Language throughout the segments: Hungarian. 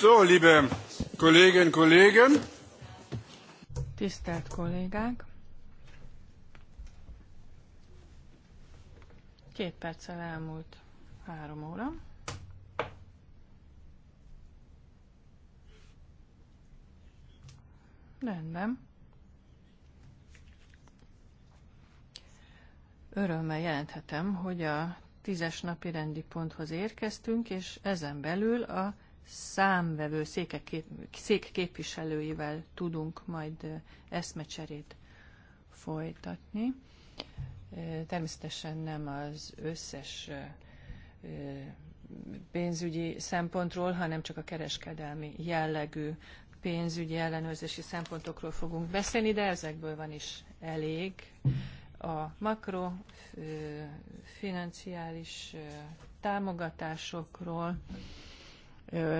So, liebe Kolleginnen, Kollegen. Tisztelt kollégák. Két perccel elmúlt három óra. Rendben. Örömmel jelenthetem, hogy a tízes napi rendi ponthoz érkeztünk, és ezen belül a számvevő székek, szék képviselőivel tudunk majd eszmecserét folytatni. Természetesen nem az összes pénzügyi szempontról, hanem csak a kereskedelmi jellegű pénzügyi ellenőrzési szempontokról fogunk beszélni, de ezekből van is elég a makrofinanciális támogatásokról,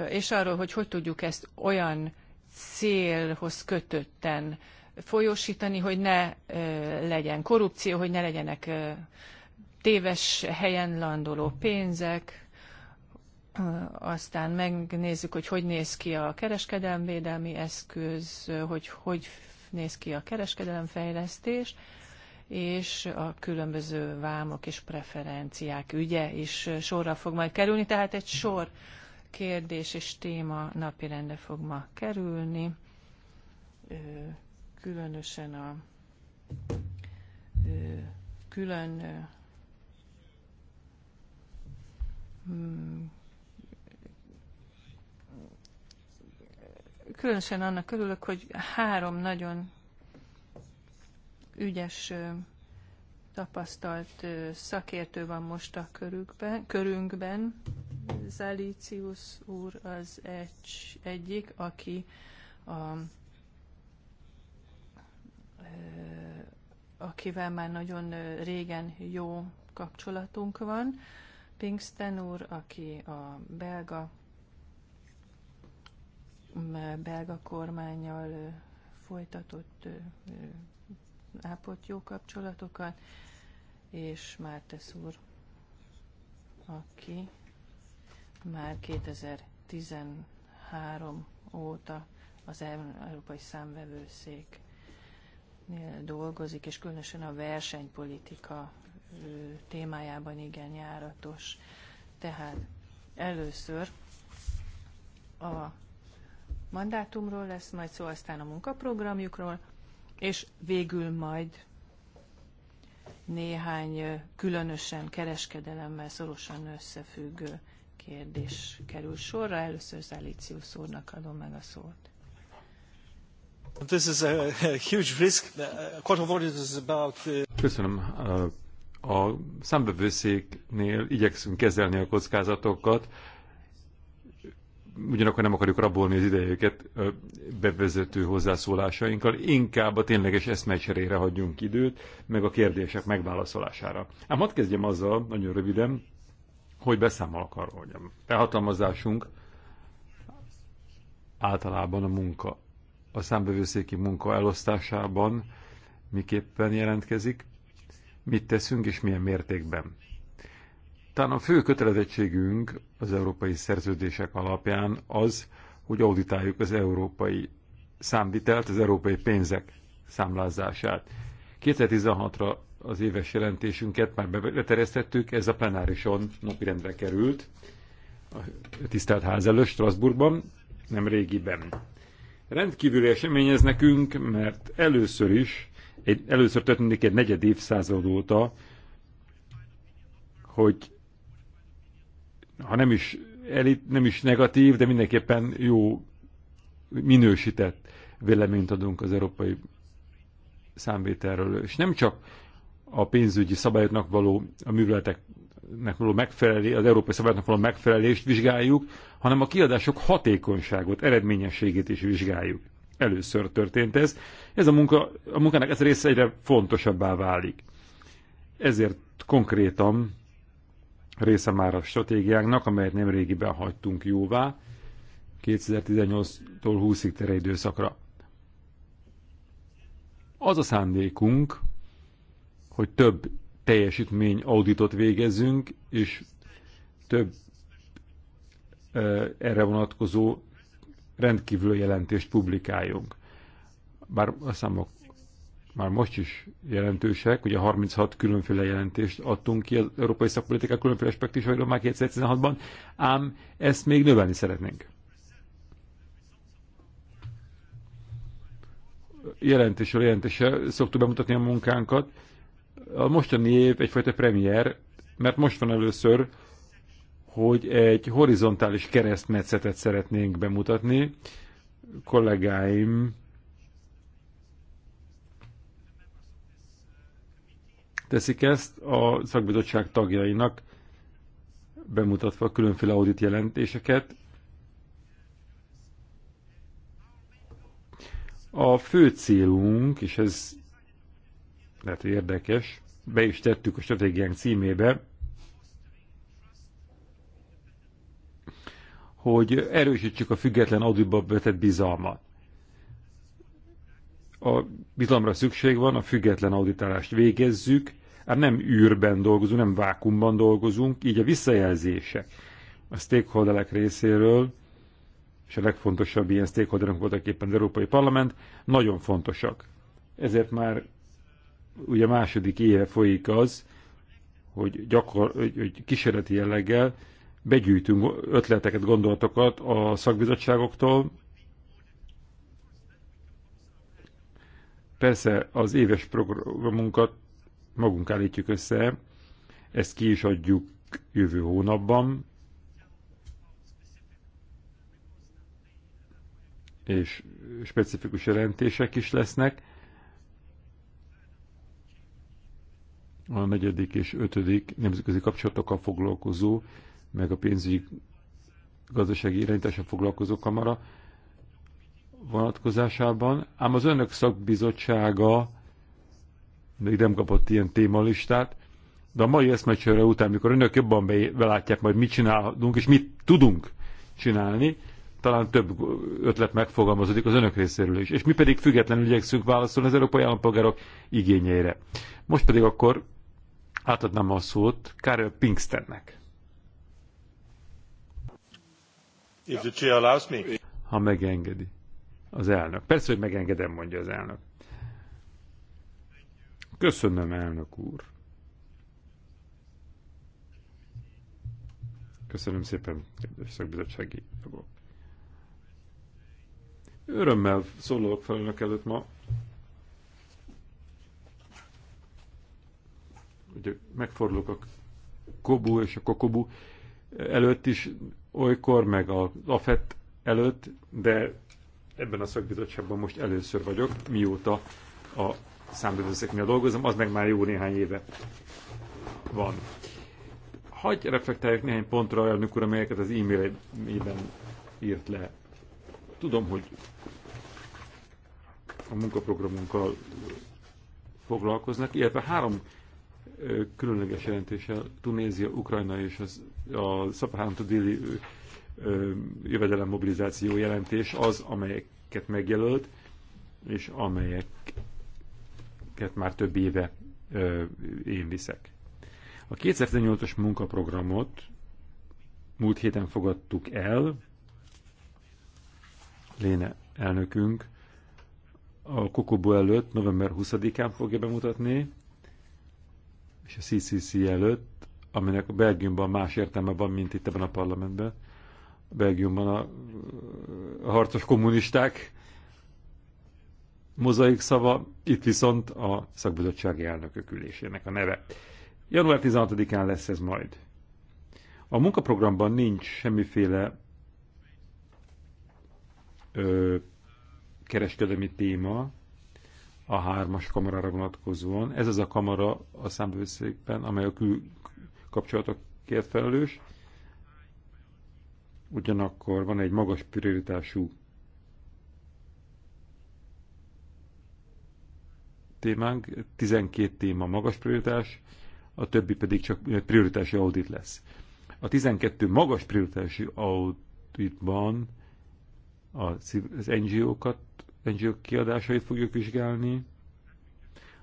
és arról, hogy hogy tudjuk ezt olyan célhoz kötötten folyósítani, hogy ne legyen korrupció, hogy ne legyenek téves helyen landoló pénzek, aztán megnézzük, hogy hogy néz ki a kereskedelemvédelmi eszköz, hogy hogy néz ki a kereskedelemfejlesztés, fejlesztés, és a különböző vámok és preferenciák ügye is sorra fog majd kerülni, tehát egy sor kérdés és téma napirendre fog ma kerülni, különösen a külön hmm, különösen annak örülök, hogy három nagyon ügyes, tapasztalt szakértő van most a körükben, körünkben. Zalicius úr az egy, egyik, aki a, akivel már nagyon régen jó kapcsolatunk van. Pinksten úr, aki a belga belga kormányjal folytatott ápolt jó kapcsolatokat, és már úr, aki már 2013 óta az Európai Számvevőszék dolgozik, és különösen a versenypolitika témájában igen járatos. Tehát először a mandátumról lesz majd szó, aztán a munkaprogramjukról, és végül majd néhány különösen kereskedelemmel szorosan összefüggő kérdés kerül sorra. Először Zalicius úrnak adom meg a szót. This is a, huge risk. Uh, Köszönöm. A számbevőszéknél igyekszünk kezelni a kockázatokat, ugyanakkor nem akarjuk rabolni az idejüket bevezető hozzászólásainkkal, inkább a tényleges eszmecserére hagyjunk időt, meg a kérdések megválaszolására. Ám hadd kezdjem azzal, nagyon röviden, hogy beszámolok arról, hogy a felhatalmazásunk általában a munka, a számbevőszéki munka elosztásában miképpen jelentkezik, mit teszünk és milyen mértékben. Talán a fő kötelezettségünk az európai szerződések alapján az, hogy auditáljuk az európai számvitelt, az európai pénzek számlázását. 2016-ra az éves jelentésünket már beterjesztettük, ez a plenárison napirendre került, a tisztelt ház előtt Strasbourgban, nem régiben. Rendkívüli esemény ez nekünk, mert először is, egy, először történik egy negyed évszázad óta, hogy ha nem is, elit, nem is negatív, de mindenképpen jó minősített véleményt adunk az európai számvételről. És nem csak a pénzügyi szabályoknak való, a műveleteknek való megfelelés, az európai szabályoknak való megfelelést vizsgáljuk, hanem a kiadások hatékonyságot, eredményességét is vizsgáljuk. Először történt ez. Ez a, munka, a munkának ez része egyre fontosabbá válik. Ezért konkrétan része már a stratégiánknak, amelyet nem régiben hagytunk jóvá 2018-tól 20-ig tere időszakra. Az a szándékunk, hogy több teljesítmény auditot végezzünk, és több erre vonatkozó rendkívül jelentést publikáljunk. Bár a számok már most is jelentősek, ugye 36 különféle jelentést adtunk ki az európai szakpolitikák különféle aspektusairól már 2016-ban, ám ezt még növelni szeretnénk. Jelentésről jelentésre szoktuk bemutatni a munkánkat. A mostani év egyfajta premier, mert most van először, hogy egy horizontális keresztmetszetet szeretnénk bemutatni. Kollégáim teszik ezt a szakbizottság tagjainak, bemutatva különféle audit jelentéseket. A fő célunk, és ez lehet érdekes, be is tettük a stratégiánk címébe, hogy erősítsük a független auditba vetett bizalmat. A bizalomra szükség van, a független auditálást végezzük, hát nem űrben dolgozunk, nem vákumban dolgozunk, így a visszajelzések a stakeholderek részéről, és a legfontosabb ilyen stakeholderünk voltak éppen az Európai Parlament, nagyon fontosak. Ezért már ugye második éve folyik az, hogy, gyakor, hogy, hogy kísérleti jelleggel begyűjtünk ötleteket, gondolatokat a szakbizottságoktól. Persze az éves programunkat magunk állítjuk össze, ezt ki is adjuk jövő hónapban, és specifikus jelentések is lesznek. A negyedik és ötödik nemzetközi kapcsolatokkal foglalkozó, meg a pénzügyi gazdasági irányítással foglalkozó kamara vonatkozásában, ám az önök szakbizottsága még nem kapott ilyen témalistát, de a mai eszmecsőre után, mikor önök jobban belátják majd, mit csinálhatunk és mit tudunk csinálni, talán több ötlet megfogalmazódik az önök részéről is. És mi pedig függetlenül igyekszünk válaszolni az európai állampolgárok igényeire. Most pedig akkor átadnám a szót Karel Pinksternek. If the chair allows me. Ha megengedi az elnök. Persze, hogy megengedem, mondja az elnök. Köszönöm, elnök úr. Köszönöm szépen, kedves szakbizottsági tagok. Örömmel szólok fel önök előtt ma. Ugye megfordulok a Kobu és a Kokobu előtt is olykor, meg a Lafett előtt, de ebben a szakbizottságban most először vagyok, mióta a miatt dolgozom, az meg már jó néhány éve van. Hagy reflektáljuk néhány pontra, elnök úr, amelyeket az e-mailben írt le. Tudom, hogy a munkaprogramunkkal foglalkoznak, illetve három különleges jelentéssel Tunézia, Ukrajna és az, a Szapahán déli jövedelem mobilizáció jelentés az, amelyeket megjelölt, és amelyek amiket már több éve ö, én viszek. A 2018-as munkaprogramot múlt héten fogadtuk el, Léne elnökünk a Kokobo előtt november 20-án fogja bemutatni, és a CCC előtt, aminek a Belgiumban más értelme van, mint itt ebben a parlamentben. A Belgiumban a, a harcos kommunisták mozaik szava, itt viszont a szakbizottsági elnökök ülésének a neve. Január 16-án lesz ez majd. A munkaprogramban nincs semmiféle ö, kereskedelmi téma a hármas kamarára vonatkozóan. Ez az a kamara a számbőszékben, amely a külkapcsolatokért felelős. Ugyanakkor van egy magas prioritású témánk, 12 téma magas prioritás, a többi pedig csak prioritási audit lesz. A 12 magas prioritási auditban az NGO-kat, NGO kiadásait fogjuk vizsgálni,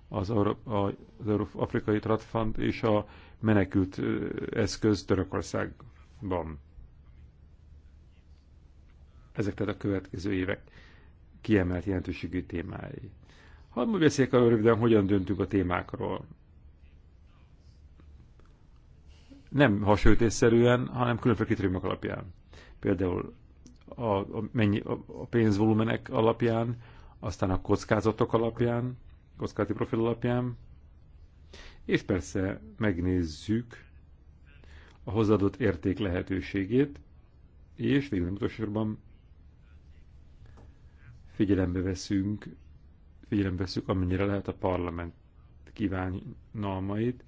az, az Afrikai Tratfund és a menekült eszköz Törökországban. Ezek tehát a következő évek kiemelt jelentőségű témái. Hadd beszéljek arról röviden, hogyan döntünk a témákról. Nem hasonlítésszerűen, hanem különféle kritériumok alapján. Például a, a, mennyi, a, a pénzvolumenek alapján, aztán a kockázatok alapján, kockázati profil alapján, és persze megnézzük a hozzáadott érték lehetőségét, és végül utolsóban figyelembe veszünk figyelembe veszük, amennyire lehet a parlament kívánalmait.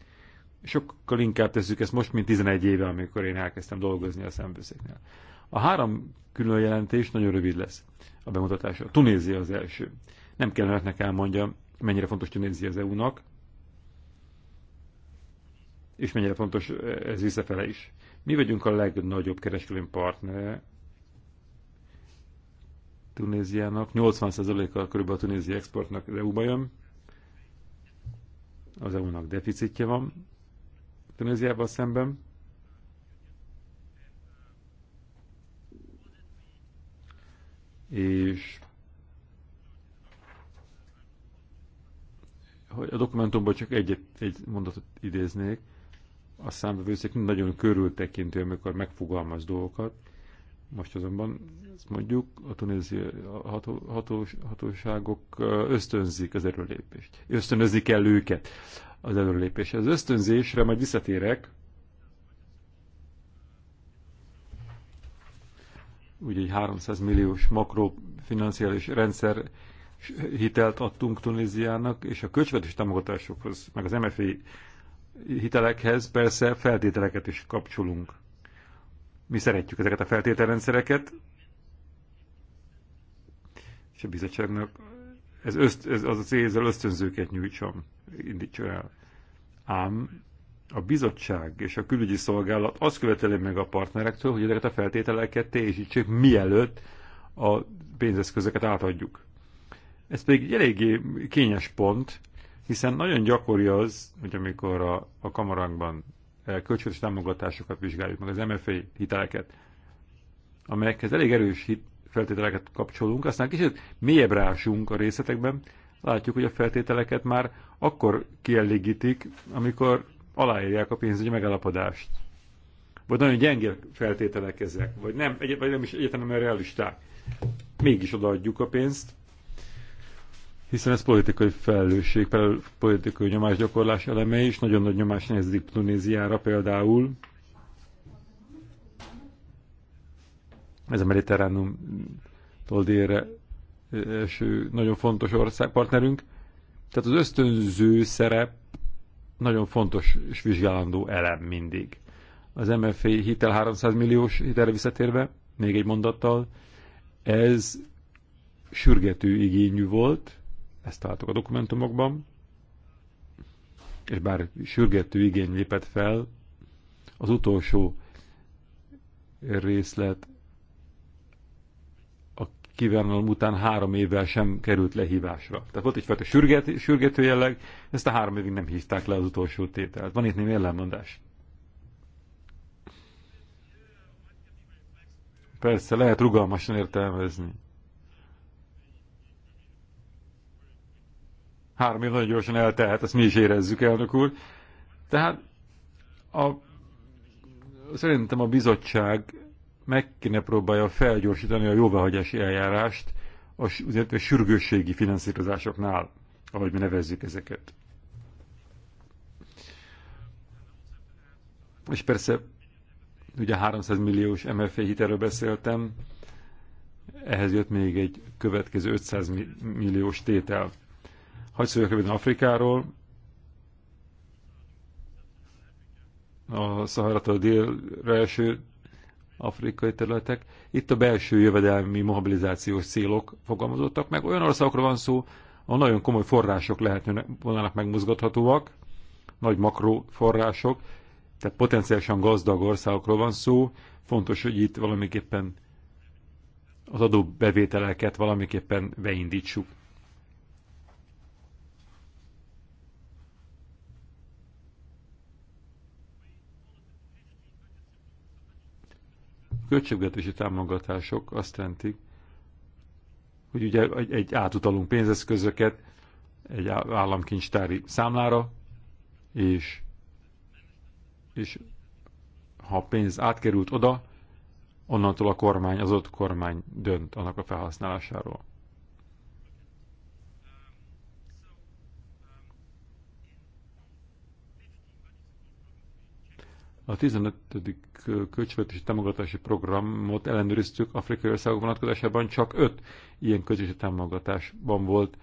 Sokkal inkább tesszük ezt most, mint 11 éve, amikor én elkezdtem dolgozni a szembőszéknél. A három külön jelentés nagyon rövid lesz a bemutatása. Tunézia az első. Nem kell önöknek elmondja, mennyire fontos Tunézia az EU-nak, és mennyire fontos ez visszafele is. Mi vagyunk a legnagyobb kereskedelmi partnere Tunéziának, 80%-a körülbelül a tunézi exportnak EU-ba jön, az EU-nak deficitje van Tunéziával szemben. És hogy a dokumentumból csak egyet, egy mondatot idéznék, a számbevőszék nagyon körültekintő, amikor megfogalmaz dolgokat, most azonban ezt mondjuk a tunéziai ható, hatós, hatóságok ösztönzik az erőlépést. Ösztönözni kell őket az erőlépésre. Az ösztönzésre majd visszatérek. Úgy egy 300 milliós makrofinanciális rendszer hitelt adtunk Tunéziának, és a költségvetés támogatásokhoz, meg az MFI hitelekhez persze feltételeket is kapcsolunk. Mi szeretjük ezeket a feltételrendszereket, és a bizottságnak ez, öszt, ez az a ezzel ösztönzőket nyújtson, indítson el. Ám a bizottság és a külügyi szolgálat azt követeli meg a partnerektől, hogy ezeket a feltételeket teljesítsék, mielőtt a pénzeszközöket átadjuk. Ez pedig egy eléggé kényes pont, hiszen nagyon gyakori az, hogy amikor a, a kamarákban Eh, kölcsönös támogatásokat vizsgáljuk meg, az MFA hiteleket, amelyekhez elég erős hit feltételeket kapcsolunk, aztán kicsit mélyebb ásunk a részletekben, látjuk, hogy a feltételeket már akkor kielégítik, amikor aláírják a pénzügyi megállapodást. Vagy nagyon gyenge feltételek ezek, vagy nem, egy, vagy nem is mert realisták. Mégis odaadjuk a pénzt, hiszen ez politikai felelősség, politikai nyomásgyakorlás eleme is nagyon nagy nyomás nehezedik Tunéziára például. Ez a mediterránum toldére első nagyon fontos ország partnerünk. Tehát az ösztönző szerep nagyon fontos és vizsgálandó elem mindig. Az MFA hitel 300 milliós hitelre visszatérve, még egy mondattal, ez sürgető igényű volt, ezt találtuk a dokumentumokban, és bár sürgető igény lépett fel, az utolsó részlet a kívánalom után három évvel sem került lehívásra. Tehát volt egyfajta sürgető, sürgető jelleg, ezt a három évig nem hívták le az utolsó tételt. Van itt némi ellenmondás. Persze, lehet rugalmasan értelmezni. Három év nagyon gyorsan eltehet, ezt mi is érezzük, elnök úr. Tehát a, szerintem a bizottság meg kéne próbálja felgyorsítani a jóváhagyási eljárást a, a sürgősségi finanszírozásoknál, ahogy mi nevezzük ezeket. És persze, ugye 300 milliós MFA hitelről beszéltem, ehhez jött még egy következő 500 milliós tétel. Hagy szóljak röviden Afrikáról. A Szaharatól délre eső afrikai területek. Itt a belső jövedelmi mobilizációs célok fogalmazottak meg. Olyan országokra van szó, ahol nagyon komoly források lehetnek, volnának megmozgathatóak, nagy makroforrások, tehát potenciálisan gazdag országokról van szó. Fontos, hogy itt valamiképpen az adóbevételeket valamiképpen beindítsuk. költségvetési támogatások azt jelentik, hogy ugye egy átutalunk pénzeszközöket egy államkincstári számlára, és, és ha a pénz átkerült oda, onnantól a kormány, az ott kormány dönt annak a felhasználásáról. A 15. költségvetési támogatási programot ellenőriztük afrikai országok vonatkozásában, csak 5 ilyen költségvetési támogatásban volt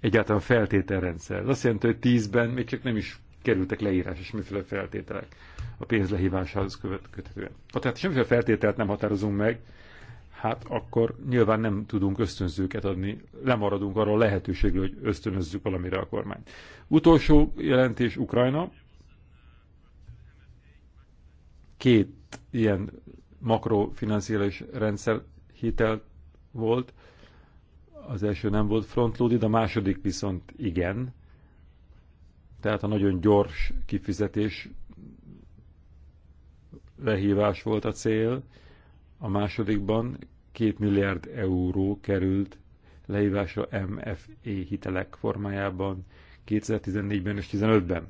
egyáltalán feltételrendszer. Ez azt jelenti, hogy 10-ben még csak nem is kerültek leírás és miféle feltételek a pénz lehívásához követően. Ha tehát semmiféle feltételt nem határozunk meg, hát akkor nyilván nem tudunk ösztönzőket adni, lemaradunk arról a lehetőségről, hogy ösztönözzük valamire a kormányt. Utolsó jelentés Ukrajna, két ilyen makrofinanszírozási rendszer hitel volt. Az első nem volt frontloaded, a második viszont igen. Tehát a nagyon gyors kifizetés lehívás volt a cél. A másodikban két milliárd euró került lehívásra MFE hitelek formájában 2014-ben és 2015-ben.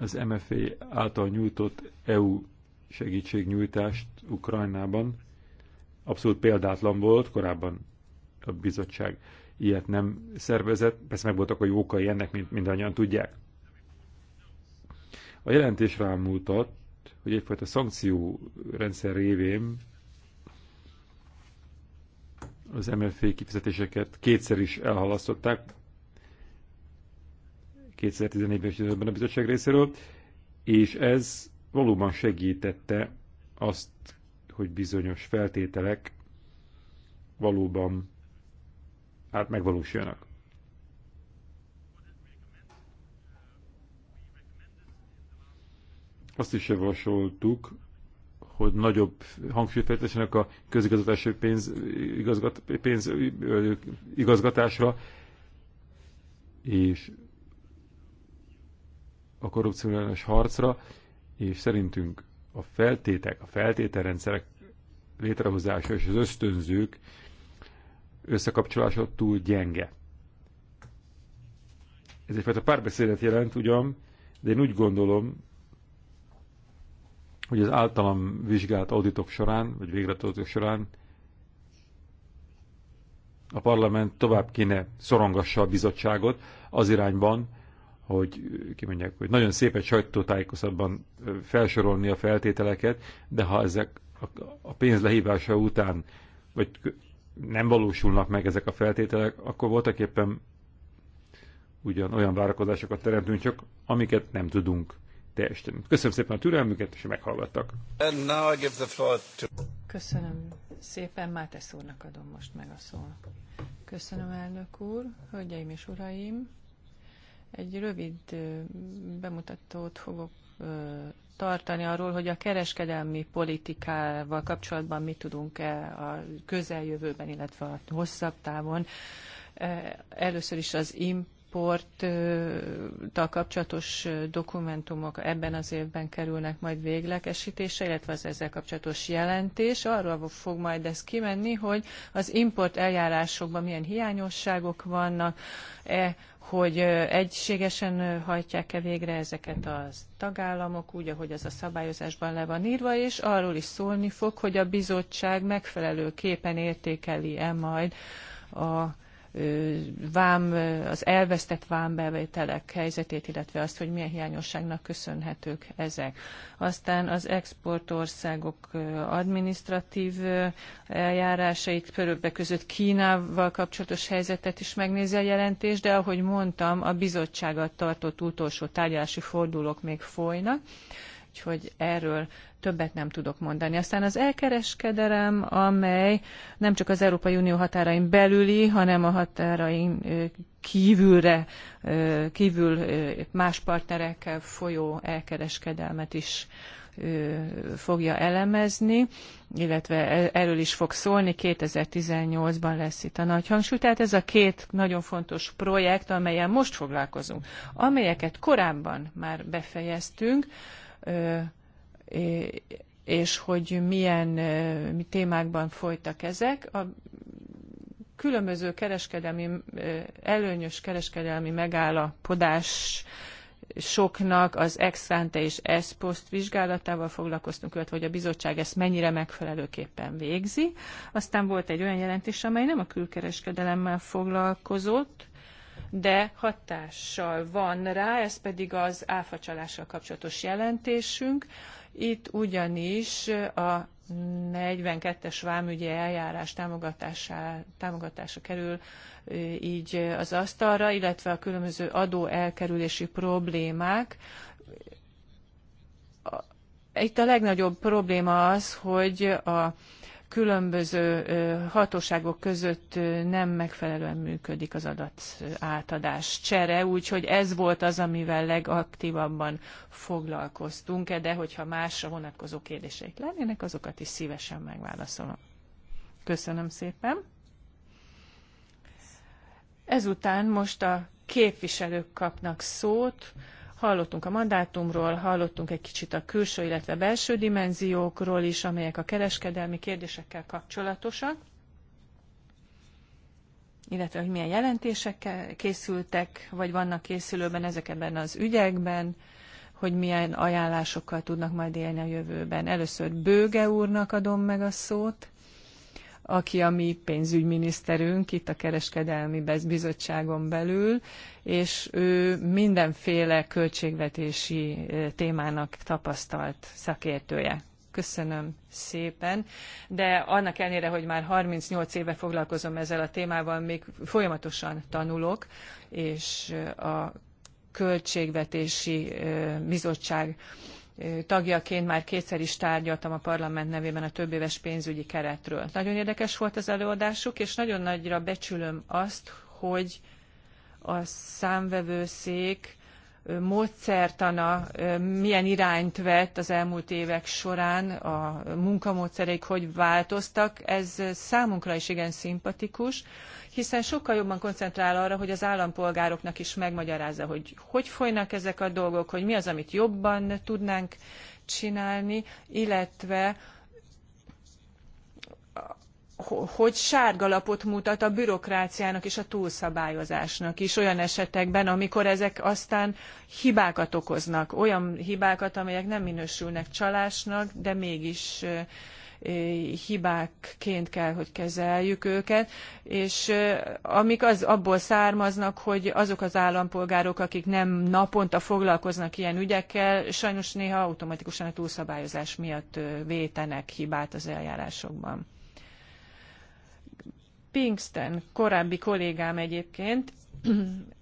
az MFA által nyújtott EU segítségnyújtást Ukrajnában abszolút példátlan volt, korábban a bizottság ilyet nem szervezett, persze meg voltak a jókai ennek, mint mindannyian tudják. A jelentés rámutat, hogy egyfajta szankciórendszer révén az MFA kifizetéseket kétszer is elhalasztották, 2014-ben és a bizottság részéről, és ez valóban segítette azt, hogy bizonyos feltételek valóban hát megvalósuljanak. Azt is javasoltuk, hogy nagyobb hangsúlyfejtesenek a közigazgatási pénz, igazgat, pénz igazgatásra, és a ellenes harcra, és szerintünk a feltétek, a feltételrendszerek létrehozása és az ösztönzők összekapcsolása túl gyenge. Ez egyfajta párbeszédet jelent ugyan, de én úgy gondolom, hogy az általam vizsgált auditok során, vagy végrehajtók során a parlament tovább kéne szorongassa a bizottságot az irányban, hogy kimondják, hogy nagyon szép egy sajtótájékoztatban felsorolni a feltételeket, de ha ezek a pénz lehívása után, vagy nem valósulnak meg ezek a feltételek, akkor voltak éppen ugyan olyan várakozásokat teremtünk, csak amiket nem tudunk teljesíteni. Köszönöm szépen a türelmüket, és meghallgattak. To... Köszönöm szépen, Mátesz úrnak adom most meg a szót. Köszönöm, elnök úr, hölgyeim és uraim! Egy rövid bemutatót fogok tartani arról, hogy a kereskedelmi politikával kapcsolatban mit tudunk-e a közeljövőben, illetve a hosszabb távon. E, először is az imp csoporttal kapcsolatos dokumentumok ebben az évben kerülnek majd véglegesítésre, illetve az ezzel kapcsolatos jelentés. Arról fog majd ez kimenni, hogy az import eljárásokban milyen hiányosságok vannak, e, hogy egységesen hajtják-e végre ezeket a tagállamok, úgy, ahogy az a szabályozásban le van írva, és arról is szólni fog, hogy a bizottság megfelelő képen értékeli-e majd a vám, az elvesztett vámbevételek helyzetét, illetve azt, hogy milyen hiányosságnak köszönhetők ezek. Aztán az exportországok administratív eljárásait, körülbelül között Kínával kapcsolatos helyzetet is megnézi a jelentés, de ahogy mondtam, a bizottsággal tartott utolsó tárgyalási fordulók még folynak úgyhogy erről többet nem tudok mondani. Aztán az elkereskedelem, amely nem csak az Európai Unió határain belüli, hanem a határain kívülre, kívül más partnerekkel folyó elkereskedelmet is fogja elemezni, illetve e-, erről is fog szólni, 2018-ban lesz itt a nagy hangsúly. Tehát ez a két nagyon fontos projekt, amelyen most foglalkozunk, amelyeket korábban már befejeztünk, és hogy milyen témákban folytak ezek. A különböző kereskedelmi, előnyös kereskedelmi megállapodás soknak az ex ante és ex post vizsgálatával foglalkoztunk, illetve hogy a bizottság ezt mennyire megfelelőképpen végzi. Aztán volt egy olyan jelentés, amely nem a külkereskedelemmel foglalkozott, de hatással van rá, ez pedig az áfacsalással kapcsolatos jelentésünk, itt ugyanis a 42-es vámügyi eljárás támogatása kerül így az asztalra, illetve a különböző adó elkerülési problémák. Itt a legnagyobb probléma az, hogy a különböző hatóságok között nem megfelelően működik az adat átadás csere, úgyhogy ez volt az, amivel legaktívabban foglalkoztunk, de hogyha másra vonatkozó kérdéseik lennének, azokat is szívesen megválaszolom. Köszönöm szépen. Ezután most a képviselők kapnak szót. Hallottunk a mandátumról, hallottunk egy kicsit a külső, illetve belső dimenziókról is, amelyek a kereskedelmi kérdésekkel kapcsolatosak illetve hogy milyen jelentések készültek, vagy vannak készülőben ezekben az ügyekben, hogy milyen ajánlásokkal tudnak majd élni a jövőben. Először Bőge úrnak adom meg a szót, aki a mi pénzügyminiszterünk itt a Kereskedelmi Bizottságon belül, és ő mindenféle költségvetési eh, témának tapasztalt szakértője köszönöm szépen. De annak ellenére, hogy már 38 éve foglalkozom ezzel a témával, még folyamatosan tanulok, és eh, a Költségvetési eh, Bizottság tagjaként már kétszer is tárgyaltam a parlament nevében a több éves pénzügyi keretről. Nagyon érdekes volt az előadásuk, és nagyon nagyra becsülöm azt, hogy a számvevőszék módszertana milyen irányt vett az elmúlt évek során, a munkamódszereik hogy változtak, ez számunkra is igen szimpatikus hiszen sokkal jobban koncentrál arra, hogy az állampolgároknak is megmagyarázza, hogy hogy folynak ezek a dolgok, hogy mi az, amit jobban tudnánk csinálni, illetve hogy sárgalapot mutat a bürokráciának és a túlszabályozásnak is olyan esetekben, amikor ezek aztán hibákat okoznak, olyan hibákat, amelyek nem minősülnek csalásnak, de mégis hibákként kell, hogy kezeljük őket, és amik az, abból származnak, hogy azok az állampolgárok, akik nem naponta foglalkoznak ilyen ügyekkel, sajnos néha automatikusan a túlszabályozás miatt vétenek hibát az eljárásokban. Pinkston korábbi kollégám egyébként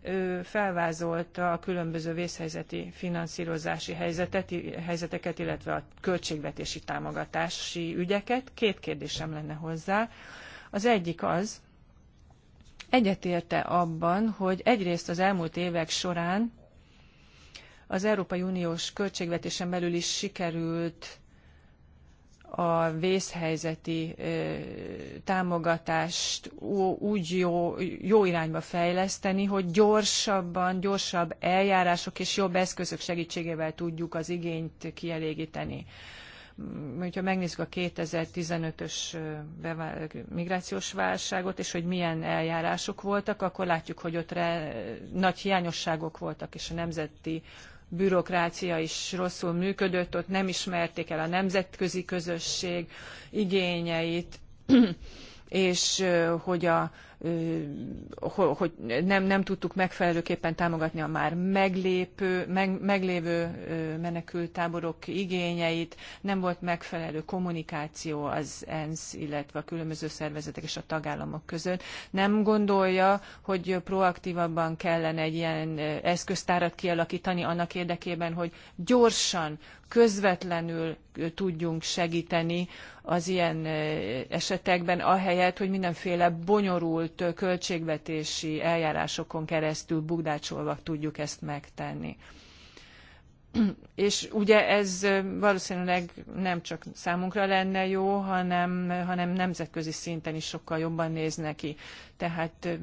ő felvázolta a különböző vészhelyzeti finanszírozási helyzetet, helyzeteket, illetve a költségvetési támogatási ügyeket. Két kérdésem lenne hozzá. Az egyik az, egyetérte abban, hogy egyrészt az elmúlt évek során az Európai Uniós költségvetésen belül is sikerült a vészhelyzeti támogatást úgy jó, jó irányba fejleszteni, hogy gyorsabban, gyorsabb eljárások és jobb eszközök segítségével tudjuk az igényt kielégíteni. Mm, ha megnézzük a 2015-ös migrációs válságot, és hogy milyen eljárások voltak, akkor látjuk, hogy ott nagy hiányosságok voltak, és a nemzeti bürokrácia is rosszul működött, ott nem ismerték el a nemzetközi közösség igényeit, és hogy a hogy nem, nem tudtuk megfelelőképpen támogatni a már meglépő, meg, meglévő menekültáborok igényeit, nem volt megfelelő kommunikáció az ENSZ, illetve a különböző szervezetek és a tagállamok között. Nem gondolja, hogy proaktívabban kellene egy ilyen eszköztárat kialakítani annak érdekében, hogy gyorsan, közvetlenül tudjunk segíteni az ilyen esetekben, ahelyett, hogy mindenféle bonyolult költségvetési eljárásokon keresztül bukdácsolva tudjuk ezt megtenni. És ugye ez valószínűleg nem csak számunkra lenne jó, hanem, hanem nemzetközi szinten is sokkal jobban néz neki. Tehát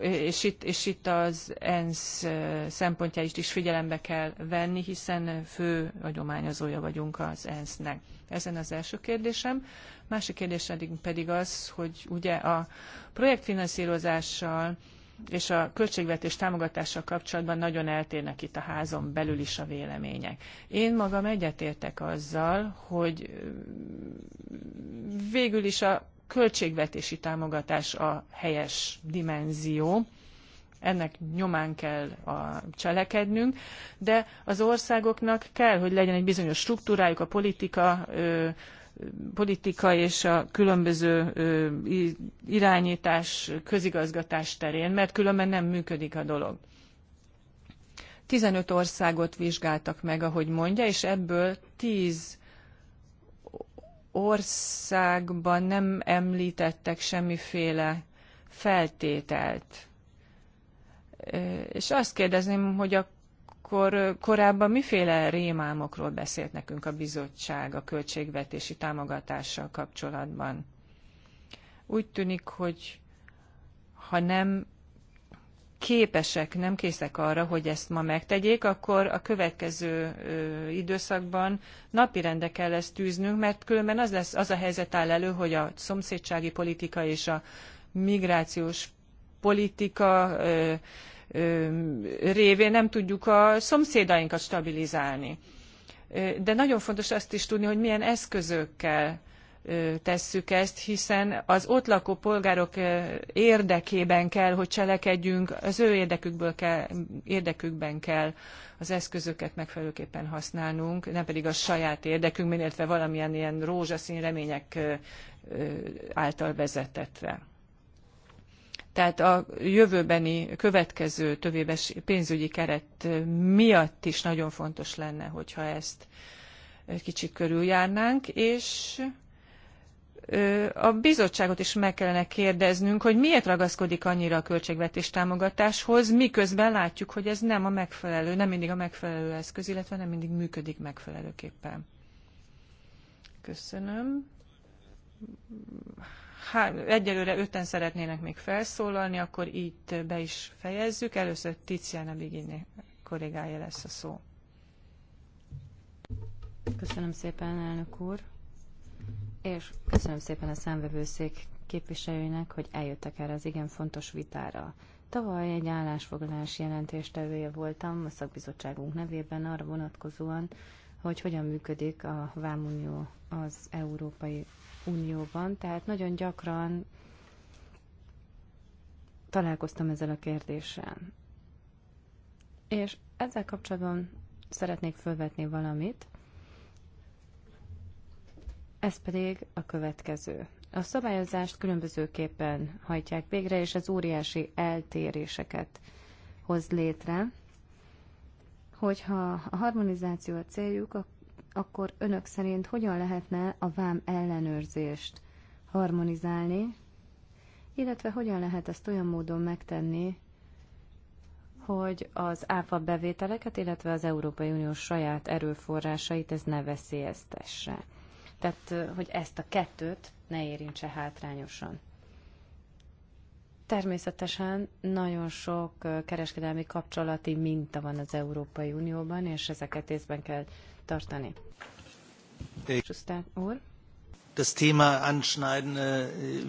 és itt, és itt az ENSZ szempontjait is figyelembe kell venni, hiszen fő adományozója vagyunk az ENSZ-nek. Ezen az első kérdésem. Másik kérdés pedig az, hogy ugye a projektfinanszírozással és a költségvetés támogatással kapcsolatban nagyon eltérnek itt a házon belül is a vélemények. Én magam egyetértek azzal, hogy végül is a költségvetési támogatás a helyes dimenzió, ennek nyomán kell a cselekednünk, de az országoknak kell, hogy legyen egy bizonyos struktúrájuk, a politika, ö, politika és a különböző ö, irányítás, közigazgatás terén, mert különben nem működik a dolog. 15 országot vizsgáltak meg, ahogy mondja, és ebből 10 országban nem említettek semmiféle feltételt. És azt kérdezném, hogy akkor korábban miféle rémálmokról beszélt nekünk a bizottság a költségvetési támogatással kapcsolatban? Úgy tűnik, hogy ha nem képesek, nem készek arra, hogy ezt ma megtegyék, akkor a következő időszakban napirendre kell ezt tűznünk, mert különben az, lesz, az a helyzet áll elő, hogy a szomszédsági politika és a migrációs politika ö, ö, révén nem tudjuk a szomszédainkat stabilizálni. De nagyon fontos azt is tudni, hogy milyen eszközökkel tesszük ezt, hiszen az ott lakó polgárok érdekében kell, hogy cselekedjünk, az ő érdekükből kell, érdekükben kell az eszközöket megfelelőképpen használnunk, nem pedig a saját érdekünkben, illetve valamilyen ilyen rózsaszín remények által vezetetve. Tehát a jövőbeni következő tövébes pénzügyi keret miatt is nagyon fontos lenne, hogyha ezt kicsit körüljárnánk, és a bizottságot is meg kellene kérdeznünk, hogy miért ragaszkodik annyira a költségvetés támogatáshoz, miközben látjuk, hogy ez nem a megfelelő, nem mindig a megfelelő eszköz, illetve nem mindig működik megfelelőképpen. Köszönöm. Há, egyelőre öten szeretnének még felszólalni, akkor itt be is fejezzük. Először Tiziana Bigini kollégája lesz a szó. Köszönöm szépen, elnök úr és köszönöm szépen a számvevőszék képviselőinek, hogy eljöttek erre az igen fontos vitára. Tavaly egy állásfoglalás jelentéstevője voltam a szakbizottságunk nevében arra vonatkozóan, hogy hogyan működik a Vámunió az Európai Unióban. Tehát nagyon gyakran találkoztam ezzel a kérdéssel. És ezzel kapcsolatban szeretnék felvetni valamit. Ez pedig a következő. A szabályozást különbözőképpen hajtják végre, és az óriási eltéréseket hoz létre. Hogyha a harmonizáció a céljuk, akkor önök szerint hogyan lehetne a vám ellenőrzést harmonizálni, illetve hogyan lehet ezt olyan módon megtenni, hogy az áfa bevételeket, illetve az Európai Unió saját erőforrásait ez ne veszélyeztesse tehát hogy ezt a kettőt ne érintse hátrányosan. Természetesen nagyon sok kereskedelmi kapcsolati minta van az Európai Unióban, és ezeket észben kell tartani. Schuster úr? Das Thema anschneiden, äh,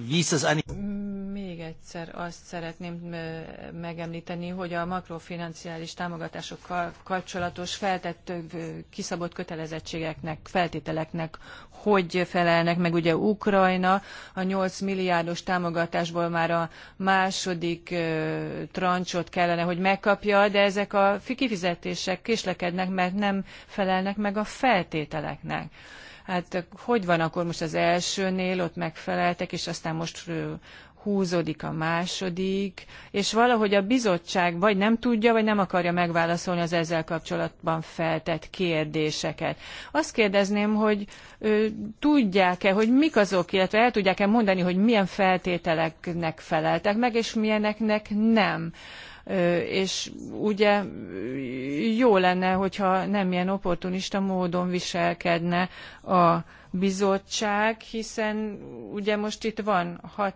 wie ist das eigentlich? Mm, még egyszer azt szeretném megemlíteni, hogy a makrofinanciális támogatásokkal kapcsolatos feltett kiszabott kötelezettségeknek, feltételeknek hogy felelnek meg. Ugye Ukrajna a 8 milliárdos támogatásból már a második trancsot kellene, hogy megkapja, de ezek a kifizetések késlekednek, mert nem felelnek meg a feltételeknek hát hogy van akkor most az elsőnél, ott megfeleltek, és aztán most húzódik a második, és valahogy a bizottság vagy nem tudja, vagy nem akarja megválaszolni az ezzel kapcsolatban feltett kérdéseket. Azt kérdezném, hogy tudják-e, hogy mik azok, illetve el tudják-e mondani, hogy milyen feltételeknek feleltek meg, és milyeneknek nem és ugye jó lenne, hogyha nem ilyen opportunista módon viselkedne a bizottság, hiszen ugye most itt van 6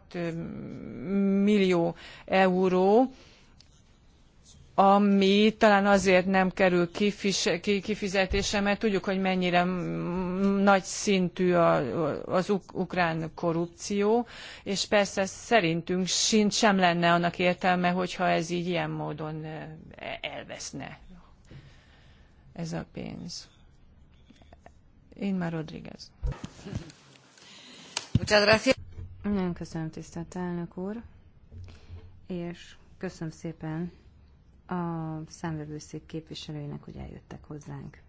millió euró, ami talán azért nem kerül kifizetésre, mert tudjuk, hogy mennyire nagy szintű az ukrán korrupció, és persze szerintünk sincs, sem lenne annak értelme, hogyha ez így ilyen módon elveszne ez a pénz. Inmar Rodriguez. Nagyon köszönöm, tisztelt elnök úr, és köszönöm szépen a számvevőszék képviselőinek, hogy eljöttek hozzánk.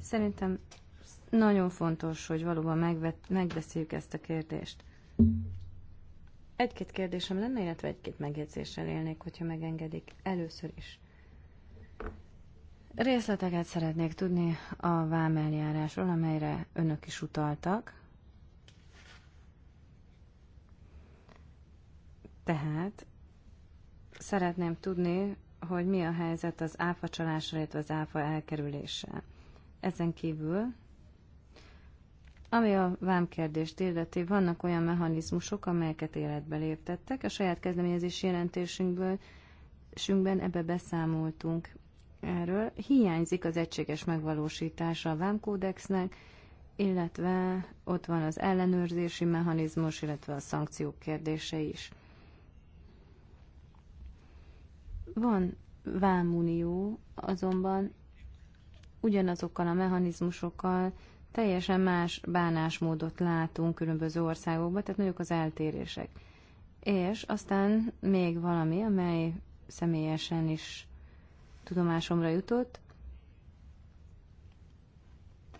Szerintem nagyon fontos, hogy valóban megvet, megbeszéljük ezt a kérdést. Egy-két kérdésem lenne, illetve egy-két megjegyzéssel élnék, hogyha megengedik. Először is. Részleteket szeretnék tudni a vámeljárásról, amelyre önök is utaltak. Tehát szeretném tudni, hogy mi a helyzet az áfa csalásra, illetve az áfa elkerüléssel. Ezen kívül, ami a vámkérdést illeti, vannak olyan mechanizmusok, amelyeket életbe léptettek. A saját kezdeményezés jelentésünkből, ebbe beszámoltunk erről. Hiányzik az egységes megvalósítása a vámkódexnek, illetve ott van az ellenőrzési mechanizmus, illetve a szankciók kérdése is. Van vámunió, azonban ugyanazokkal a mechanizmusokkal teljesen más bánásmódot látunk különböző országokban, tehát nagyok az eltérések. És aztán még valami, amely személyesen is tudomásomra jutott.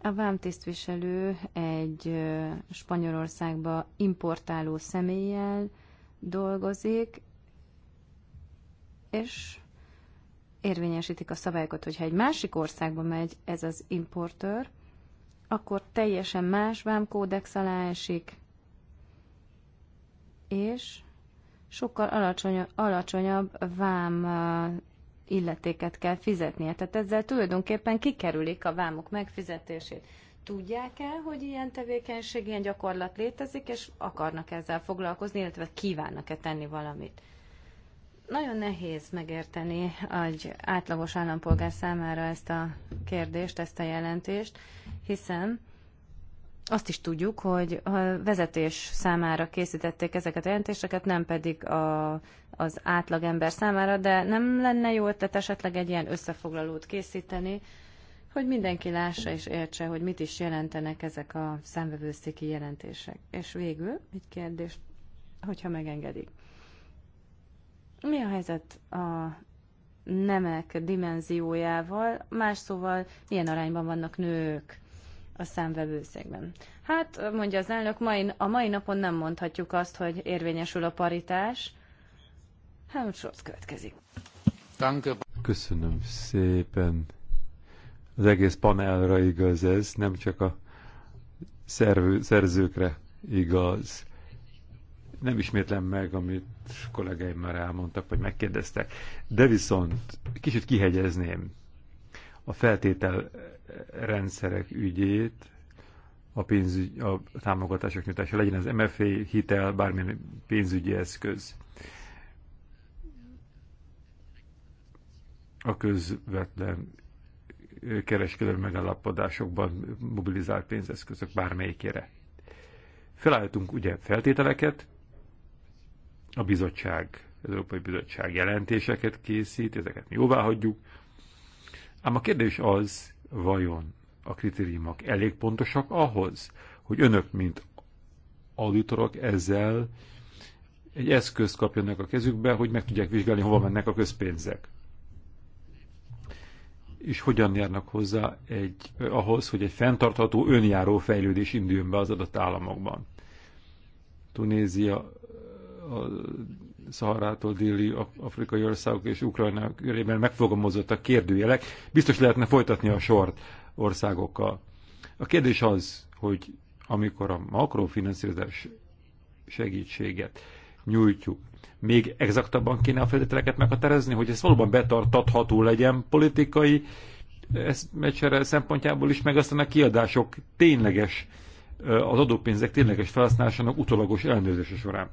A vámtisztviselő egy Spanyolországba importáló személlyel dolgozik, és érvényesítik a szabályokat, hogyha egy másik országba megy ez az importőr, akkor teljesen más vámkódex alá esik, és sokkal alacsonyabb vám illetéket kell fizetnie. Tehát ezzel tulajdonképpen kikerülik a vámok megfizetését. Tudják-e, hogy ilyen tevékenység, ilyen gyakorlat létezik, és akarnak ezzel foglalkozni, illetve kívánnak-e tenni valamit? Nagyon nehéz megérteni egy átlagos állampolgár számára ezt a kérdést, ezt a jelentést, hiszen azt is tudjuk, hogy a vezetés számára készítették ezeket a jelentéseket, nem pedig a az átlagember számára, de nem lenne jó ötlet esetleg egy ilyen összefoglalót készíteni, hogy mindenki lássa és értse, hogy mit is jelentenek ezek a számvevőszéki jelentések. És végül egy kérdés, hogyha megengedik. Mi a helyzet a nemek dimenziójával, más szóval milyen arányban vannak nők a számvevőszékben? Hát, mondja az elnök, mai, a mai napon nem mondhatjuk azt, hogy érvényesül a paritás, Helmut Scholz következik. Köszönöm szépen. Az egész panelra igaz ez, nem csak a szervő, szerzőkre igaz. Nem ismétlem meg, amit kollégáim már elmondtak, vagy megkérdeztek, de viszont kicsit kihegyezném a feltételrendszerek ügyét, a pénzügy, a támogatások nyújtása, legyen az MFA, hitel, bármilyen pénzügyi eszköz. a közvetlen kereskedelmi megállapodásokban mobilizált pénzeszközök bármelyikére. Felállítunk ugye feltételeket, a bizottság, az Európai Bizottság jelentéseket készít, ezeket mi jóvá hagyjuk. Ám a kérdés az, vajon a kritériumok elég pontosak ahhoz, hogy önök, mint auditorok ezzel egy eszközt kapjanak a kezükbe, hogy meg tudják vizsgálni, hova mennek a közpénzek és hogyan járnak hozzá egy, ahhoz, hogy egy fenntartható önjáró fejlődés induljon be az adott államokban. Tunézia, a Szaharától déli afrikai országok és Ukrajna körében megfogalmazottak kérdőjelek. Biztos lehetne folytatni a sort országokkal. A kérdés az, hogy amikor a makrofinanszírozás segítséget nyújtjuk. Még exaktabban kéne a feltételeket meghatározni, hogy ez valóban betartatható legyen politikai meccsere szempontjából is, meg aztán a kiadások tényleges, az adópénzek tényleges felhasználásának utolagos ellenőrzése során.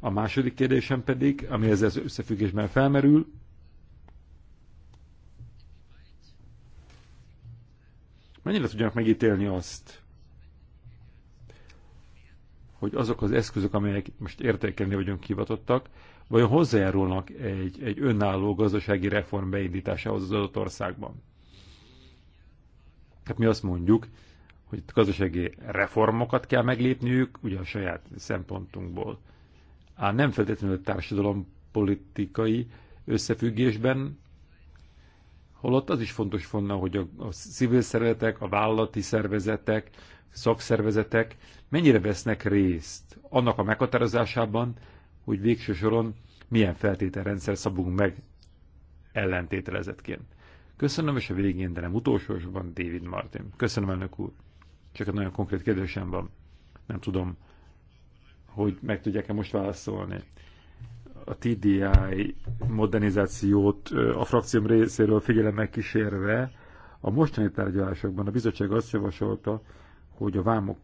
A második kérdésem pedig, ami ezzel összefüggésben felmerül, mennyire tudják megítélni azt, hogy azok az eszközök, amelyek most értékelni vagyunk hivatottak, vajon hozzájárulnak egy, egy önálló gazdasági reform beindításához az adott országban. Tehát mi azt mondjuk, hogy gazdasági reformokat kell meglépniük, ugye a saját szempontunkból. Ám nem feltétlenül politikai összefüggésben, holott az is fontos volna, hogy a, a civil szervezetek, a vállalati szervezetek, szakszervezetek mennyire vesznek részt annak a meghatározásában, hogy végső soron milyen feltételrendszer szabunk meg ellentételezetként. Köszönöm, és a végén, de nem utolsósban, David Martin. Köszönöm, elnök úr. Csak egy nagyon konkrét kérdésem van. Nem tudom, hogy meg tudják-e most válaszolni. A TDI modernizációt a frakcióm részéről figyelemmel kísérve, a mostani tárgyalásokban a bizottság azt javasolta, hogy a vámok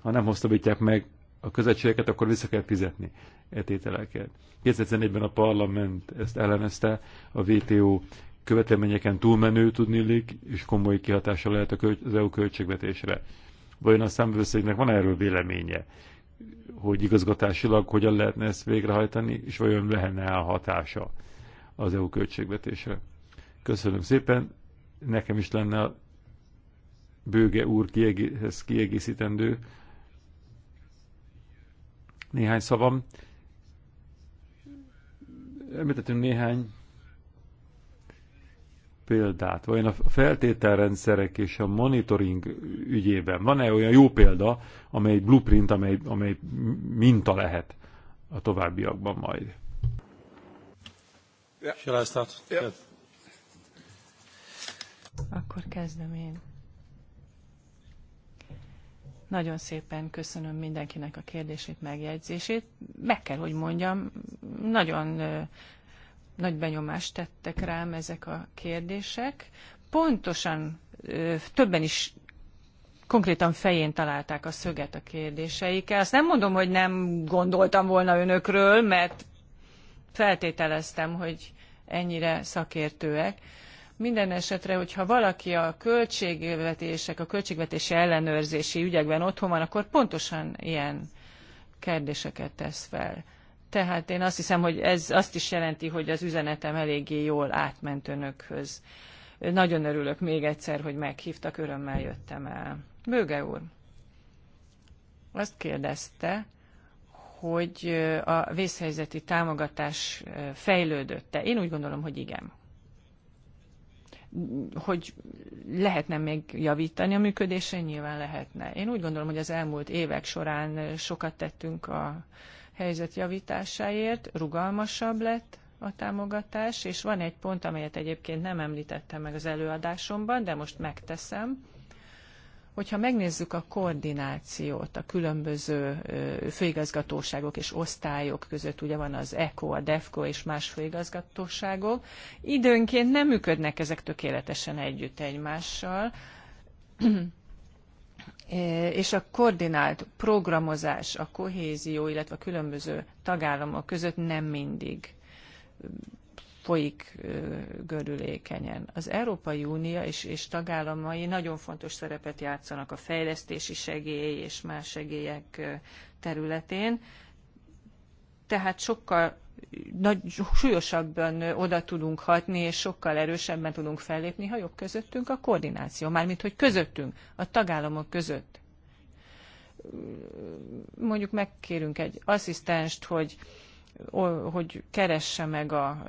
ha nem hoztabítják meg a közösségeket, akkor vissza kell fizetni etételeket. 2014-ben a parlament ezt ellenezte, a WTO követelményeken túlmenő tudnilik, és komoly kihatása lehet az EU költségvetésre. Vajon a számbevőszéknek van erről véleménye, hogy igazgatásilag hogyan lehetne ezt végrehajtani, és vajon lehenne a hatása az EU költségvetésre? Köszönöm szépen, nekem is lenne a bőge úr kiegész, kiegészítendő néhány szavam. Említettünk néhány példát, vajon a feltételrendszerek és a monitoring ügyében van-e olyan jó példa, amely blueprint, amely, amely minta lehet a továbbiakban majd? Yeah. Shall I start? Yeah. Yeah. Akkor kezdem én. Nagyon szépen köszönöm mindenkinek a kérdését, megjegyzését. Meg kell, hogy mondjam, nagyon nagy benyomást tettek rám ezek a kérdések. Pontosan többen is konkrétan fején találták a szöget a kérdéseikkel. Azt nem mondom, hogy nem gondoltam volna önökről, mert feltételeztem, hogy ennyire szakértőek minden esetre, hogyha valaki a költségvetések, a költségvetési ellenőrzési ügyekben otthon van, akkor pontosan ilyen kérdéseket tesz fel. Tehát én azt hiszem, hogy ez azt is jelenti, hogy az üzenetem eléggé jól átment önökhöz. Nagyon örülök még egyszer, hogy meghívtak, örömmel jöttem el. Bőge úr, azt kérdezte, hogy a vészhelyzeti támogatás fejlődötte. Én úgy gondolom, hogy igen hogy lehetne még javítani a működésén, nyilván lehetne. Én úgy gondolom, hogy az elmúlt évek során sokat tettünk a helyzet javításáért, rugalmasabb lett a támogatás, és van egy pont, amelyet egyébként nem említettem meg az előadásomban, de most megteszem. Hogyha megnézzük a koordinációt a különböző főigazgatóságok és osztályok között, ugye van az ECO, a DEFCO és más főigazgatóságok, időnként nem működnek ezek tökéletesen együtt egymással, és a koordinált programozás, a kohézió, illetve a különböző tagállamok között nem mindig folyik gördülékenyen. Az Európai Unió és, és tagállamai nagyon fontos szerepet játszanak a fejlesztési segély és más segélyek területén, tehát sokkal nagy, súlyosabban oda tudunk hatni, és sokkal erősebben tudunk fellépni, ha jobb közöttünk a koordináció, mármint hogy közöttünk, a tagállamok között. Mondjuk megkérünk egy asszisztenst, hogy hogy keresse meg a,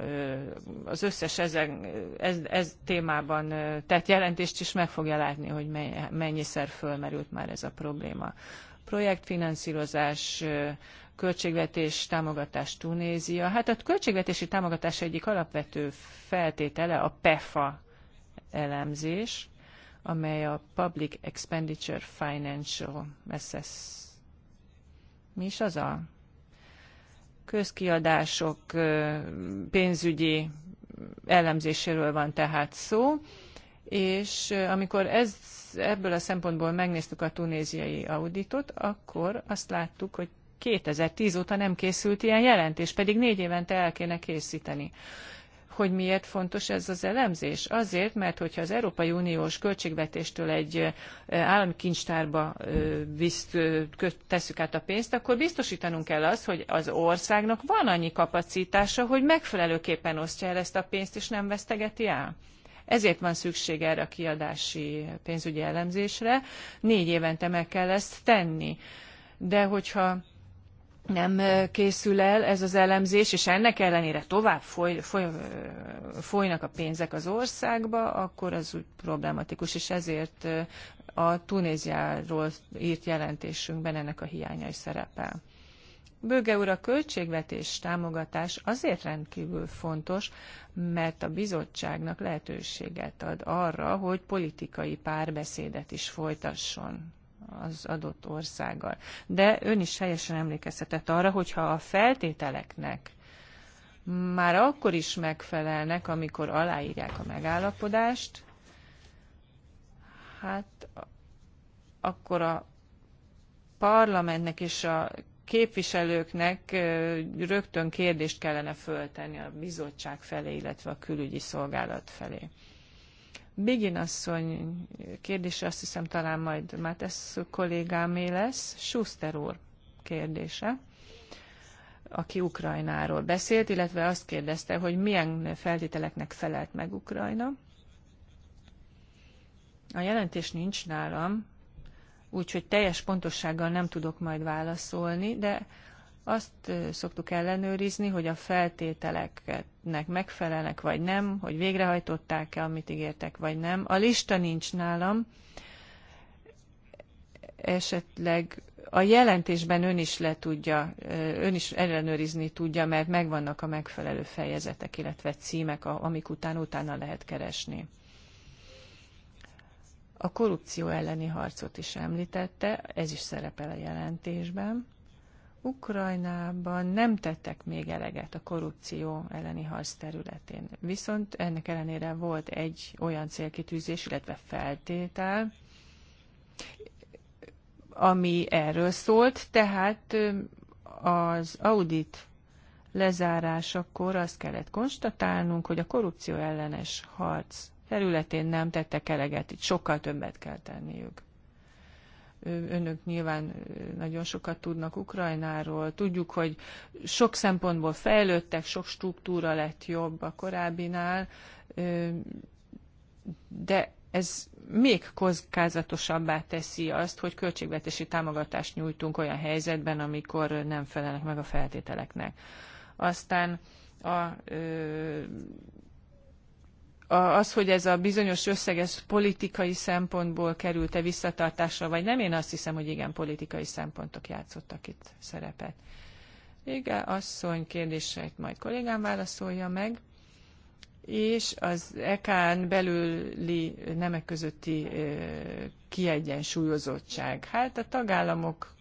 az összes ezen, ez, ez témában tett jelentést, és meg fogja látni, hogy mennyiszer fölmerült már ez a probléma. Projektfinanszírozás, költségvetés, támogatás Tunézia. Hát a költségvetési támogatás egyik alapvető feltétele a PEFA elemzés, amely a Public Expenditure Financial Assess. Mi is az a közkiadások pénzügyi elemzéséről van tehát szó, és amikor ez, ebből a szempontból megnéztük a tunéziai auditot, akkor azt láttuk, hogy 2010 óta nem készült ilyen jelentés, pedig négy évente el kéne készíteni hogy miért fontos ez az elemzés? Azért, mert hogyha az Európai Uniós költségvetéstől egy állami kincstárba tesszük át a pénzt, akkor biztosítanunk kell azt, hogy az országnak van annyi kapacitása, hogy megfelelőképpen osztja el ezt a pénzt, és nem vesztegeti el. Ezért van szükség erre a kiadási pénzügyi elemzésre. Négy évente meg kell ezt tenni. De hogyha nem készül el ez az elemzés, és ennek ellenére tovább foly, foly, folynak a pénzek az országba, akkor az úgy problematikus, és ezért a Tunéziáról írt jelentésünkben ennek a hiánya is szerepel. Bőge úr, a költségvetés támogatás azért rendkívül fontos, mert a bizottságnak lehetőséget ad arra, hogy politikai párbeszédet is folytasson az adott országgal. De ön is helyesen emlékeztetett arra, hogyha a feltételeknek már akkor is megfelelnek, amikor aláírják a megállapodást, hát akkor a parlamentnek és a képviselőknek rögtön kérdést kellene föltenni a bizottság felé, illetve a külügyi szolgálat felé. Bigin asszony kérdése azt hiszem talán majd Mátesz kollégámé lesz. Schuster úr kérdése aki Ukrajnáról beszélt, illetve azt kérdezte, hogy milyen feltételeknek felelt meg Ukrajna. A jelentés nincs nálam, úgyhogy teljes pontossággal nem tudok majd válaszolni, de azt szoktuk ellenőrizni, hogy a feltételeknek megfelelnek vagy nem, hogy végrehajtották-e, amit ígértek, vagy nem. A lista nincs nálam. Esetleg a jelentésben ön is le tudja, ön is ellenőrizni tudja, mert megvannak a megfelelő fejezetek, illetve címek, amik után utána lehet keresni. A korrupció elleni harcot is említette, ez is szerepel a jelentésben Ukrajnában nem tettek még eleget a korrupció elleni harc területén. Viszont ennek ellenére volt egy olyan célkitűzés, illetve feltétel, ami erről szólt, tehát az audit lezárásakor azt kellett konstatálnunk, hogy a korrupció ellenes harc területén nem tettek eleget, itt sokkal többet kell tenniük önök nyilván nagyon sokat tudnak Ukrajnáról. Tudjuk, hogy sok szempontból fejlődtek, sok struktúra lett jobb a korábbinál, de ez még kockázatosabbá teszi azt, hogy költségvetési támogatást nyújtunk olyan helyzetben, amikor nem felelnek meg a feltételeknek. Aztán a az, hogy ez a bizonyos összeg ez politikai szempontból került-e visszatartásra, vagy nem, én azt hiszem, hogy igen, politikai szempontok játszottak itt szerepet. Igen, asszony kérdéseit majd kollégám válaszolja meg és az EKN belüli nemek közötti kiegyensúlyozottság. Hát a tagállamok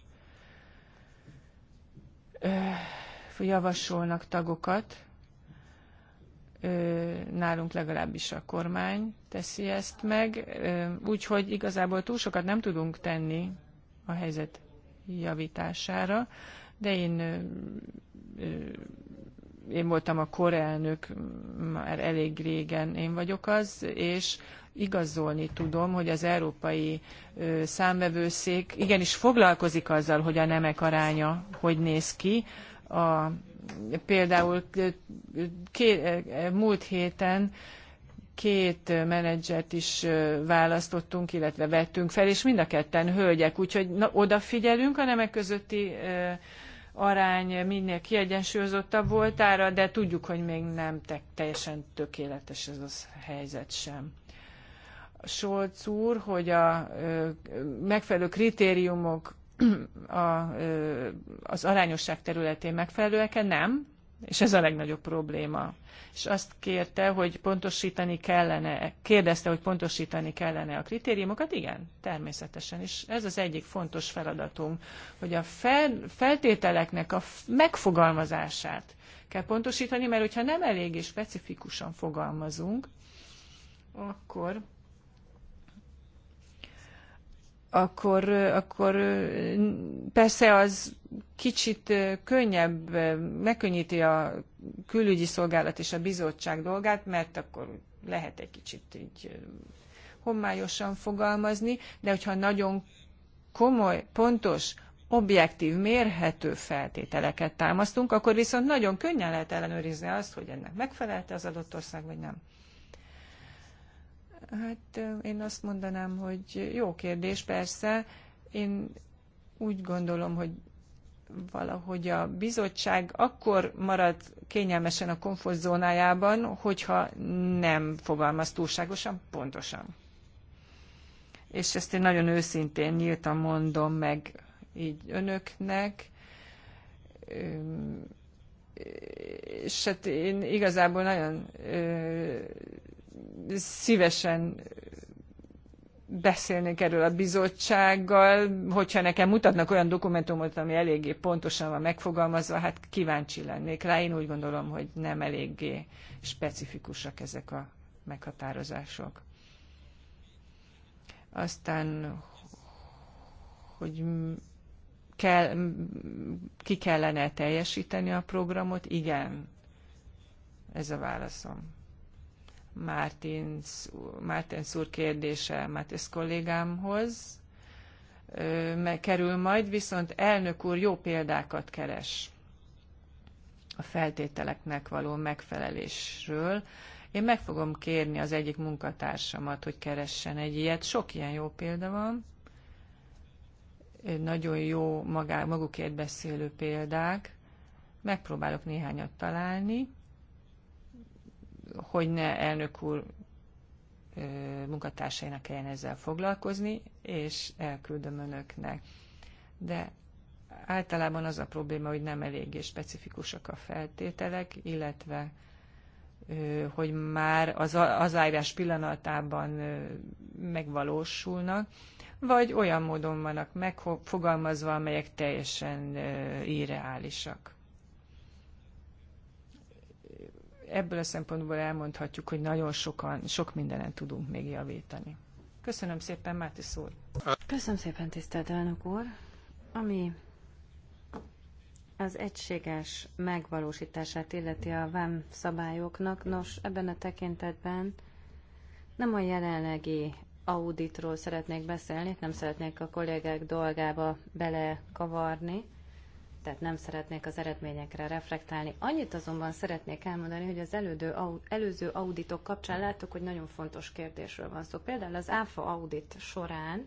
javasolnak tagokat, nálunk legalábbis a kormány teszi ezt meg, úgyhogy igazából túl sokat nem tudunk tenni a helyzet javítására, de én én voltam a korelnök, már elég régen én vagyok az, és igazolni tudom, hogy az európai számvevőszék igenis foglalkozik azzal, hogy a nemek aránya hogy néz ki a például két, múlt héten két menedzset is választottunk, illetve vettünk fel, és mind a ketten hölgyek, úgyhogy na, odafigyelünk a nemek közötti arány minél kiegyensúlyozottabb voltára, de tudjuk, hogy még nem te, teljesen tökéletes ez a helyzet sem. Solc úr, hogy a ö, megfelelő kritériumok a, az arányosság területén megfelelőek-e? Nem. És ez a legnagyobb probléma. És azt kérte, hogy pontosítani kellene, kérdezte, hogy pontosítani kellene a kritériumokat. Igen, természetesen. És ez az egyik fontos feladatunk, hogy a fel, feltételeknek a megfogalmazását kell pontosítani, mert hogyha nem eléggé specifikusan fogalmazunk, akkor akkor, akkor persze az kicsit könnyebb, megkönnyíti a külügyi szolgálat és a bizottság dolgát, mert akkor lehet egy kicsit így homályosan fogalmazni, de hogyha nagyon komoly, pontos, objektív, mérhető feltételeket támasztunk, akkor viszont nagyon könnyen lehet ellenőrizni azt, hogy ennek megfelelte az adott ország, vagy nem. Hát én azt mondanám, hogy jó kérdés, persze. Én úgy gondolom, hogy valahogy a bizottság akkor marad kényelmesen a komfortzónájában, hogyha nem fogalmaz túlságosan pontosan. És ezt én nagyon őszintén, nyíltan mondom meg így önöknek. És hát én igazából nagyon szívesen beszélnék erről a bizottsággal, hogyha nekem mutatnak olyan dokumentumot, ami eléggé pontosan van megfogalmazva, hát kíváncsi lennék rá. Én úgy gondolom, hogy nem eléggé specifikusak ezek a meghatározások. Aztán, hogy kell, ki kellene teljesíteni a programot? Igen, ez a válaszom. Mártins, Mártins úr kérdése Mátész kollégámhoz kerül majd, viszont elnök úr jó példákat keres a feltételeknek való megfelelésről. Én meg fogom kérni az egyik munkatársamat, hogy keressen egy ilyet. Sok ilyen jó példa van. Nagyon jó magá, magukért beszélő példák. Megpróbálok néhányat találni hogy ne elnök úr munkatársainak kelljen ezzel foglalkozni, és elküldöm önöknek. De általában az a probléma, hogy nem eléggé specifikusak a feltételek, illetve hogy már az, az állás pillanatában megvalósulnak, vagy olyan módon vannak megfogalmazva, amelyek teljesen irreálisak. ebből a szempontból elmondhatjuk, hogy nagyon sokan, sok mindenen tudunk még javítani. Köszönöm szépen, Máté úr. Köszönöm szépen, tisztelt elnök úr. Ami az egységes megvalósítását illeti a VAM szabályoknak, nos, ebben a tekintetben nem a jelenlegi auditról szeretnék beszélni, nem szeretnék a kollégák dolgába belekavarni, tehát nem szeretnék az eredményekre reflektálni. Annyit azonban szeretnék elmondani, hogy az elődő, előző auditok kapcsán láttuk, hogy nagyon fontos kérdésről van szó. Például az ÁFA audit során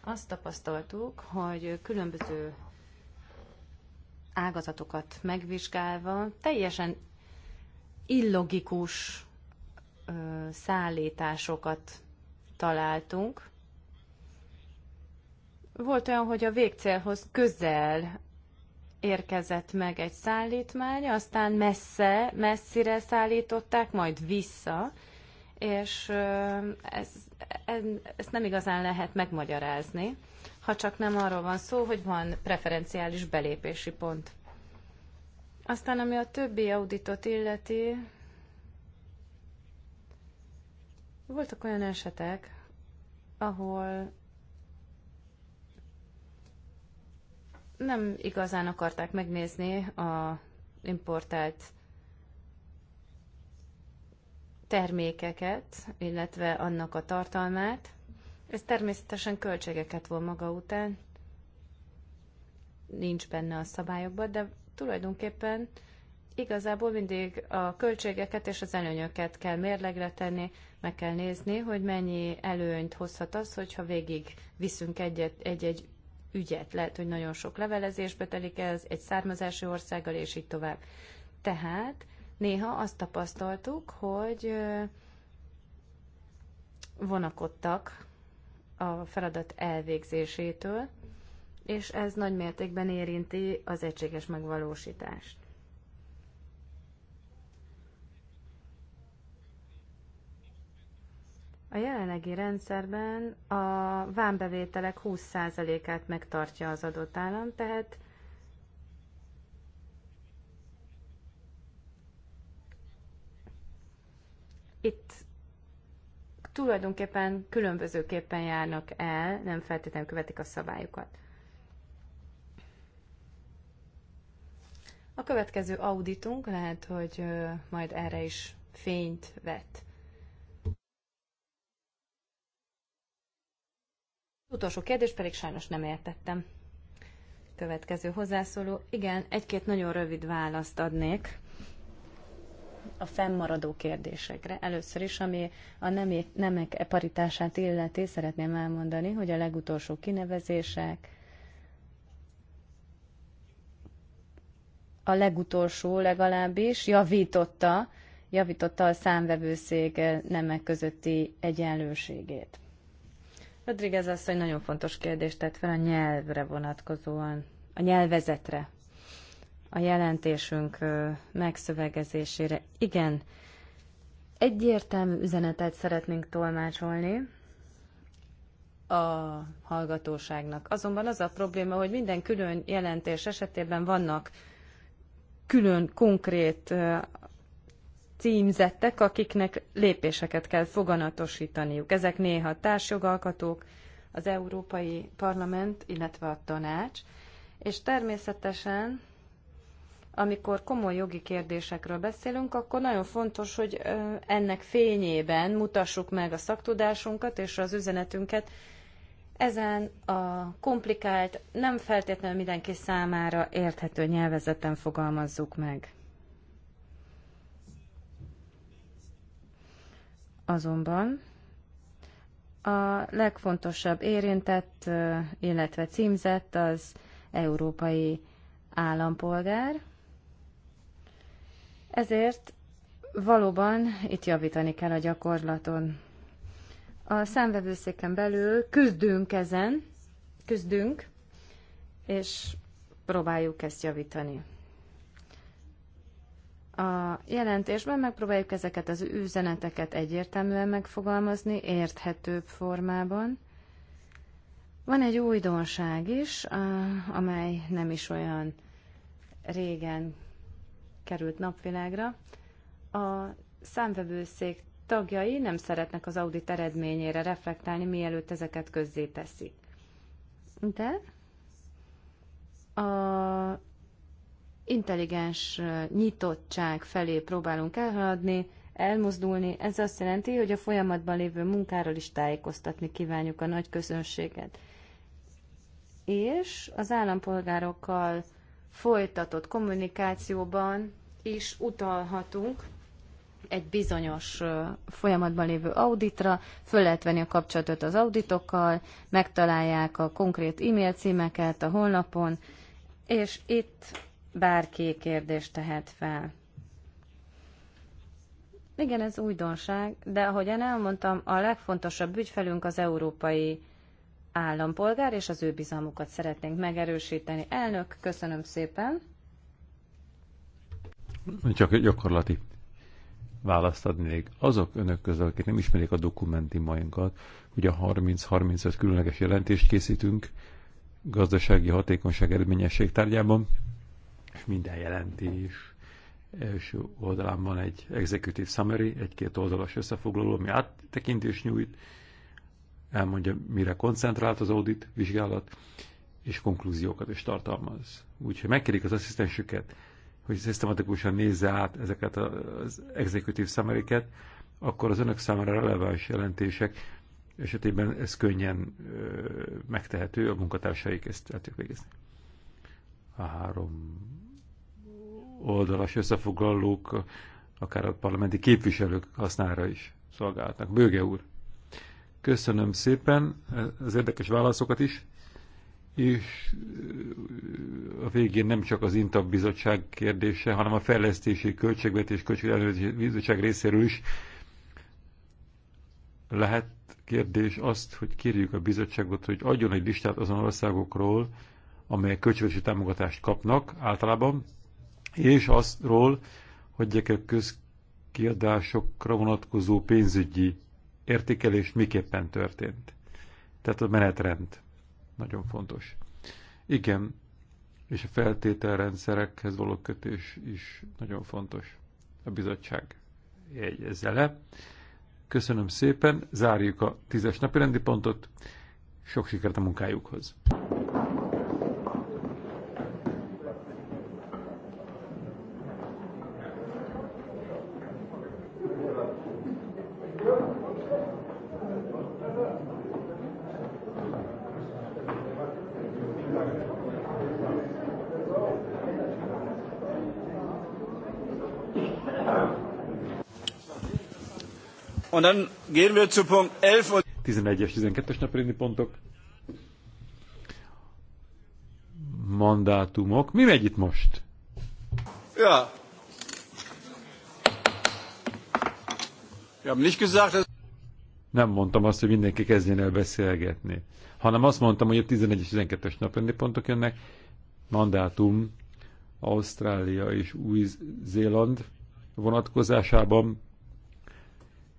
azt tapasztaltuk, hogy különböző ágazatokat megvizsgálva teljesen illogikus ö, szállításokat találtunk. Volt olyan, hogy a végcélhoz közel érkezett meg egy szállítmány, aztán messze, messzire szállították, majd vissza, és ez, ez, ezt nem igazán lehet megmagyarázni, ha csak nem arról van szó, hogy van preferenciális belépési pont. Aztán, ami a többi auditot illeti, voltak olyan esetek, ahol nem igazán akarták megnézni a importált termékeket, illetve annak a tartalmát. Ez természetesen költségeket von maga után, nincs benne a szabályokban, de tulajdonképpen igazából mindig a költségeket és az előnyöket kell mérlegre tenni, meg kell nézni, hogy mennyi előnyt hozhat az, hogyha végig viszünk egy-egy ügyet. Lehet, hogy nagyon sok levelezésbe telik ez, egy származási országgal, és így tovább. Tehát néha azt tapasztaltuk, hogy vonakodtak a feladat elvégzésétől, és ez nagy mértékben érinti az egységes megvalósítást. A jelenlegi rendszerben a vámbevételek 20%-át megtartja az adott állam, tehát itt tulajdonképpen különbözőképpen járnak el, nem feltétlenül követik a szabályokat. A következő auditunk lehet, hogy majd erre is fényt vet. Utolsó kérdés pedig sajnos nem értettem. Következő hozzászóló. Igen, egy-két nagyon rövid választ adnék a fennmaradó kérdésekre. Először is, ami a nemek e paritását illeti, szeretném elmondani, hogy a legutolsó kinevezések, a legutolsó legalábbis javította, javította a számvevőszék nemek közötti egyenlőségét. Rodriguez asszony nagyon fontos kérdést tett fel a nyelvre vonatkozóan, a nyelvezetre, a jelentésünk megszövegezésére. Igen, egyértelmű üzenetet szeretnénk tolmácsolni a hallgatóságnak. Azonban az a probléma, hogy minden külön jelentés esetében vannak külön konkrét címzettek, akiknek lépéseket kell foganatosítaniuk. Ezek néha társjogalkatók, az Európai Parlament, illetve a tanács, és természetesen amikor komoly jogi kérdésekről beszélünk, akkor nagyon fontos, hogy ennek fényében mutassuk meg a szaktudásunkat és az üzenetünket. Ezen a komplikált, nem feltétlenül mindenki számára érthető nyelvezeten fogalmazzuk meg. Azonban a legfontosabb érintett, illetve címzett az európai állampolgár. Ezért valóban itt javítani kell a gyakorlaton. A számvevőszéken belül küzdünk ezen, küzdünk, és próbáljuk ezt javítani. A jelentésben megpróbáljuk ezeket az üzeneteket egyértelműen megfogalmazni, érthetőbb formában. Van egy újdonság is, amely nem is olyan régen került napvilágra. A számvevőszék tagjai nem szeretnek az audit eredményére reflektálni, mielőtt ezeket közzéteszik. De a intelligens nyitottság felé próbálunk elhaladni, elmozdulni. Ez azt jelenti, hogy a folyamatban lévő munkáról is tájékoztatni kívánjuk a nagy közönséget. És az állampolgárokkal folytatott kommunikációban is utalhatunk egy bizonyos folyamatban lévő auditra, föl lehet venni a kapcsolatot az auditokkal, megtalálják a konkrét e-mail címeket a honlapon, és itt bárki kérdést tehet fel. Igen, ez újdonság, de ahogyan elmondtam, a legfontosabb ügyfelünk az európai állampolgár, és az ő bizalmukat szeretnénk megerősíteni. Elnök, köszönöm szépen. Csak egy gyakorlati választ adnék. Azok önök közül, akik nem ismerik a dokumentumainkat, ugye 30-35 különleges jelentést készítünk gazdasági hatékonyság eredményesség tárgyában, és minden jelentés első oldalán van egy executive summary, egy-két oldalas összefoglaló, ami áttekintés nyújt, elmondja, mire koncentrált az audit vizsgálat, és konklúziókat is tartalmaz. Úgyhogy megkérik az asszisztensüket, hogy szisztematikusan nézze át ezeket az executive summary akkor az önök számára releváns jelentések esetében ez könnyen ö, megtehető, a munkatársaik ezt el tudják végezni. A három oldalas összefoglalók, akár a parlamenti képviselők hasznára is szolgálnak. Bőge úr, köszönöm szépen az érdekes válaszokat is, és a végén nem csak az INTAB bizottság kérdése, hanem a fejlesztési költségvetés költségvetési bizottság részéről is lehet kérdés azt, hogy kérjük a bizottságot, hogy adjon egy listát azon országokról, amelyek költségvetési támogatást kapnak általában, és azról, hogy gyerekek közkiadásokra vonatkozó pénzügyi értékelés miképpen történt. Tehát a menetrend nagyon fontos. Igen, és a feltételrendszerekhez való kötés is nagyon fontos. A bizottság jegyezze le. Köszönöm szépen, zárjuk a tízes napi rendi pontot, sok sikert a munkájukhoz! dann gehen wir zu Punkt 11 und 11-es, 12-es napirendi pontok. Mandátumok. Mi megy itt most? Ja. Wir haben nicht gesagt, dass nem mondtam azt, hogy mindenki kezdjen el beszélgetni, hanem azt mondtam, hogy a 11 és 12-es naprendi pontok jönnek, mandátum Ausztrália és Új-Zéland vonatkozásában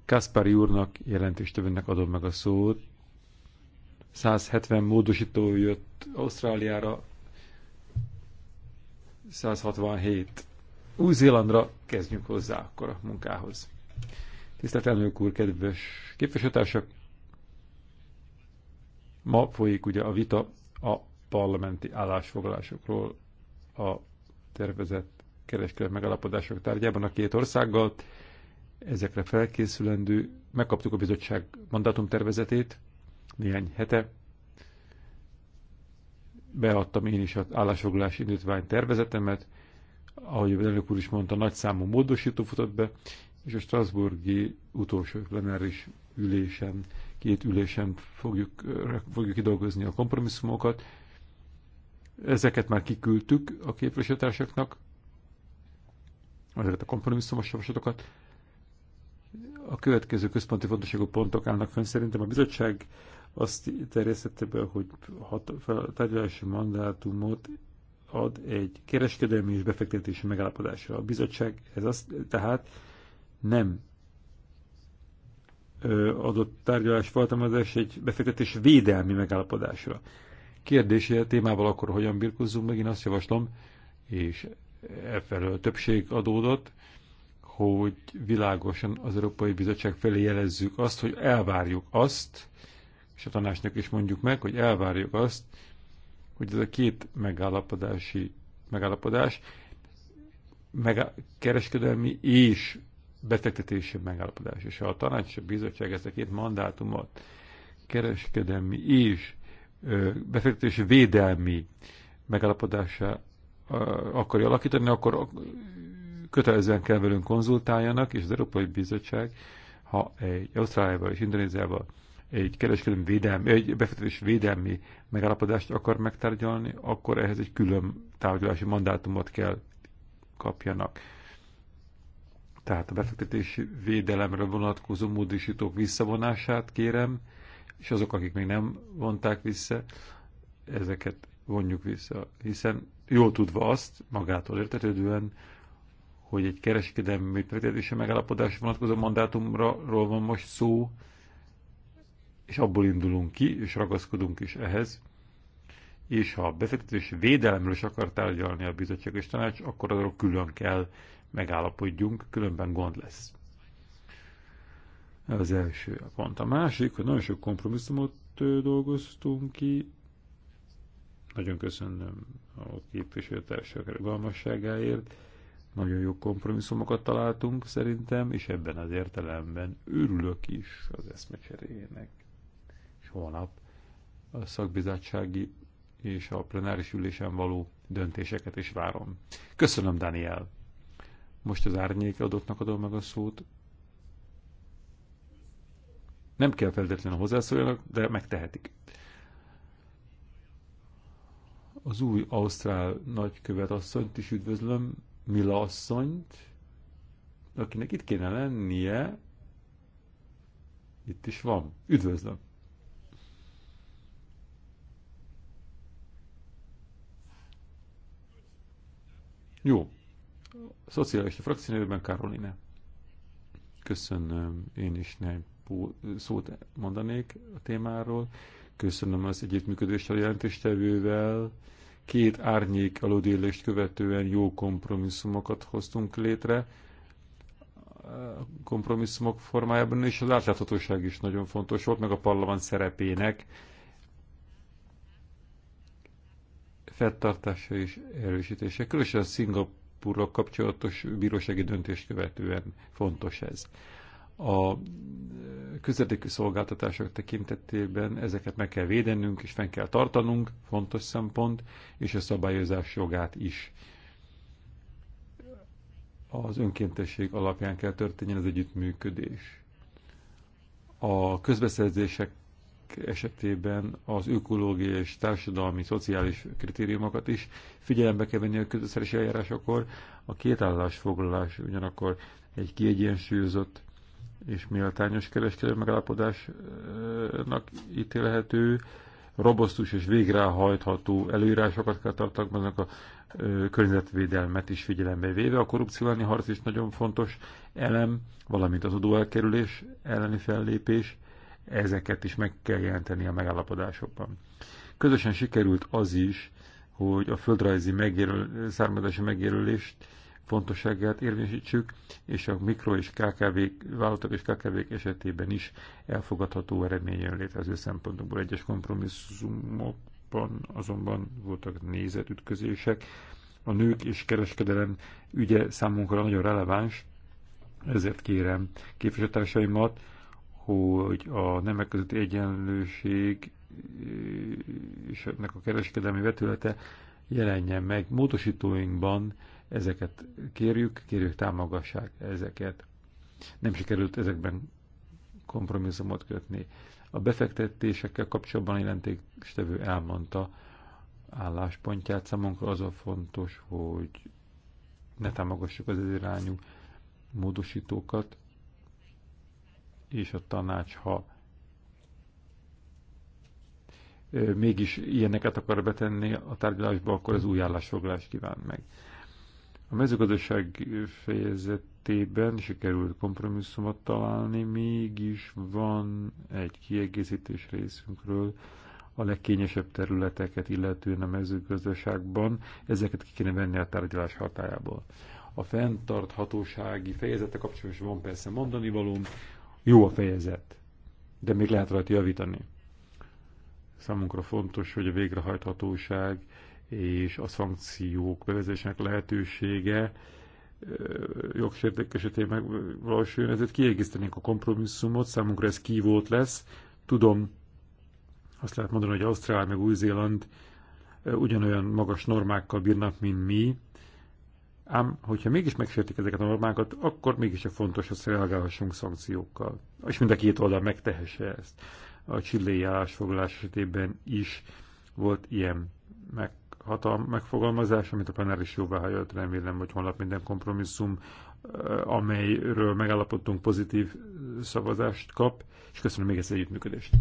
Kaspari úrnak jelentéstevőnek adom meg a szót. 170 módosító jött Ausztráliára, 167. Új-Zélandra kezdjünk hozzá akkor a munkához. Tisztelt elnök úr, kedves képviselőtársak! Ma folyik ugye a vita a parlamenti állásfoglalásokról a tervezett kereskedelmi megalapodások tárgyában a két országgal ezekre felkészülendő, megkaptuk a bizottság mandátumtervezetét néhány hete, beadtam én is az állásfoglalási indítvány tervezetemet, ahogy a elnök úr is mondta, számú módosító futott be, és a Strasburgi utolsó plenáris ülésen, két ülésen fogjuk, fogjuk kidolgozni a kompromisszumokat. Ezeket már kiküldtük a képviselőtársaknak, ezeket a kompromisszumos javaslatokat a következő központi fontosságú pontok állnak fönn. Szerintem a bizottság azt terjesztette be, hogy hat, fel, tárgyalási mandátumot ad egy kereskedelmi és befektetési megállapodásra. A bizottság ez azt, tehát nem adott tárgyalás feltámadás egy befektetés védelmi megállapodásra. a témával akkor hogyan birkozzunk meg, én azt javaslom, és efelől többség adódott, hogy világosan az Európai Bizottság felé jelezzük azt, hogy elvárjuk azt, és a tanácsnak is mondjuk meg, hogy elvárjuk azt, hogy ez a két megállapodási megállapodás meg, kereskedelmi és befektetési megállapodás. És ha a tanács és a bizottság ezt a két mandátumot kereskedelmi és befektetési védelmi megállapodása akarja alakítani, akkor kötelezően kell velünk konzultáljanak, és az Európai Bizottság, ha egy Ausztráliában és Indonéziában egy kereskedelmi védelmi, egy befektetés védelmi megállapodást akar megtárgyalni, akkor ehhez egy külön tárgyalási mandátumot kell kapjanak. Tehát a befektetési védelemre vonatkozó módosítók visszavonását kérem, és azok, akik még nem vonták vissza, ezeket vonjuk vissza, hiszen jól tudva azt, magától értetődően, hogy egy kereskedelmi működtetési megállapodás vonatkozó mandátumról van most szó, és abból indulunk ki, és ragaszkodunk is ehhez. És ha a befektetés védelemről is akar tárgyalni a bizottság és tanács, akkor arról külön kell megállapodjunk, különben gond lesz. Ez az első a pont. A másik, hogy nagyon sok kompromisszumot dolgoztunk ki. Nagyon köszönöm a képviselőtársak rugalmasságáért nagyon jó kompromisszumokat találtunk szerintem, és ebben az értelemben örülök is az eszmecserének. És holnap a szakbizottsági és a plenáris ülésen való döntéseket is várom. Köszönöm, Daniel! Most az árnyék adottnak adom meg a szót. Nem kell feltétlenül hozzászóljanak, de megtehetik. Az új Ausztrál nagykövet asszonyt is üdvözlöm, Mila asszonyt, akinek itt kéne lennie, itt is van. Üdvözlöm! Jó. A szociális frakciónőben Karoline. Köszönöm, én is nem szót mondanék a témáról. Köszönöm az együttműködést a jelentéstevővel két árnyék aludélést követően jó kompromisszumokat hoztunk létre, kompromisszumok formájában, és az átláthatóság is nagyon fontos volt, meg a parlament szerepének fettartása és erősítése. Különösen a Szingapurra kapcsolatos bírósági döntést követően fontos ez a közérdekű szolgáltatások tekintetében ezeket meg kell védenünk, és fenn kell tartanunk, fontos szempont, és a szabályozás jogát is. Az önkéntesség alapján kell történjen az együttműködés. A közbeszerzések esetében az ökológiai és társadalmi, szociális kritériumokat is figyelembe kell venni a közösszeres eljárásakor. A két foglalás ugyanakkor egy kiegyensúlyozott és méltányos kereskedelmi megállapodásnak ítélhető, robosztus és végrehajtható előírásokat kell tartalmaznak a környezetvédelmet is figyelembe véve. A korrupció elleni harc is nagyon fontos elem, valamint az adóelkerülés elleni fellépés, ezeket is meg kell jelenteni a megállapodásokban. Közösen sikerült az is, hogy a földrajzi megjelöl, származási megjelölést fontosságát érvényesítsük, és a mikro és KKV, vállalatok és kkv esetében is elfogadható eredmény jön létre az ő szempontokból. Egyes kompromisszumokban azonban voltak nézetütközések. A nők és kereskedelem ügye számunkra nagyon releváns, ezért kérem képviselőtársaimat, hogy a nemek közötti egyenlőség eh, és ennek a kereskedelmi vetülete jelenjen meg módosítóinkban, Ezeket kérjük, kérjük támogassák ezeket. Nem sikerült ezekben kompromisszumot kötni. A befektetésekkel kapcsolatban jelentéstevő elmondta álláspontját. Számunkra az a fontos, hogy ne támogassuk az irányú módosítókat, és a tanács, ha mégis ilyeneket akar betenni a tárgyalásba, akkor az új állásfoglalást kíván meg. A mezőgazdaság fejezetében sikerült kompromisszumot találni, mégis van egy kiegészítés részünkről a legkényesebb területeket illetően a mezőgazdaságban, ezeket ki kéne venni a tárgyalás hatájából. A fenntarthatósági fejezete kapcsolatban van persze mondani való, jó a fejezet, de még lehet rajta javítani. Számunkra fontos, hogy a végrehajthatóság és a szankciók bevezetésének lehetősége jogsérték esetében valósuljon, ezért kiegészítenénk a kompromisszumot, számunkra ez kívót lesz. Tudom, azt lehet mondani, hogy Ausztrália meg Új-Zéland ugyanolyan magas normákkal bírnak, mint mi, ám hogyha mégis megsértik ezeket a normákat, akkor mégiscsak fontos, hogy reagálhassunk szankciókkal. És mind a két oldal megtehesse ezt. A csillai állásfoglalás esetében is volt ilyen meg hatalm megfogalmazás, amit a panel is jóvá hagyott, remélem, hogy holnap minden kompromisszum, eh, amelyről megállapodtunk, pozitív eh, szavazást kap, és köszönöm még ezt az együttműködést.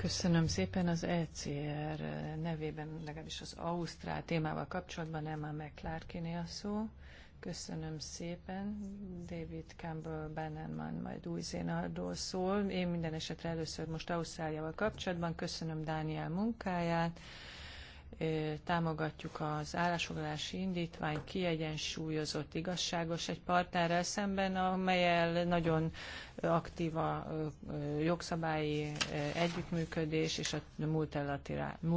Köszönöm szépen az ECR eh, nevében, legalábbis az Ausztrál témával kapcsolatban Emma McClarkiné a szó. Köszönöm szépen. David Campbell Bannerman majd új zénarról szól. Én minden esetre először most Ausztráliával kapcsolatban köszönöm Dániel munkáját támogatjuk az állásfoglalási indítvány kiegyensúlyozott igazságos egy partnerrel szemben, amelyel nagyon aktív a jogszabályi együttműködés és a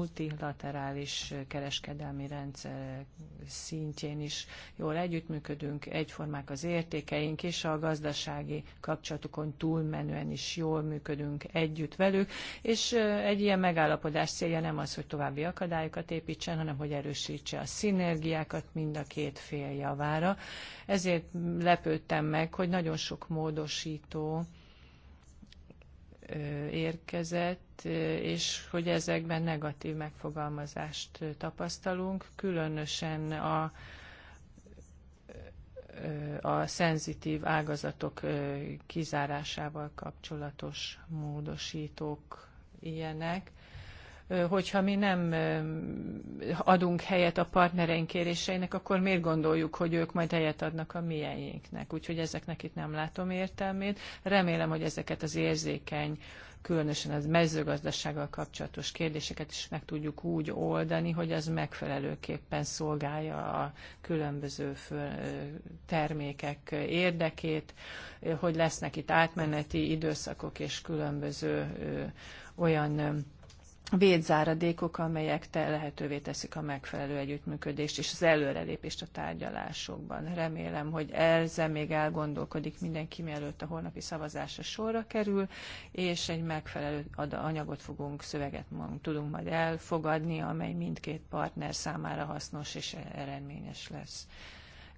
multilaterális kereskedelmi rendszer szintjén is jól együttműködünk, egyformák az értékeink, és a gazdasági kapcsolatokon túlmenően is jól működünk együtt velük, és egy ilyen megállapodás célja nem az, hogy további akadályokat kapcsolatokat építsen, hanem hogy erősítse a szinergiákat mind a két fél javára. Ezért lepődtem meg, hogy nagyon sok módosító érkezett, és hogy ezekben negatív megfogalmazást tapasztalunk, különösen a, a szenzitív ágazatok kizárásával kapcsolatos módosítók ilyenek hogyha mi nem adunk helyet a partnereink kéréseinek, akkor miért gondoljuk, hogy ők majd helyet adnak a mieinknek? Úgyhogy ezeknek itt nem látom értelmét. Remélem, hogy ezeket az érzékeny különösen az mezőgazdasággal kapcsolatos kérdéseket is meg tudjuk úgy oldani, hogy az megfelelőképpen szolgálja a különböző termékek érdekét, hogy lesznek itt átmeneti időszakok és különböző olyan védzáradékok, amelyek te lehetővé teszik a megfelelő együttműködést és az előrelépést a tárgyalásokban. Remélem, hogy ezzel még elgondolkodik mindenki, mielőtt a holnapi szavazásra sorra kerül, és egy megfelelő anyagot fogunk, szöveget magunk tudunk majd elfogadni, amely mindkét partner számára hasznos és eredményes lesz.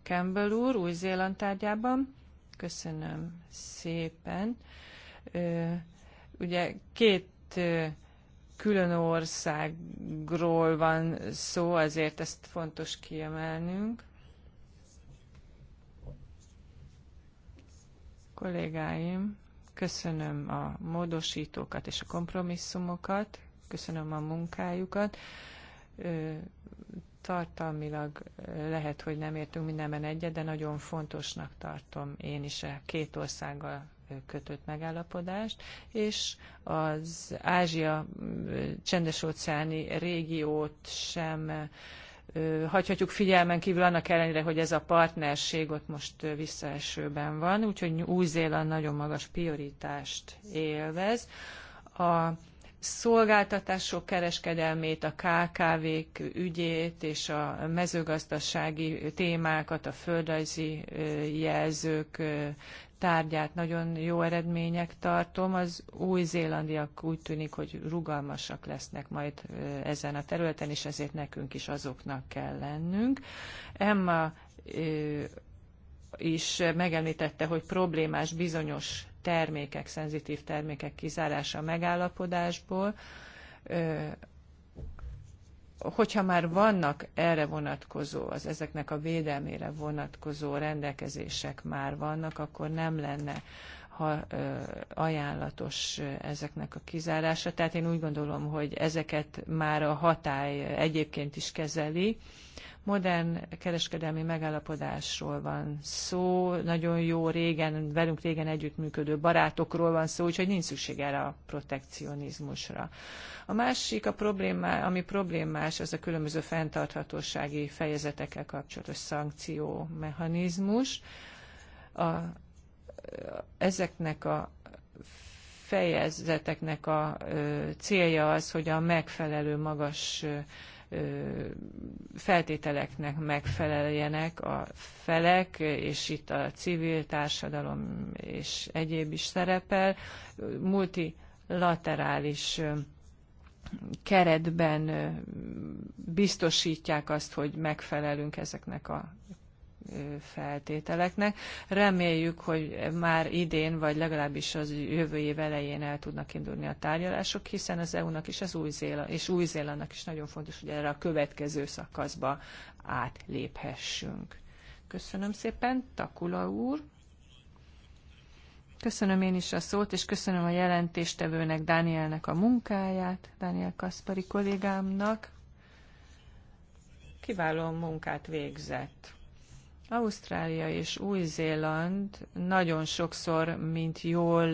Campbell úr, Új-Zéland tárgyában. Köszönöm szépen. Ö, ugye két külön országról van szó, azért ezt fontos kiemelnünk. Kollégáim, köszönöm a módosítókat és a kompromisszumokat, köszönöm a munkájukat. Tartalmilag lehet, hogy nem értünk mindenben egyet, de nagyon fontosnak tartom én is a két országgal kötött megállapodást, és az Ázsia csendes-óceáni régiót sem hagyhatjuk figyelmen kívül annak ellenére, hogy ez a partnerség ott most visszaesőben van, úgyhogy Új-Zéland nagyon magas prioritást élvez. A szolgáltatások kereskedelmét, a KKV-k ügyét és a mezőgazdasági témákat, a földrajzi jelzők tárgyát nagyon jó eredmények tartom. Az új zélandiak úgy tűnik, hogy rugalmasak lesznek majd ezen a területen, és ezért nekünk is azoknak kell lennünk. Emma is megemlítette, hogy problémás bizonyos termékek, szenzitív termékek kizárása a megállapodásból hogyha már vannak erre vonatkozó, az ezeknek a védelmére vonatkozó rendelkezések már vannak, akkor nem lenne ha, ö, ajánlatos ezeknek a kizárása. Tehát én úgy gondolom, hogy ezeket már a hatály egyébként is kezeli, Modern kereskedelmi megállapodásról van szó, nagyon jó régen, velünk régen együttműködő barátokról van szó, úgyhogy nincs szükség erre a protekcionizmusra. A másik, a problémá, ami problémás, az a különböző fenntarthatósági fejezetekkel kapcsolatos mechanizmus. A, ezeknek a fejezeteknek a célja az, hogy a megfelelő magas feltételeknek megfeleljenek a felek, és itt a civil társadalom és egyéb is szerepel. Multilaterális keretben biztosítják azt, hogy megfelelünk ezeknek a feltételeknek. Reméljük, hogy már idén, vagy legalábbis az jövő év elején el tudnak indulni a tárgyalások, hiszen az EU-nak és az új Zéla, és új Zélannak is nagyon fontos, hogy erre a következő szakaszba átléphessünk. Köszönöm szépen, Takula úr! Köszönöm én is a szót, és köszönöm a jelentéstevőnek, Dánielnek a munkáját, Dániel Kaspari kollégámnak. Kiváló munkát végzett. Ausztrália és Új-Zéland nagyon sokszor, mint jól,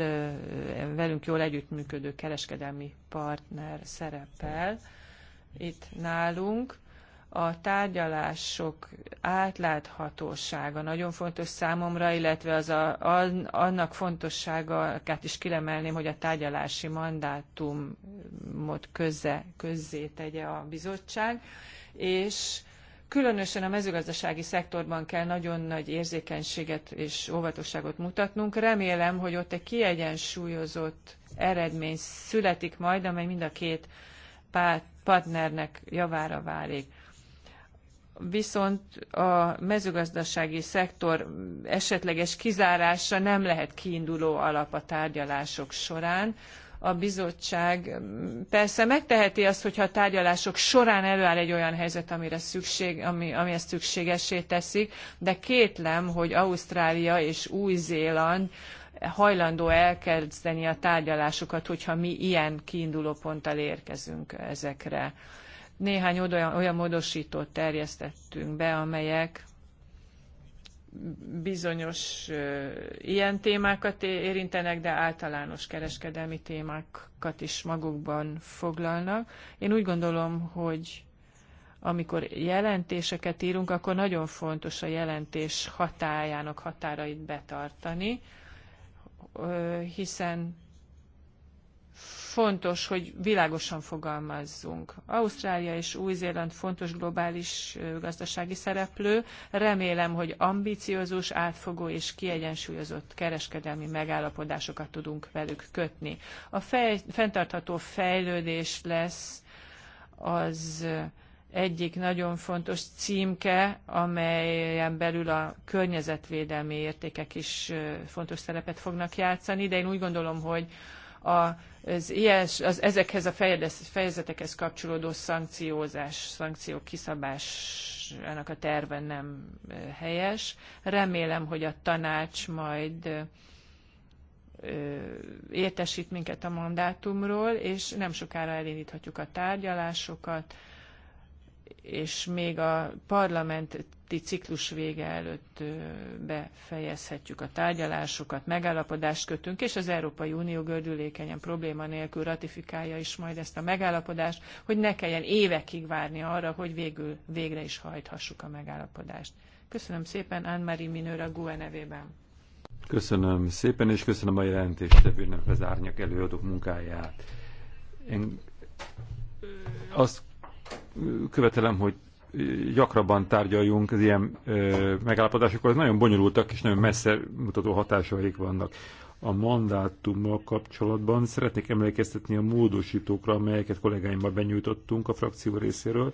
velünk jól együttműködő kereskedelmi partner szerepel itt nálunk. A tárgyalások átláthatósága nagyon fontos számomra, illetve az a, annak fontossága, akár hát is kiremelném, hogy a tárgyalási mandátumot közze, közzé tegye a bizottság, és Különösen a mezőgazdasági szektorban kell nagyon nagy érzékenységet és óvatosságot mutatnunk. Remélem, hogy ott egy kiegyensúlyozott eredmény születik majd, amely mind a két partnernek javára válik viszont a mezőgazdasági szektor esetleges kizárása nem lehet kiinduló alap a tárgyalások során a bizottság persze megteheti azt, hogyha a tárgyalások során előáll egy olyan helyzet, amire szükség, ami, ami ezt szükségessé teszik, de kétlem, hogy Ausztrália és Új-Zéland hajlandó elkezdeni a tárgyalásokat, hogyha mi ilyen kiindulóponttal érkezünk ezekre. Néhány olyan, olyan módosítót terjesztettünk be, amelyek bizonyos ilyen témákat érintenek, de általános kereskedelmi témákat is magukban foglalnak. Én úgy gondolom, hogy amikor jelentéseket írunk, akkor nagyon fontos a jelentés hatájának határait betartani, hiszen fontos, hogy világosan fogalmazzunk. Ausztrália és Új-Zéland fontos globális gazdasági szereplő. Remélem, hogy ambiciózus, átfogó és kiegyensúlyozott kereskedelmi megállapodásokat tudunk velük kötni. A fej, fenntartható fejlődés lesz az egyik nagyon fontos címke, amelyen belül a környezetvédelmi értékek is fontos szerepet fognak játszani, de én úgy gondolom, hogy a ez ilyes, az ezekhez a fejezetekhez kapcsolódó szankciózás, szankciók kiszabásának a terve nem helyes. Remélem, hogy a tanács majd értesít minket a mandátumról, és nem sokára elindíthatjuk a tárgyalásokat és még a parlamenti ciklus vége előtt befejezhetjük a tárgyalásokat, megállapodást kötünk, és az Európai Unió gördülékenyen probléma nélkül ratifikálja is majd ezt a megállapodást, hogy ne kelljen évekig várni arra, hogy végül végre is hajthassuk a megállapodást. Köszönöm szépen Anne-Marie Minőr a GUE nevében. Köszönöm szépen, és köszönöm a jelentéstevőnek az árnyak előadók munkáját. Én azt követelem, hogy gyakrabban tárgyaljunk az ilyen megállapodásokkal, ez nagyon bonyolultak és nagyon messze mutató hatásaik vannak. A mandátummal kapcsolatban szeretnék emlékeztetni a módosítókra, amelyeket kollégáimmal benyújtottunk a frakció részéről,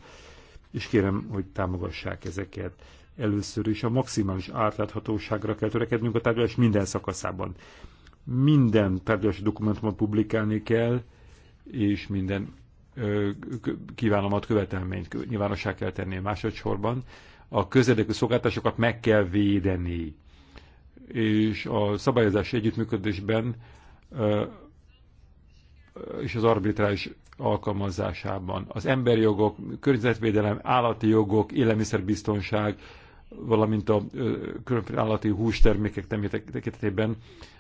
és kérem, hogy támogassák ezeket. Először is a maximális átláthatóságra kell törekednünk a tárgyalás minden szakaszában. Minden tárgyalási dokumentumot publikálni kell, és minden kívánomat követelményt nyilvánosság kell tenni másodszorban. A közérdekű szolgáltatásokat meg kell védeni. És a szabályozás együttműködésben és az arbitrális alkalmazásában. Az emberi jogok, környezetvédelem, állati jogok, élelmiszerbiztonság, valamint a különféle állati hústermékek tekintetében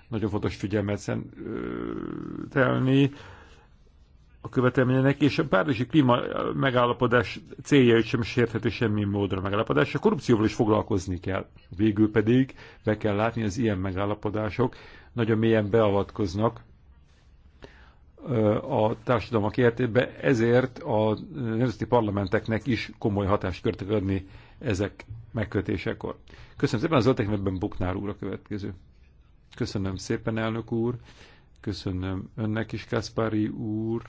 nagyon fontos figyelmet szentelni. Szent, a követelményének, és a párizsi klíma megállapodás is sem sértheti semmi módra megállapodás. A korrupcióval is foglalkozni kell. Végül pedig be kell látni, az ilyen megállapodások nagyon mélyen beavatkoznak a társadalmak értébe, ezért a nemzeti parlamenteknek is komoly hatást kell adni ezek megkötésekor. Köszönöm szépen, az ölteknetben Buknár úr a következő. Köszönöm szépen, elnök úr. Köszönöm önnek is, Kaspari úr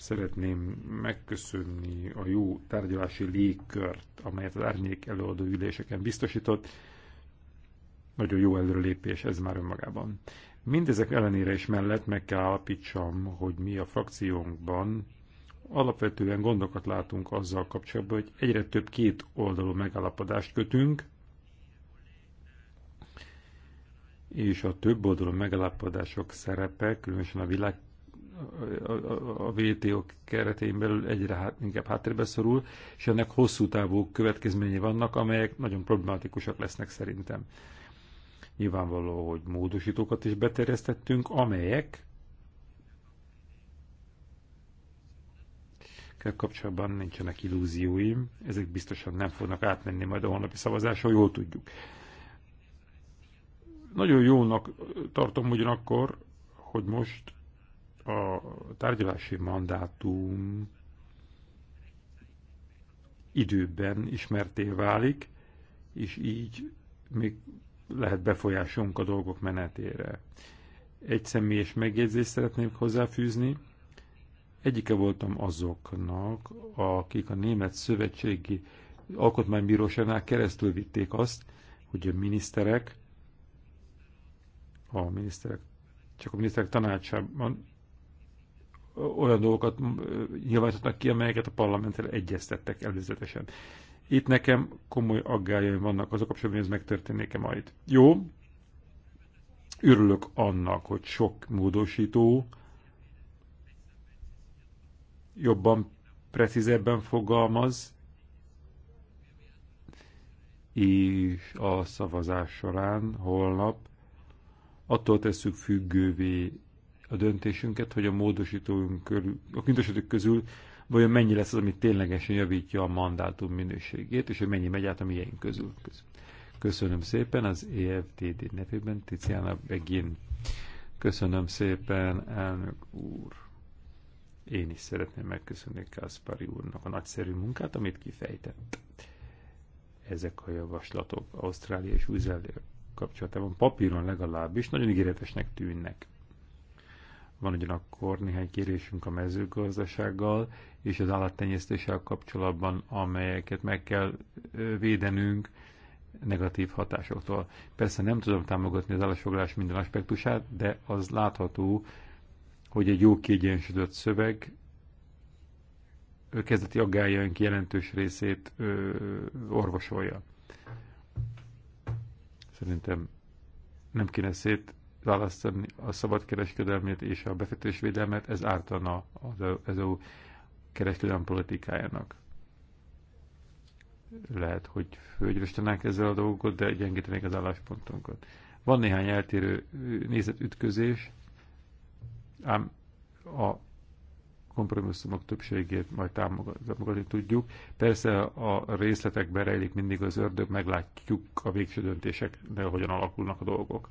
Szeretném megköszönni a jó tárgyalási légkört, amelyet az árnyék előadó üléseken biztosított. Nagyon jó előrelépés ez már önmagában. Mindezek ellenére is mellett meg kell állapítsam, hogy mi a frakciónkban alapvetően gondokat látunk azzal kapcsolatban, hogy egyre több két oldalú megállapodást kötünk, és a több oldalú megállapodások szerepe, különösen a világ a WTO keretén belül egyre hát, inkább háttérbe szorul, és ennek hosszú távú következményei vannak, amelyek nagyon problematikusak lesznek szerintem. Nyilvánvaló, hogy módosítókat is beterjesztettünk, amelyek kapcsolatban nincsenek illúzióim, ezek biztosan nem fognak átmenni majd a holnapi szavazáson, jól tudjuk. Nagyon jónak tartom ugyanakkor, hogy most a tárgyalási mandátum időben ismerté válik, és így még lehet befolyásunk a dolgok menetére. Egy személyes megjegyzést szeretnék hozzáfűzni. Egyike voltam azoknak, akik a Német Szövetségi Alkotmánybíróságnál keresztül vitték azt, hogy a miniszterek, a miniszterek, csak a miniszterek tanácsában olyan dolgokat nyilvánítottak ki, amelyeket a parlamenttel egyeztettek előzetesen. Itt nekem komoly aggályaim vannak azok kapcsolatban, hogy ez megtörténik-e majd. Jó, örülök annak, hogy sok módosító jobban, precízebben fogalmaz, és a szavazás során holnap attól tesszük függővé a döntésünket, hogy a módosítóink körül, a kintosítók közül vajon mennyi lesz az, ami ténylegesen javítja a mandátum minőségét, és hogy mennyi megy át a miénk közül. Köszönöm szépen az EFTD nevében, Tiziana Begin. Köszönöm szépen, elnök úr. Én is szeretném megköszönni Kaspari úrnak a nagyszerű munkát, amit kifejtett. Ezek a javaslatok Ausztrália és új kapcsolatában papíron legalábbis nagyon ígéretesnek tűnnek. Van ugyanakkor néhány kérésünk a mezőgazdasággal és az állattenyésztéssel kapcsolatban, amelyeket meg kell védenünk negatív hatásoktól. Persze nem tudom támogatni az állásfoglalás minden aspektusát, de az látható, hogy egy jó kiegyensúlyozott szöveg kezdeti aggájaink jelentős részét ö, orvosolja. Szerintem nem kéne szét választani a szabad kereskedelmét és a befektetésvédelmet, ez ártana az EU e kereskedelmi politikájának. Lehet, hogy földröstenek ezzel a dolgot, de gyengítenék az álláspontunkat. Van néhány eltérő nézetütközés, ám a kompromisszumok többségét majd támogatni tudjuk. Persze a részletekbe rejlik mindig az ördög, meglátjuk a végső döntéseknél, hogyan alakulnak a dolgok.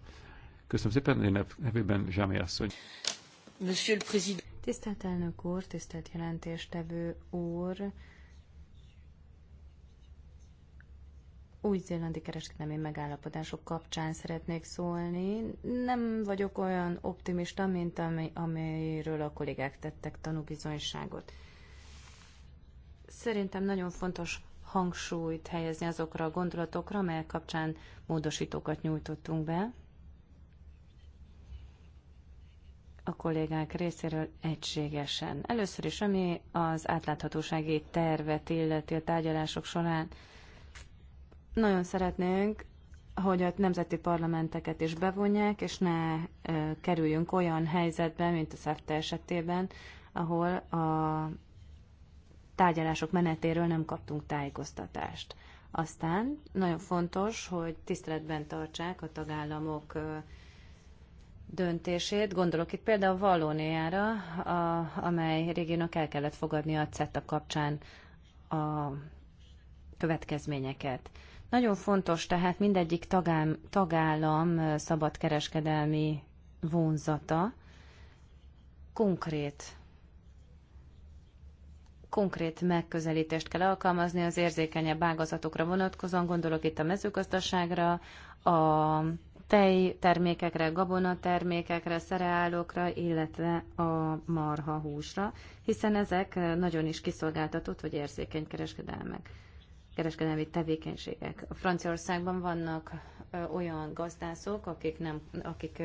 Köszönöm szépen, én nevében Zsámi asszony. Monsieur le Président. Tisztelt elnök úr, tisztelt jelentéstevő úr, új-zélandi kereskedelmi megállapodások kapcsán szeretnék szólni. Nem vagyok olyan optimista, mint ami, amiről a kollégák tettek tanúbizonyságot. Szerintem nagyon fontos hangsúlyt helyezni azokra a gondolatokra, amelyek kapcsán módosítókat nyújtottunk be. a kollégák részéről egységesen. Először is, ami az átláthatósági tervet illeti a tárgyalások során, nagyon szeretnénk, hogy a nemzeti parlamenteket is bevonják, és ne e, kerüljünk olyan helyzetbe, mint a SZEFTE esetében, ahol a tárgyalások menetéről nem kaptunk tájékoztatást. Aztán nagyon fontos, hogy tiszteletben tartsák a tagállamok döntését. Gondolok itt például Vallóniára, a, amely régiónak el kellett fogadni a CETA kapcsán a következményeket. Nagyon fontos tehát mindegyik tagám, tagállam szabadkereskedelmi vonzata, konkrét konkrét megközelítést kell alkalmazni az érzékenyebb ágazatokra vonatkozóan, gondolok itt a mezőgazdaságra, a tejtermékekre, gabonatermékekre, szereálokra, illetve a marha húsra, hiszen ezek nagyon is kiszolgáltatott vagy érzékeny kereskedelmek kereskedelmi tevékenységek. Franciaországban vannak olyan gazdászok, akik, nem, akik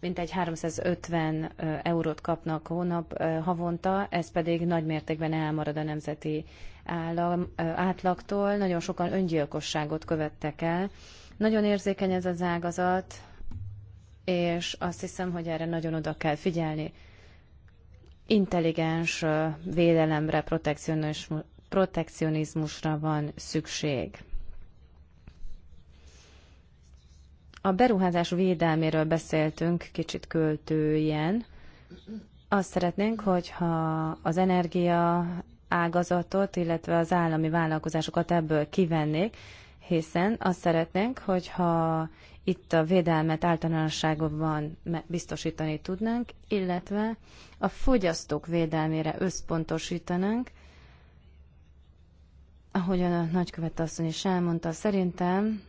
mintegy 350 eurót kapnak hónap havonta, ez pedig nagy mértékben elmarad a nemzeti állam, átlagtól. Nagyon sokan öngyilkosságot követtek el nagyon érzékeny ez az ágazat, és azt hiszem, hogy erre nagyon oda kell figyelni. Intelligens védelemre, protekcionizmusra van szükség. A beruházás védelméről beszéltünk kicsit költőjen. Azt szeretnénk, hogyha az energia ágazatot, illetve az állami vállalkozásokat ebből kivennék, hiszen azt szeretnénk, hogyha itt a védelmet általánosságban biztosítani tudnánk, illetve a fogyasztók védelmére összpontosítanánk, ahogyan a nagykövet asszony is elmondta, szerintem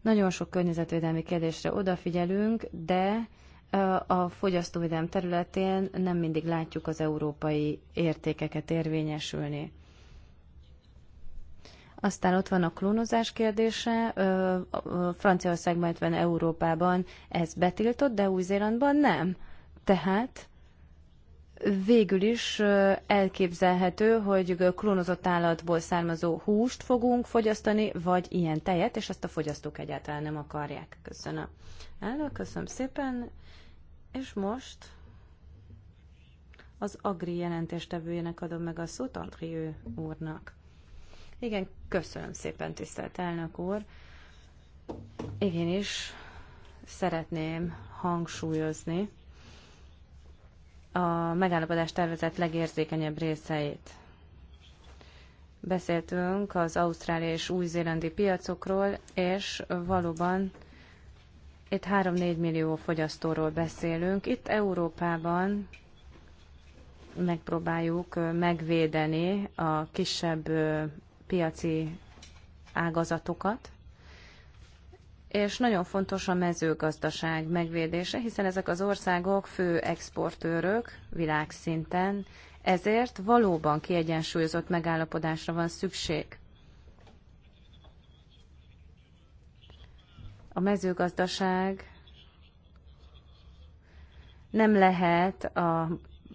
nagyon sok környezetvédelmi kérdésre odafigyelünk, de a fogyasztóvédelem területén nem mindig látjuk az európai értékeket érvényesülni. Aztán ott van a klónozás kérdése. Franciaországban, illetve Európában ez betiltott, de Új-Zélandban nem. Tehát végül is elképzelhető, hogy klónozott állatból származó húst fogunk fogyasztani, vagy ilyen tejet, és ezt a fogyasztók egyáltalán nem akarják. Köszönöm. Álló, köszönöm szépen. És most az Agri jelentéstevőjének adom meg a szót Andrió úrnak. Igen, köszönöm szépen, tisztelt elnök úr. Igen is szeretném hangsúlyozni a megállapodás tervezett legérzékenyebb részeit. Beszéltünk az ausztrália és új-zélandi piacokról, és valóban itt 3-4 millió fogyasztóról beszélünk. Itt Európában megpróbáljuk megvédeni a kisebb piaci ágazatokat, és nagyon fontos a mezőgazdaság megvédése, hiszen ezek az országok fő exportőrök világszinten, ezért valóban kiegyensúlyozott megállapodásra van szükség. A mezőgazdaság nem lehet a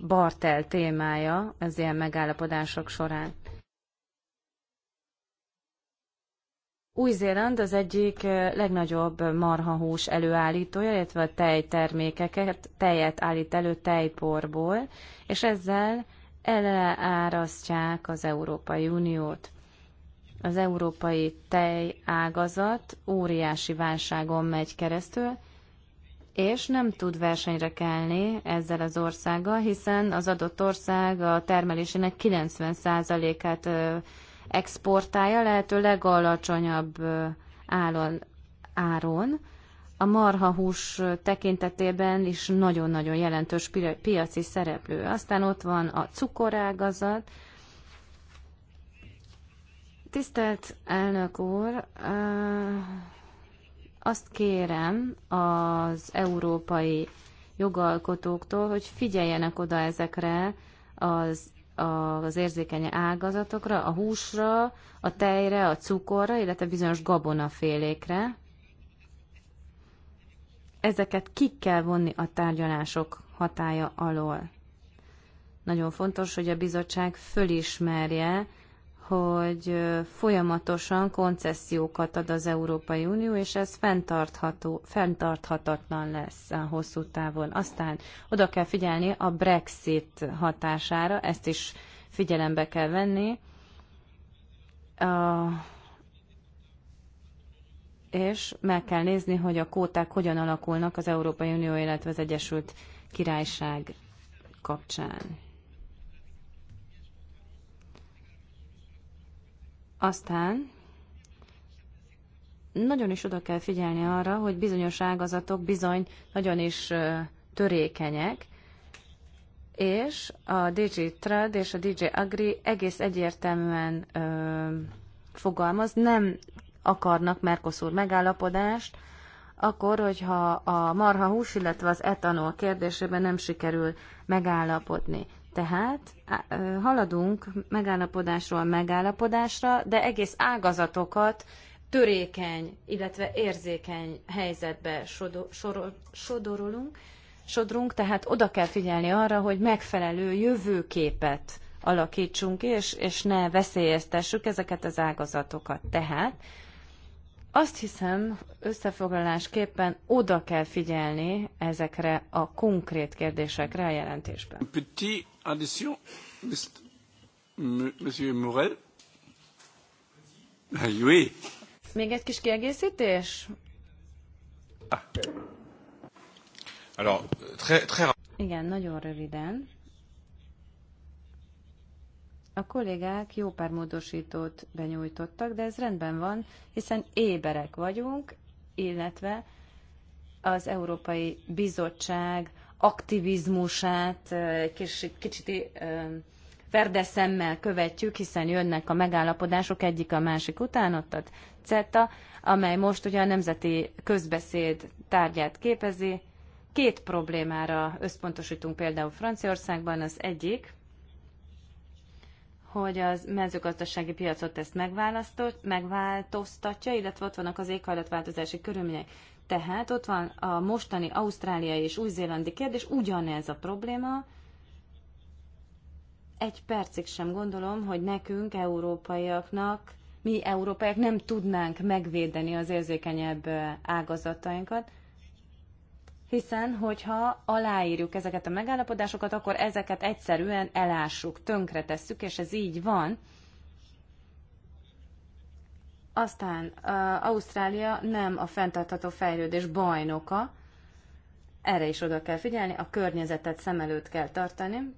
bartel témája az ilyen megállapodások során. Új-Zéland az egyik eh, legnagyobb marhahús előállítója, illetve a tejtermékeket, tejet állít elő tejporból, és ezzel eleárasztják az Európai Uniót. Az európai tejágazat óriási válságon megy keresztül, és nem tud versenyre kelni ezzel az országgal, hiszen az adott ország a termelésének 90%-át exportálja lehető legalacsonyabb állon, áron. A marhahús tekintetében is nagyon-nagyon jelentős piaci szereplő. Aztán ott van a cukorágazat. Tisztelt elnök úr, azt kérem az európai jogalkotóktól, hogy figyeljenek oda ezekre az az érzékeny ágazatokra, a húsra, a tejre, a cukorra, illetve bizonyos gabonafélékre. Ezeket ki kell vonni a tárgyalások hatája alól. Nagyon fontos, hogy a bizottság fölismerje hogy folyamatosan koncesziókat ad az Európai Unió, és ez fenntartható, fenntarthatatlan lesz a hosszú távon. Aztán oda kell figyelni a Brexit hatására, ezt is figyelembe kell venni. A és meg kell nézni, hogy a kóták hogyan alakulnak az Európai Unió, illetve az Egyesült Királyság kapcsán. Aztán nagyon is oda kell figyelni arra, hogy bizonyos ágazatok bizony nagyon is törékenyek, és a DJ Trad és a DJ Agri egész egyértelműen ö, fogalmaz, nem akarnak Mercosur megállapodást, akkor, hogyha a marha hús, illetve az etanol kérdésében nem sikerül megállapodni. Tehát haladunk megállapodásról megállapodásra, de egész ágazatokat törékeny, illetve érzékeny helyzetbe sodorolunk, sodrunk, tehát oda kell figyelni arra, hogy megfelelő jövőképet alakítsunk, és, és ne veszélyeztessük ezeket az ágazatokat. Tehát azt hiszem, összefoglalásképpen oda kell figyelni ezekre a konkrét kérdésekre a jelentésben. Petit addition, Monsieur Morel? Ah, oui. Még egy kis kiegészítés? Ah. Alors, très, très... Igen, nagyon röviden. A kollégák jó pár módosítót benyújtottak, de ez rendben van, hiszen éberek vagyunk, illetve az Európai Bizottság aktivizmusát kicsit, kicsit verde szemmel követjük, hiszen jönnek a megállapodások egyik a másik után, ott a CETA, amely most ugye a nemzeti közbeszéd tárgyát képezi. Két problémára összpontosítunk például Franciaországban, az egyik, hogy az mezőgazdasági piacot ezt megváltoztatja, illetve ott vannak az éghajlatváltozási körülmények. Tehát ott van a mostani ausztráliai és új-zélandi kérdés, ugyanez a probléma. Egy percig sem gondolom, hogy nekünk, európaiaknak, mi európaiak nem tudnánk megvédeni az érzékenyebb ágazatainkat, hiszen hogyha aláírjuk ezeket a megállapodásokat, akkor ezeket egyszerűen elássuk, tönkretesszük, és ez így van. Aztán Ausztrália nem a fenntartható fejlődés bajnoka, erre is oda kell figyelni, a környezetet szem előtt kell tartani.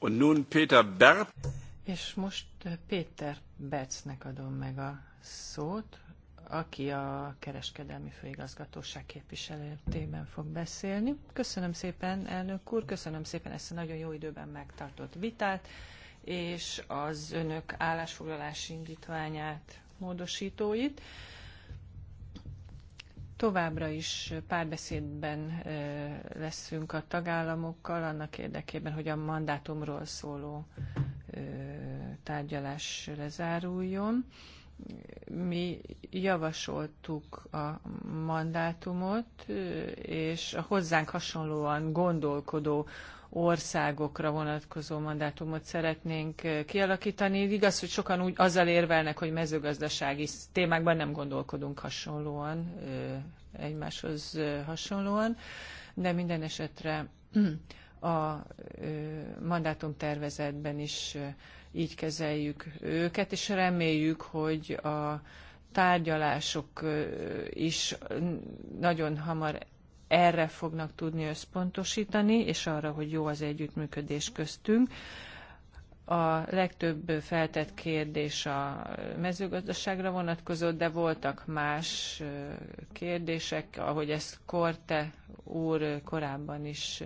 Und nun Peter Berb. És most Péter Bercnek adom meg a szót, aki a kereskedelmi főigazgatóság képviseletében fog beszélni. Köszönöm szépen, elnök úr, köszönöm szépen ezt a nagyon jó időben megtartott vitát és az önök állásfoglalási indítványát, módosítóit. Továbbra is párbeszédben leszünk a tagállamokkal annak érdekében, hogy a mandátumról szóló tárgyalás lezáruljon. Mi javasoltuk a mandátumot, és a hozzánk hasonlóan gondolkodó országokra vonatkozó mandátumot szeretnénk eh, kialakítani. Igaz, hogy sokan úgy azzal érvelnek, hogy mezőgazdasági témákban nem gondolkodunk hasonlóan, eh, egymáshoz eh, hasonlóan, de minden esetre a mandátum tervezetben is így kezeljük őket, és reméljük, hogy a tárgyalások is nagyon hamar erre fognak tudni összpontosítani, és arra, hogy jó az együttműködés köztünk. A legtöbb feltett kérdés a mezőgazdaságra vonatkozott, de voltak más kérdések, ahogy ezt Korte úr korábban is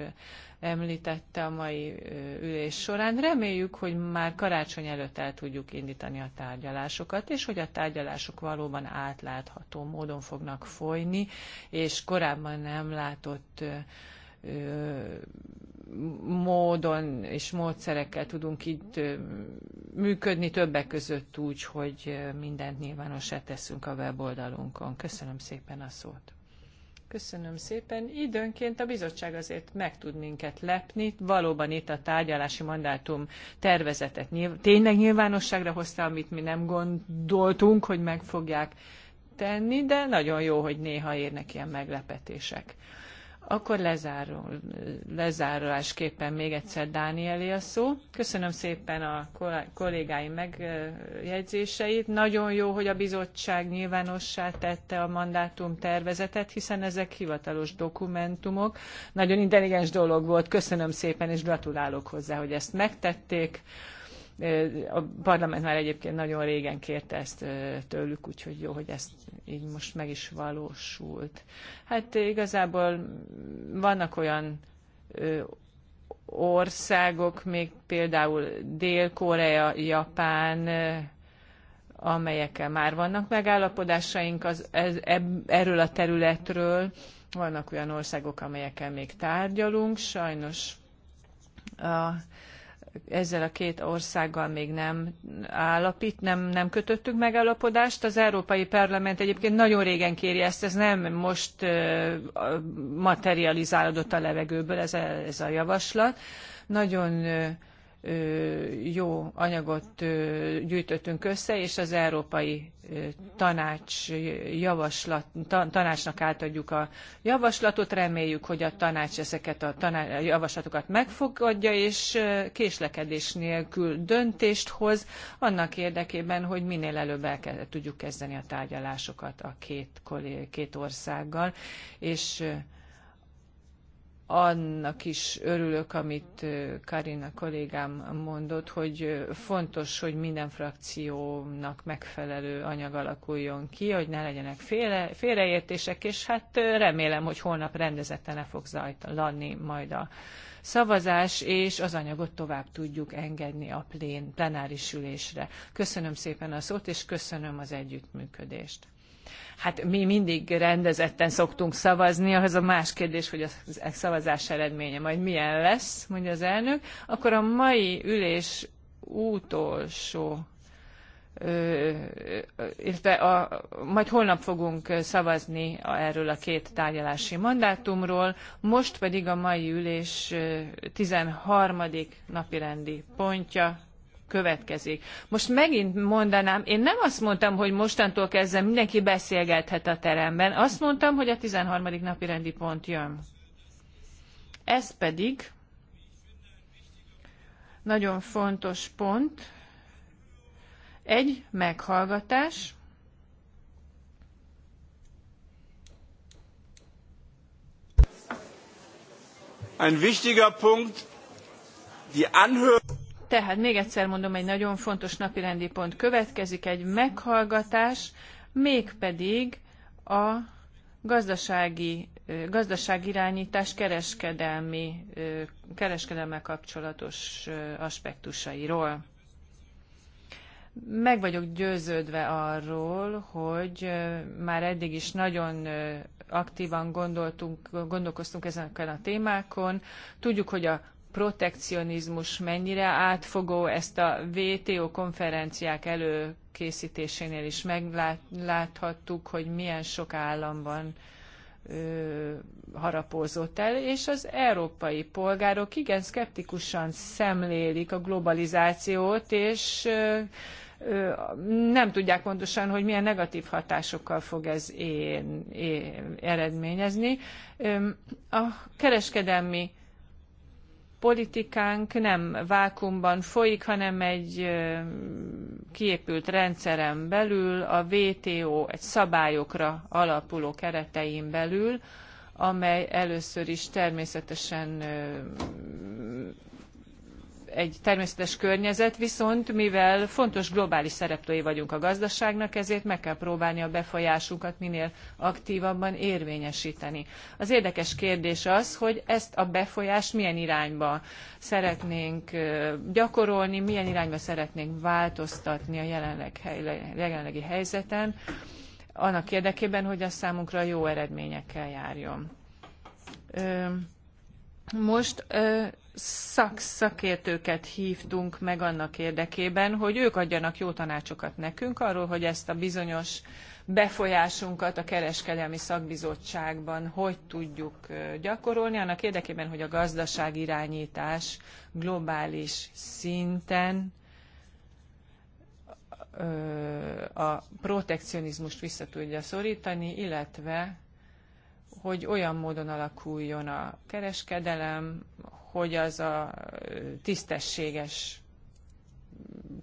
említette a mai ülés során. Reméljük, hogy már karácsony előtt el tudjuk indítani a tárgyalásokat, és hogy a tárgyalások valóban átlátható módon fognak folyni, és korábban nem látott módon és módszerekkel tudunk itt működni, többek között úgy, hogy mindent nyilvánossá teszünk a weboldalunkon. Köszönöm szépen a szót. Köszönöm szépen. Időnként a bizottság azért meg tud minket lepni. Valóban itt a tárgyalási mandátum tervezetet nyilv- tényleg nyilvánosságra hozta, amit mi nem gondoltunk, hogy meg fogják tenni, de nagyon jó, hogy néha érnek ilyen meglepetések. Akkor lezáró, lezárulásképpen még egyszer Dánielé a szó. Köszönöm szépen a kollégáim megjegyzéseit. Nagyon jó, hogy a bizottság nyilvánossá tette a mandátum tervezetet, hiszen ezek hivatalos dokumentumok. Nagyon intelligens dolog volt. Köszönöm szépen, és gratulálok hozzá, hogy ezt megtették. A parlament már egyébként nagyon régen kérte ezt tőlük, úgyhogy jó, hogy ezt így most meg is valósult. Hát igazából vannak olyan országok, még például Dél-Korea, Japán, amelyekkel már vannak megállapodásaink az, ez, erről a területről. Vannak olyan országok, amelyekkel még tárgyalunk. Sajnos a ezzel a két országgal még nem állapít, nem, nem kötöttük megállapodást. Az Európai Parlament egyébként nagyon régen kéri ezt, ez nem most materializálódott a levegőből ez a, ez a javaslat. Nagyon jó anyagot gyűjtöttünk össze, és az Európai Tanács javaslat, tanácsnak átadjuk a javaslatot. Reméljük, hogy a tanács ezeket a, tanács, a javaslatokat megfogadja, és késlekedés nélkül döntést hoz, annak érdekében, hogy minél előbb el kell, tudjuk kezdeni a tárgyalásokat a két, két országgal, és annak is örülök, amit Karina kollégám mondott, hogy fontos, hogy minden frakciónak megfelelő anyag alakuljon ki, hogy ne legyenek féle, félreértések, és hát remélem, hogy holnap rendezetten le fog zajlani majd a szavazás, és az anyagot tovább tudjuk engedni a plén, plenáris ülésre. Köszönöm szépen a szót, és köszönöm az együttműködést. Hát mi mindig rendezetten szoktunk szavazni, az a más kérdés, hogy a szavazás eredménye majd milyen lesz, mondja az elnök. Akkor a mai ülés utolsó illetve a, majd holnap fogunk szavazni erről a két tárgyalási mandátumról, most pedig a mai ülés 13. napirendi pontja következik. Most megint mondanám, én nem azt mondtam, hogy mostantól kezdve mindenki beszélgethet a teremben, azt mondtam, hogy a 13. napirendi pont jön. Ez pedig nagyon fontos pont, egy meghallgatás, Ein wichtiger Punkt, die Anhörung. Tehát még egyszer mondom, egy nagyon fontos napirendi pont következik, egy meghallgatás, mégpedig a gazdasági gazdaságirányítás kereskedelmi, kereskedelme kapcsolatos aspektusairól. Meg vagyok győződve arról, hogy már eddig is nagyon aktívan gondoltunk, gondolkoztunk ezeken a témákon. Tudjuk, hogy a protekcionizmus mennyire átfogó, ezt a WTO konferenciák előkészítésénél is megláthattuk, hogy milyen sok államban van harapózott el, és az európai polgárok igen szkeptikusan szemlélik a globalizációt, és ö, nem tudják pontosan, hogy milyen negatív hatásokkal fog ez én, eredményezni. A kereskedelmi politikánk nem vákumban folyik, hanem egy kiépült rendszeren belül, a WTO egy szabályokra alapuló keretein belül, amely először is természetesen egy természetes környezet, viszont mivel fontos globális szereplői vagyunk a gazdaságnak, ezért meg kell próbálni a befolyásunkat minél aktívabban érvényesíteni. Az érdekes kérdés az, hogy ezt a befolyást milyen irányba szeretnénk gyakorolni, milyen irányba szeretnénk változtatni a jelenleg, jelenlegi helyzeten, annak érdekében, hogy az számunkra jó eredményekkel járjon. Ö most szakértőket hívtunk meg annak érdekében, hogy ők adjanak jó tanácsokat nekünk arról, hogy ezt a bizonyos befolyásunkat a kereskedelmi szakbizottságban hogy tudjuk gyakorolni, annak érdekében, hogy a gazdaságirányítás globális szinten a protekcionizmust vissza tudja szorítani, illetve hogy olyan módon alakuljon a kereskedelem, hogy az a tisztességes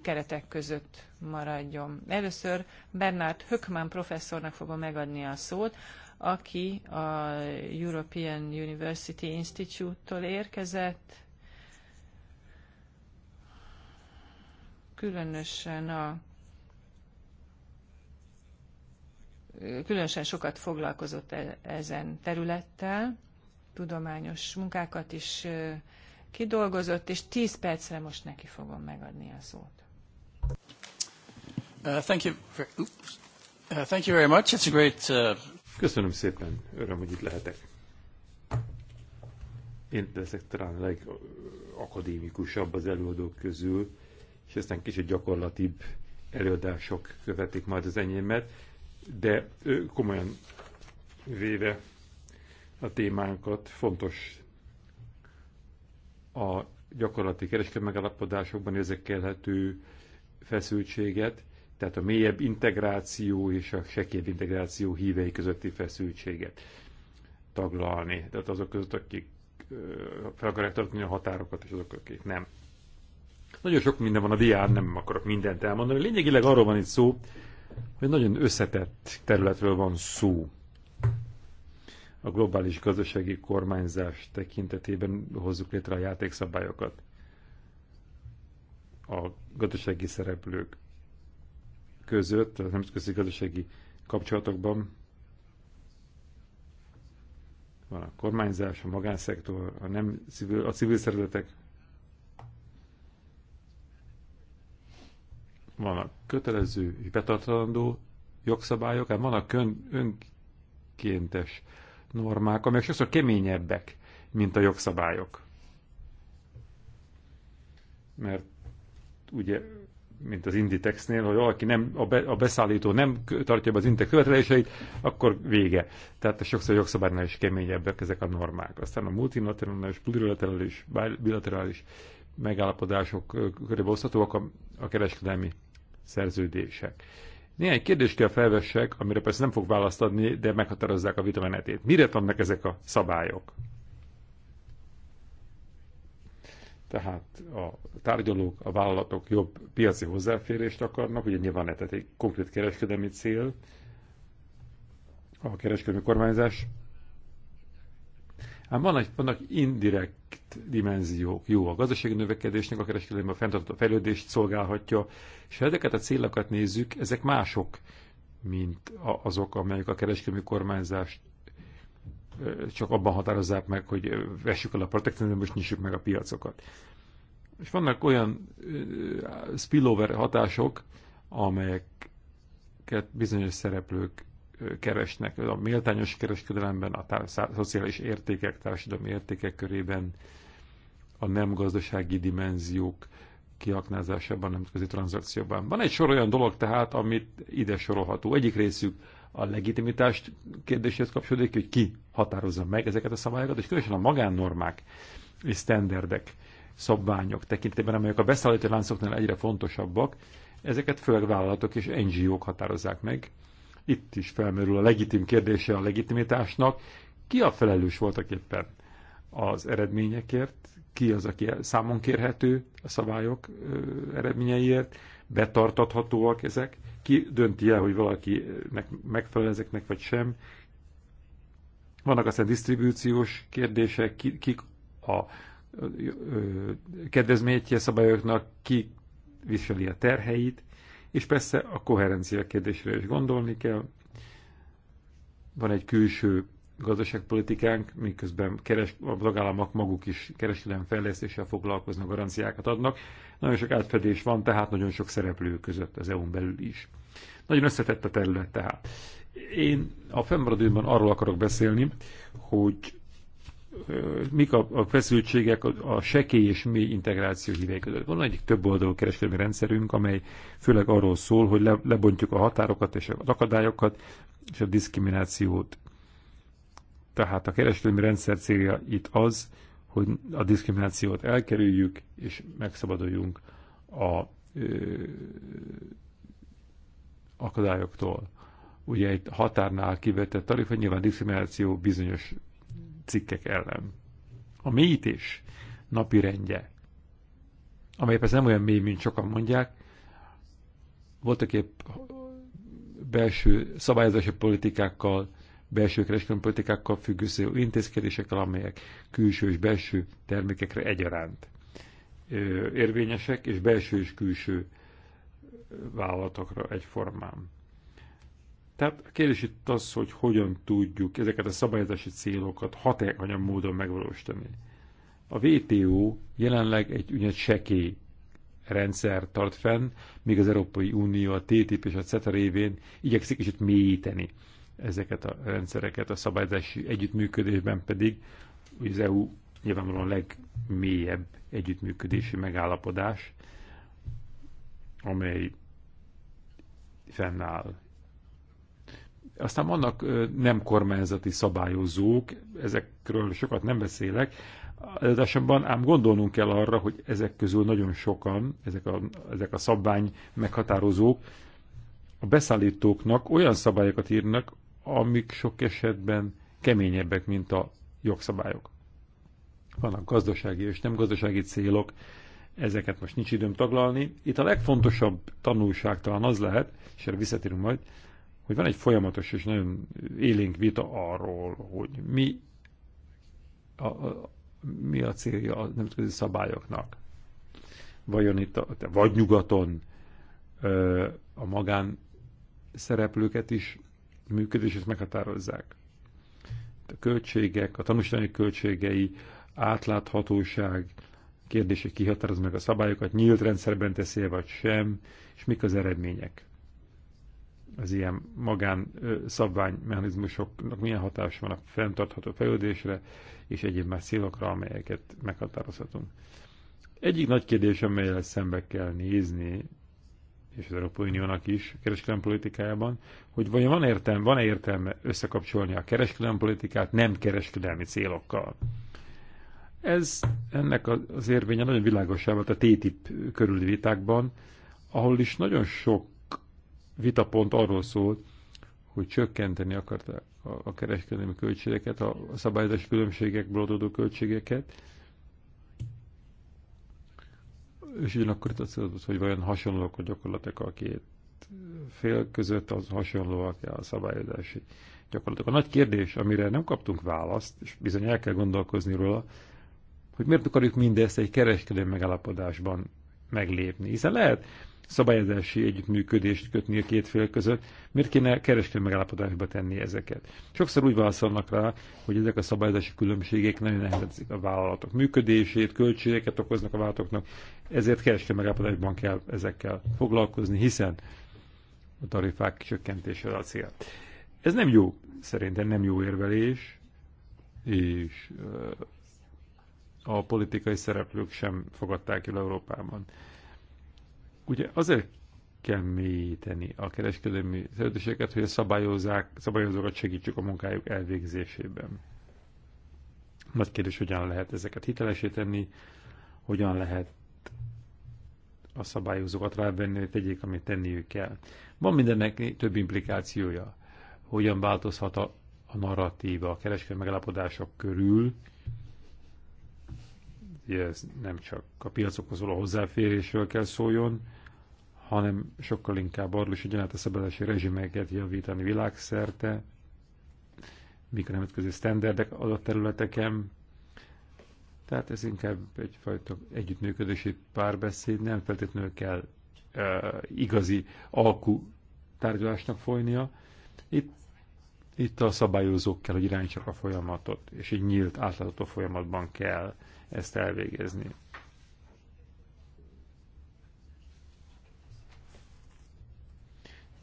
keretek között maradjon. Először Bernard Höckmann professzornak fogom megadni a szót, aki a European University Institute-tól érkezett, különösen a különösen sokat foglalkozott e- ezen területtel, tudományos munkákat is kidolgozott, és 10 percre most neki fogom megadni a szót. Uh, uh, uh, Köszönöm szépen. Öröm, hogy itt lehetek. Én leszek talán a legakadémikusabb az előadók közül, és aztán kicsit gyakorlatibb előadások követik majd az enyémet de komolyan véve a témánkat fontos a gyakorlati kereskedelmi megállapodásokban érzékelhető feszültséget, tehát a mélyebb integráció és a sekély integráció hívei közötti feszültséget taglalni. Tehát azok között, akik fel akarják tartani a határokat, és azok, akik nem. Nagyon sok minden van a dián, nem akarok mindent elmondani. Lényegileg arról van itt szó, hogy nagyon összetett területről van szó a globális gazdasági kormányzás tekintetében hozzuk létre a játékszabályokat. A gazdasági szereplők között, a nemzetközi gazdasági kapcsolatokban van a kormányzás, a magánszektor, a, nem civil, a civil szervezetek, vannak kötelező, betartalandó jogszabályok, hát vannak ön, önkéntes normák, amelyek sokszor keményebbek, mint a jogszabályok. Mert ugye, mint az Inditexnél, hogy valaki nem, a, be, a beszállító nem tartja be az Inditex követeléseit, akkor vége. Tehát sokszor a jogszabálynál is keményebbek ezek a normák. Aztán a multilaterális, plurilaterális, bilaterális megállapodások körülbelül oszthatóak a, a kereskedelmi szerződések. Néhány kérdést kell felvessek, amire persze nem fog választ adni, de meghatározzák a vitamenetét. Mire vannak ezek a szabályok? Tehát a tárgyalók, a vállalatok jobb piaci hozzáférést akarnak, ugye nyilván ez egy konkrét kereskedelmi cél, a kereskedelmi kormányzás. Ám vannak, vannak indirekt dimenziók jó a gazdasági növekedésnek, a kereskedelmi a fenntartható fejlődést szolgálhatja, és ha ezeket a célokat nézzük, ezek mások, mint azok, amelyek a kereskedelmi kormányzást csak abban határozzák meg, hogy vessük el a most nyissuk meg a piacokat. És vannak olyan spillover hatások, amelyeket bizonyos szereplők keresnek a méltányos kereskedelemben, a szociális értékek, társadalmi értékek körében, a nem gazdasági dimenziók kiaknázásában, nemzetközi tranzakcióban. Van egy sor olyan dolog tehát, amit ide sorolható. Egyik részük a legitimitást kérdéséhez kapcsolódik, hogy ki határozza meg ezeket a szabályokat, és különösen a magánnormák és sztenderdek, szabványok tekintetében, amelyek a beszállítói láncoknál egyre fontosabbak, ezeket főleg vállalatok és NGO-k határozzák meg, itt is felmerül a legitim kérdése a legitimitásnak. Ki a felelős voltak éppen az eredményekért? Ki az, aki számon kérhető a szabályok eredményeiért? Betartathatóak ezek? Ki dönti el, hogy valakinek megfelel ezeknek, vagy sem? Vannak aztán disztribúciós kérdések, kik a kedvezményetje szabályoknak, ki viseli a terheit, és persze a koherencia kérdésre is gondolni kell. Van egy külső gazdaságpolitikánk, miközben keres, a tagállamok maguk is kereskedelmi fejlesztéssel foglalkoznak, garanciákat adnak. Nagyon sok átfedés van, tehát nagyon sok szereplő között az EU-n belül is. Nagyon összetett a terület tehát. Én a fennmaradőben arról akarok beszélni, hogy mik a, a feszültségek a, a sekély és mély integráció hívei között. Van egy több oldalú kereskedelmi rendszerünk, amely főleg arról szól, hogy le, lebontjuk a határokat és az akadályokat és a diszkriminációt. Tehát a kereskedelmi rendszer célja itt az, hogy a diszkriminációt elkerüljük és megszabaduljunk a ö, akadályoktól. Ugye egy határnál kivetett tarifa nyilván diszkrimináció bizonyos cikkek ellen. A mélyítés napi rendje, amely persze nem olyan mély, mint sokan mondják, voltak épp belső szabályozási politikákkal, belső kereskedelmi politikákkal függ össze intézkedésekkel, amelyek külső és belső termékekre egyaránt érvényesek, és belső és külső vállalatokra egyformán. Tehát a kérdés itt az, hogy hogyan tudjuk ezeket a szabályozási célokat hatékonyan módon megvalósítani. A WTO jelenleg egy ügyet sekély rendszer tart fenn, míg az Európai Unió a TTIP és a CETA révén igyekszik kicsit mélyíteni ezeket a rendszereket, a szabályozási együttműködésben pedig az EU nyilvánvalóan a legmélyebb együttműködési megállapodás, amely fennáll aztán vannak nem kormányzati szabályozók, ezekről sokat nem beszélek, Ráadásul ám gondolnunk kell arra, hogy ezek közül nagyon sokan, ezek a, ezek a szabvány meghatározók, a beszállítóknak olyan szabályokat írnak, amik sok esetben keményebbek, mint a jogszabályok. Vannak gazdasági és nem gazdasági célok, ezeket most nincs időm taglalni. Itt a legfontosabb tanulság talán az lehet, és erre visszatérünk majd, hogy van egy folyamatos és nagyon élénk vita arról, hogy mi a, a, mi a célja a nemzetközi szabályoknak. Vajon itt, a, vagy nyugaton ö, a magán szereplőket is működését meghatározzák. A költségek, a tanúsítványok költségei, átláthatóság kérdése kihatároz meg a szabályokat, nyílt rendszerben teszél vagy sem, és mik az eredmények az ilyen magán szabványmechanizmusoknak milyen hatás van a fenntartható fejlődésre és egyéb más célokra, amelyeket meghatározhatunk. Egyik nagy kérdés, amelyel szembe kell nézni, és az Európai Uniónak is a kereskedelmi politikájában, hogy vajon van értelme, van -e értelme összekapcsolni a kereskedelmi politikát nem kereskedelmi célokkal. Ez ennek az érvénye nagyon világosá vált a TTIP körüli vitákban, ahol is nagyon sok vitapont arról szólt, hogy csökkenteni akarták a kereskedelmi költségeket, a szabályozási különbségekből adódó költségeket, és ugyanakkor tetszett, hogy vajon hasonlóak a gyakorlatok a két fél között, az hasonlóak a szabályozási gyakorlatok. A nagy kérdés, amire nem kaptunk választ, és bizony el kell gondolkozni róla, hogy miért akarjuk mindezt egy kereskedelmi megállapodásban meglépni. Hiszen lehet szabályozási együttműködést kötni a két fél között, miért kéne kereskedelmi megállapodásba tenni ezeket? Sokszor úgy válaszolnak rá, hogy ezek a szabályozási különbségek nagyon nehezik a vállalatok működését, költségeket okoznak a vállalatoknak, ezért kereskedelmi megállapodásban kell ezekkel foglalkozni, hiszen a tarifák csökkentése a cél. Ez nem jó, szerintem nem jó érvelés, és a politikai szereplők sem fogadták el Európában. Ugye azért kell mélyíteni a kereskedelmi szerződéseket, hogy a szabályozók, szabályozókat segítsük a munkájuk elvégzésében. Nagy kérdés, hogyan lehet ezeket hitelesíteni, hogyan lehet a szabályozókat rávenni, hogy tegyék, amit tenniük kell. Van mindennek több implikációja. Hogyan változhat a, a narratíva a kereskedelmi megállapodások körül, ez nem csak a piacokhoz való hozzáférésről kell szóljon, hanem sokkal inkább arról is, hogy a szabadási rezsimeket javítani világszerte, mik a nemzetközi sztenderdek adott területeken. Tehát ez inkább egyfajta együttműködési párbeszéd, nem feltétlenül kell e, igazi alkú tárgyalásnak folynia. Itt, itt a szabályozók kell, hogy irányítsak a folyamatot, és egy nyílt, átlátható folyamatban kell ezt elvégezni.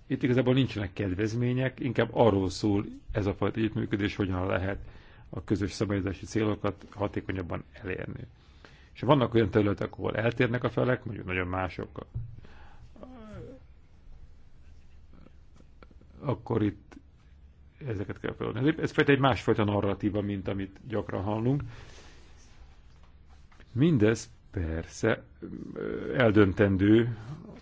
Itt igazából nincsenek kedvezmények, inkább arról szól ez a fajta együttműködés, hogyan lehet a közös szabályozási célokat hatékonyabban elérni. És vannak olyan területek, ahol eltérnek a felek, mondjuk nagyon mások, akkor itt ezeket kell feladni. Ez fajta egy másfajta narratíva, mint amit gyakran hallunk. Mindez persze eldöntendő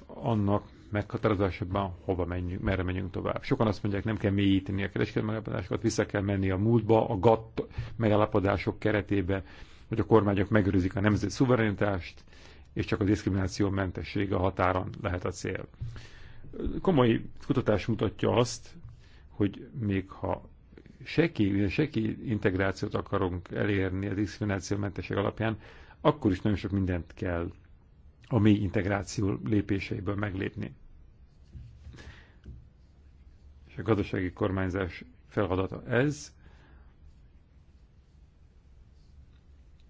annak meghatározásában hova menjünk, merre menjünk tovább. Sokan azt mondják, nem kell mélyíteni a kereskedelmi megállapodásokat, vissza kell menni a múltba, a GATT megállapodások keretébe, hogy a kormányok megőrizik a nemzet szuverenitást, és csak a diszkrimináció mentesség a határon lehet a cél. Komoly kutatás mutatja azt, hogy még ha seki, seki integrációt akarunk elérni a diszkrimináció mentesség alapján, akkor is nagyon sok mindent kell a mély integráció lépéseiből meglépni és a gazdasági kormányzás feladata ez.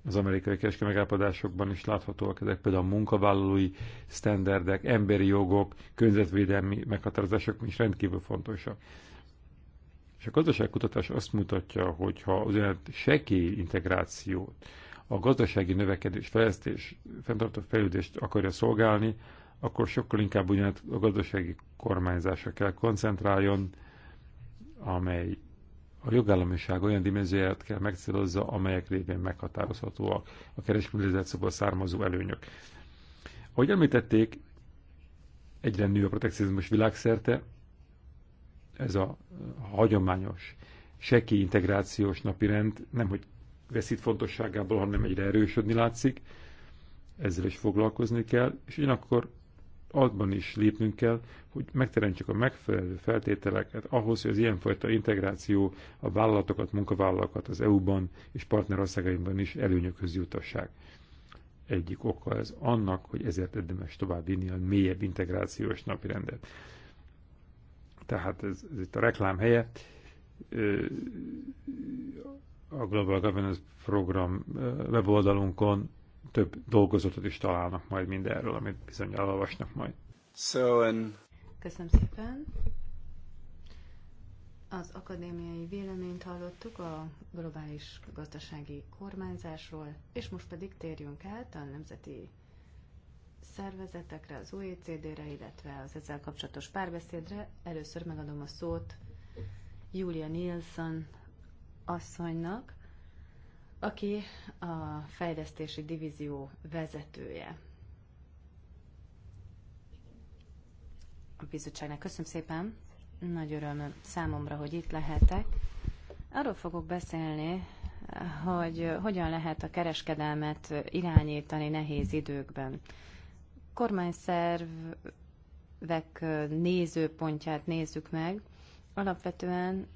Az amerikai kereskedelmi megállapodásokban is láthatóak ezek, például a munkavállalói sztenderdek, emberi jogok, környezetvédelmi meghatározások is rendkívül fontosak. És a gazdaságkutatás azt mutatja, hogy ha az olyan sekély integrációt, a gazdasági növekedés, fejlesztés, fenntartó fejlődést akarja szolgálni, akkor sokkal inkább ugyanett a gazdasági kormányzásra kell koncentráljon, amely a jogállamiság olyan dimenzióját kell megcélozza, amelyek révén meghatározhatóak a kereskedelmi származó előnyök. Ahogy említették, egyre nő a protekcionizmus világszerte, ez a hagyományos, seki integrációs napirend nem, hogy veszít fontosságából, hanem egyre erősödni látszik, ezzel is foglalkozni kell, és ugyanakkor abban is lépnünk kell, hogy megteremtsük a megfelelő feltételeket ahhoz, hogy az ilyenfajta integráció a vállalatokat, munkavállalókat az EU-ban és partnerországainkban is előnyökhöz jutassák. Egyik oka ez annak, hogy ezért érdemes vinni a mélyebb integrációs napirendet. Tehát ez, ez itt a reklám helye. A Global Governance program weboldalunkon több dolgozatot is találnak majd mindenről, amit bizony elolvasnak majd. So, and... Köszönöm szépen. Az akadémiai véleményt hallottuk a globális gazdasági kormányzásról, és most pedig térjünk át a nemzeti szervezetekre, az OECD-re, illetve az ezzel kapcsolatos párbeszédre. Először megadom a szót Julia Nielsen asszonynak, aki a fejlesztési divízió vezetője. A bizottságnak köszönöm szépen, nagy öröm számomra, hogy itt lehetek. Arról fogok beszélni, hogy hogyan lehet a kereskedelmet irányítani nehéz időkben. Kormányszervek nézőpontját nézzük meg. Alapvetően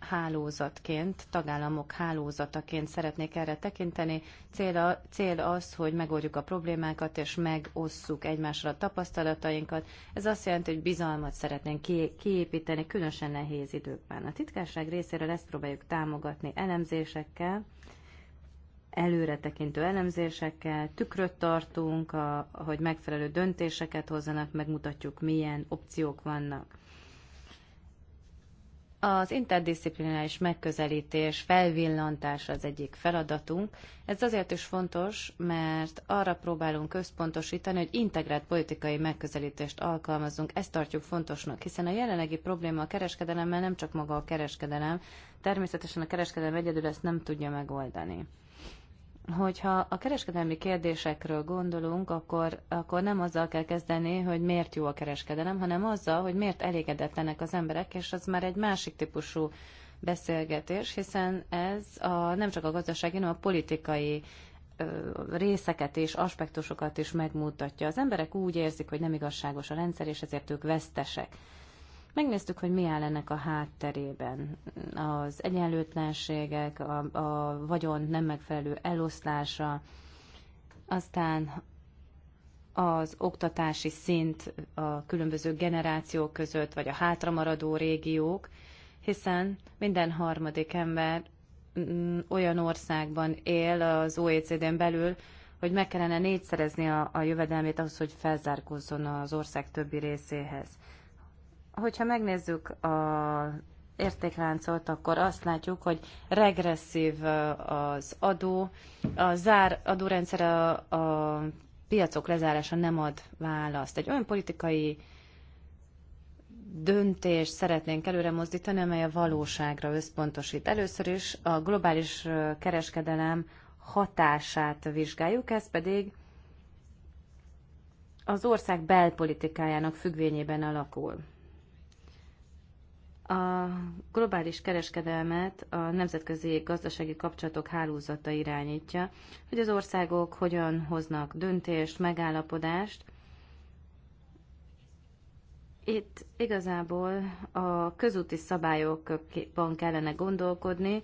hálózatként, tagállamok hálózataként szeretnék erre tekinteni. Cél, a, cél az, hogy megoldjuk a problémákat, és megosszuk egymásra a tapasztalatainkat. Ez azt jelenti, hogy bizalmat szeretnénk ki, kiépíteni, különösen nehéz időkben. A titkárság részéről ezt próbáljuk támogatni elemzésekkel, előretekintő elemzésekkel, tükröt tartunk, a, hogy megfelelő döntéseket hozzanak, megmutatjuk, milyen opciók vannak. Az interdisziplinális megközelítés felvillantása az egyik feladatunk. Ez azért is fontos, mert arra próbálunk központosítani, hogy integrált politikai megközelítést alkalmazunk. Ezt tartjuk fontosnak, hiszen a jelenlegi probléma a kereskedelemmel nem csak maga a kereskedelem, természetesen a kereskedelem egyedül ezt nem tudja megoldani hogyha a kereskedelmi kérdésekről gondolunk, akkor, akkor nem azzal kell kezdeni, hogy miért jó a kereskedelem, hanem azzal, hogy miért elégedetlenek az emberek, és az már egy másik típusú beszélgetés, hiszen ez a, nem csak a gazdasági, hanem a politikai részeket és aspektusokat is megmutatja. Az emberek úgy érzik, hogy nem igazságos a rendszer, és ezért ők vesztesek. Megnéztük, hogy mi áll ennek a hátterében. Az egyenlőtlenségek, a, a vagyon nem megfelelő eloszlása, aztán az oktatási szint a különböző generációk között, vagy a hátramaradó régiók, hiszen minden harmadik ember mm, olyan országban él az OECD-n belül, hogy meg kellene négyszerezni a, a jövedelmét ahhoz, hogy felzárkózzon az ország többi részéhez. Hogyha megnézzük a értékláncot, akkor azt látjuk, hogy regresszív az adó, a zár adórendszer a, a piacok lezárása nem ad választ. Egy olyan politikai döntést szeretnénk előre mozdítani, amely a valóságra összpontosít. Először is a globális kereskedelem hatását vizsgáljuk, ez pedig az ország belpolitikájának függvényében alakul. A globális kereskedelmet a nemzetközi gazdasági kapcsolatok hálózata irányítja, hogy az országok hogyan hoznak döntést, megállapodást. Itt igazából a közúti szabályokban kellene gondolkodni,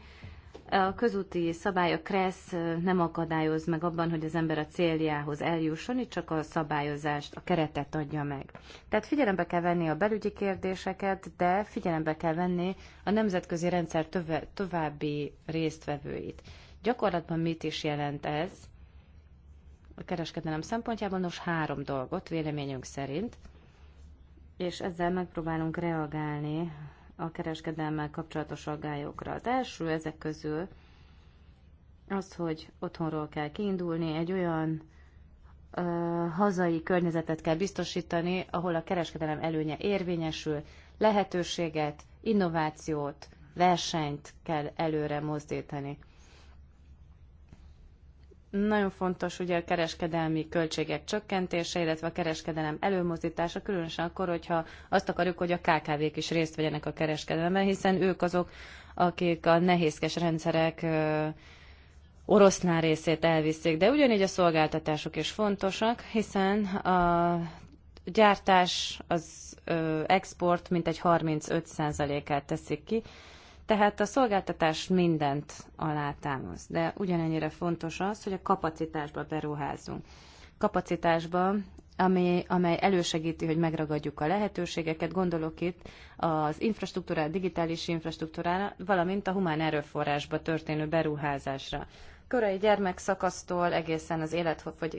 a közúti szabály, a KRESZ nem akadályoz meg abban, hogy az ember a céljához eljusson, itt csak a szabályozást, a keretet adja meg. Tehát figyelembe kell venni a belügyi kérdéseket, de figyelembe kell venni a nemzetközi rendszer töve, további résztvevőit. Gyakorlatban mit is jelent ez? A kereskedelem szempontjából nos három dolgot véleményünk szerint, és ezzel megpróbálunk reagálni a kereskedelmmel kapcsolatos aggályokra. Az első ezek közül az, hogy otthonról kell kiindulni, egy olyan ö, hazai környezetet kell biztosítani, ahol a kereskedelem előnye érvényesül, lehetőséget, innovációt, versenyt kell előre mozdítani. Nagyon fontos ugye a kereskedelmi költségek csökkentése, illetve a kereskedelem előmozdítása, különösen akkor, hogyha azt akarjuk, hogy a KKV-k is részt vegyenek a kereskedelemben, hiszen ők azok, akik a nehézkes rendszerek orosznál részét elviszik. De ugyanígy a szolgáltatások is fontosak, hiszen a gyártás, az export mintegy 35%-át teszik ki, tehát a szolgáltatás mindent alátámaszt, de ugyanennyire fontos az, hogy a kapacitásba beruházunk. Kapacitásba, ami, amely elősegíti, hogy megragadjuk a lehetőségeket, gondolok itt az infrastruktúrára, digitális infrastruktúrára, valamint a humán erőforrásba történő beruházásra korai gyermekszakasztól egészen az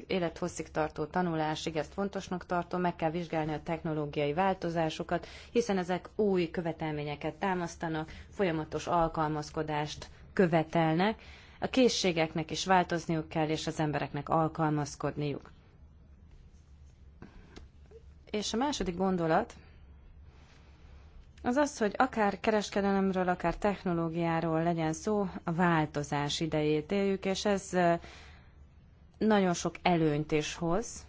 élethosszig tartó tanulásig, ezt fontosnak tartom, meg kell vizsgálni a technológiai változásokat, hiszen ezek új követelményeket támasztanak, folyamatos alkalmazkodást követelnek, a készségeknek is változniuk kell, és az embereknek alkalmazkodniuk. És a második gondolat, az az, hogy akár kereskedelemről, akár technológiáról legyen szó, a változás idejét éljük, és ez nagyon sok előnyt is hoz.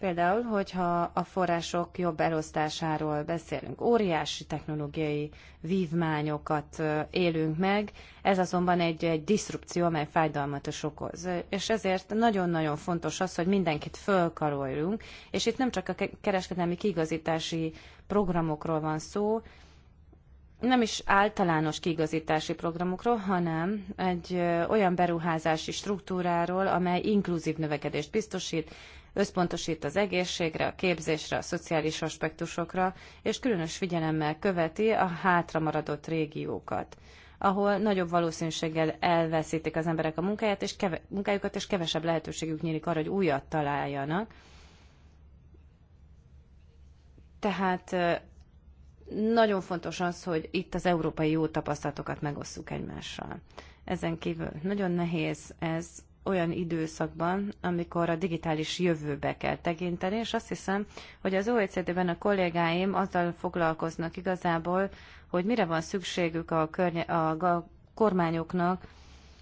Például, hogyha a források jobb elosztásáról beszélünk, óriási technológiai vívmányokat élünk meg, ez azonban egy, egy diszrupció, amely fájdalmat is okoz. És ezért nagyon-nagyon fontos az, hogy mindenkit fölkaroljunk, és itt nem csak a kereskedelmi kiigazítási programokról van szó, nem is általános kiigazítási programokról, hanem egy olyan beruházási struktúráról, amely inkluzív növekedést biztosít, összpontosít az egészségre, a képzésre, a szociális aspektusokra, és különös figyelemmel követi a hátramaradott régiókat ahol nagyobb valószínűséggel elveszítik az emberek a munkáját, és keve, munkájukat, és kevesebb lehetőségük nyílik arra, hogy újat találjanak. Tehát nagyon fontos az, hogy itt az európai jó tapasztalatokat megosszuk egymással. Ezen kívül nagyon nehéz ez olyan időszakban, amikor a digitális jövőbe kell tekinteni, és azt hiszem, hogy az OECD-ben a kollégáim azzal foglalkoznak igazából, hogy mire van szükségük a, környe, a, a kormányoknak,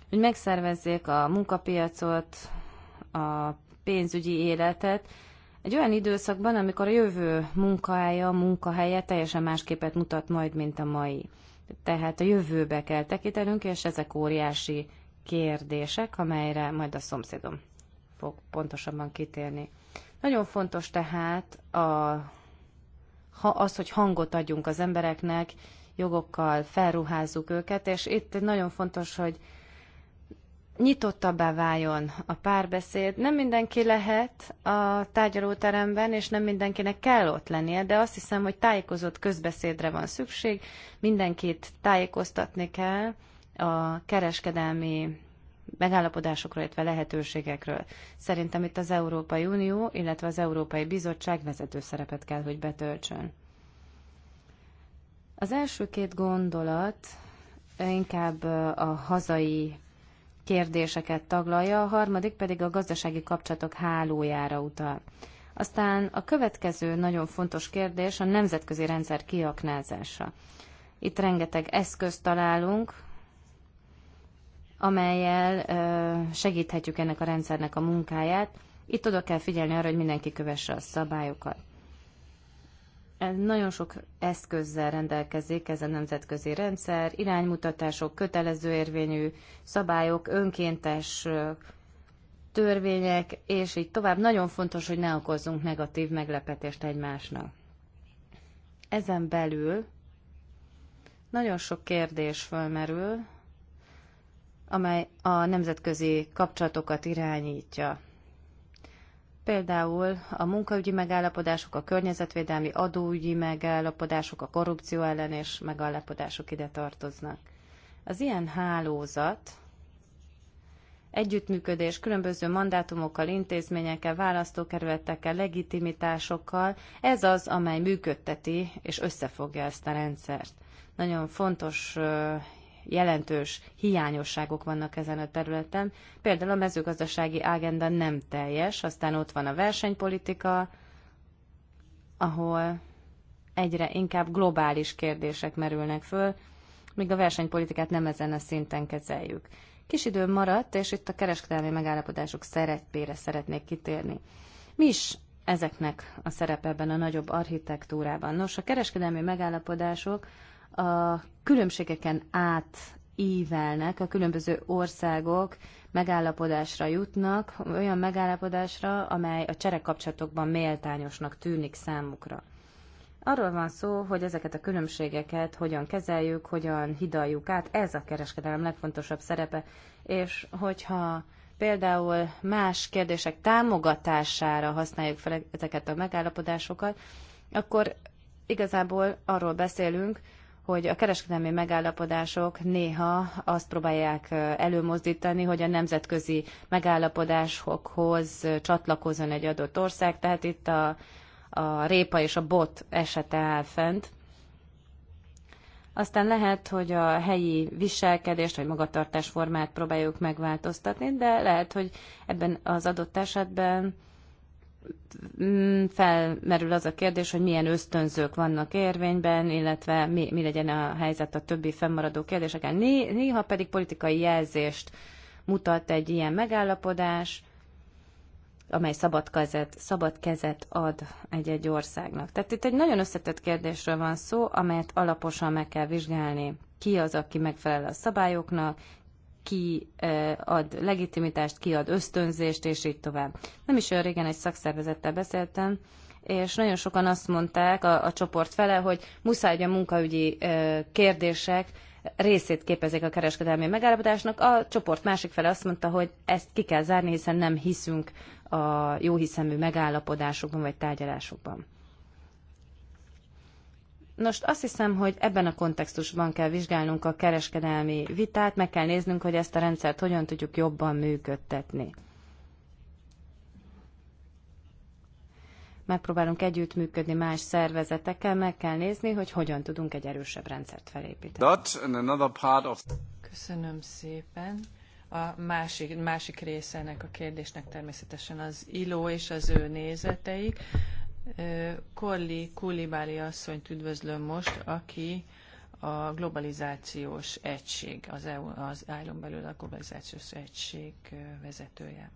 hogy megszervezzék a munkapiacot, a pénzügyi életet, egy olyan időszakban, amikor a jövő munkahelye, a munkahelye teljesen más képet mutat majd, mint a mai. Tehát a jövőbe kell tekintenünk, és ezek óriási kérdések, amelyre majd a szomszédom fog pontosabban kitérni. Nagyon fontos tehát a, ha, az, hogy hangot adjunk az embereknek, jogokkal felruházzuk őket, és itt nagyon fontos, hogy nyitottabbá váljon a párbeszéd. Nem mindenki lehet a tárgyalóteremben, és nem mindenkinek kell ott lennie, de azt hiszem, hogy tájékozott közbeszédre van szükség, mindenkit tájékoztatni kell, a kereskedelmi megállapodásokról, illetve lehetőségekről. Szerintem itt az Európai Unió, illetve az Európai Bizottság vezető szerepet kell, hogy betöltsön. Az első két gondolat inkább a hazai kérdéseket taglalja, a harmadik pedig a gazdasági kapcsolatok hálójára utal. Aztán a következő nagyon fontos kérdés a nemzetközi rendszer kiaknázása. Itt rengeteg eszközt találunk, amelyel segíthetjük ennek a rendszernek a munkáját. Itt oda kell figyelni arra, hogy mindenki kövesse a szabályokat. Nagyon sok eszközzel rendelkezik ez a nemzetközi rendszer, iránymutatások, kötelező érvényű szabályok, önkéntes törvények, és így tovább. Nagyon fontos, hogy ne okozzunk negatív meglepetést egymásnak. Ezen belül nagyon sok kérdés fölmerül, amely a nemzetközi kapcsolatokat irányítja. Például a munkaügyi megállapodások, a környezetvédelmi adóügyi megállapodások, a korrupció és megállapodások ide tartoznak. Az ilyen hálózat együttműködés különböző mandátumokkal, intézményekkel, választókerületekkel, legitimitásokkal, ez az, amely működteti és összefogja ezt a rendszert. Nagyon fontos jelentős hiányosságok vannak ezen a területen. Például a mezőgazdasági ágenda nem teljes, aztán ott van a versenypolitika, ahol egyre inkább globális kérdések merülnek föl, míg a versenypolitikát nem ezen a szinten kezeljük. Kis idő maradt, és itt a kereskedelmi megállapodások szerepére szeretnék kitérni. Mi is ezeknek a szerepe ebben a nagyobb architektúrában? Nos, a kereskedelmi megállapodások a különbségeken át ívelnek a különböző országok, megállapodásra jutnak, olyan megállapodásra, amely a kapcsolatokban méltányosnak tűnik számukra. Arról van szó, hogy ezeket a különbségeket hogyan kezeljük, hogyan hidaljuk át, ez a kereskedelem legfontosabb szerepe. És hogyha például más kérdések támogatására használjuk fel ezeket a megállapodásokat, akkor igazából arról beszélünk, hogy a kereskedelmi megállapodások néha azt próbálják előmozdítani, hogy a nemzetközi megállapodásokhoz csatlakozzon egy adott ország, tehát itt a, a répa és a bot esete áll fent. Aztán lehet, hogy a helyi viselkedést vagy magatartásformát próbáljuk megváltoztatni, de lehet, hogy ebben az adott esetben Mm, felmerül az a kérdés, hogy milyen ösztönzők vannak érvényben, illetve mi, mi legyen a helyzet a többi fennmaradó kérdéseken. Néha pedig politikai jelzést mutat egy ilyen megállapodás, amely szabad kezet, szabad kezet ad egy-egy országnak. Tehát itt egy nagyon összetett kérdésről van szó, amelyet alaposan meg kell vizsgálni. Ki az, aki megfelel a szabályoknak, ki eh, ad legitimitást, ki ad ösztönzést, és így tovább. Nem is olyan régen egy szakszervezettel beszéltem, és nagyon sokan azt mondták a, a csoport fele, hogy muszáj, hogy a munkaügyi eh, kérdések részét képezik a kereskedelmi megállapodásnak. A csoport másik fele azt mondta, hogy ezt ki kell zárni, hiszen nem hiszünk a jóhiszemű megállapodásokban vagy tárgyalásokban. Nos, azt hiszem, hogy ebben a kontextusban kell vizsgálnunk a kereskedelmi vitát, meg kell néznünk, hogy ezt a rendszert hogyan tudjuk jobban működtetni. Megpróbálunk együttműködni más szervezetekkel, meg kell nézni, hogy hogyan tudunk egy erősebb rendszert felépíteni. Köszönöm szépen. A másik, másik része ennek a kérdésnek természetesen az ILO és az ő nézeteik. Korli Kulibáli asszonyt üdvözlöm most, aki a globalizációs egység, az, EU, az állom belül a globalizációs egység vezetője.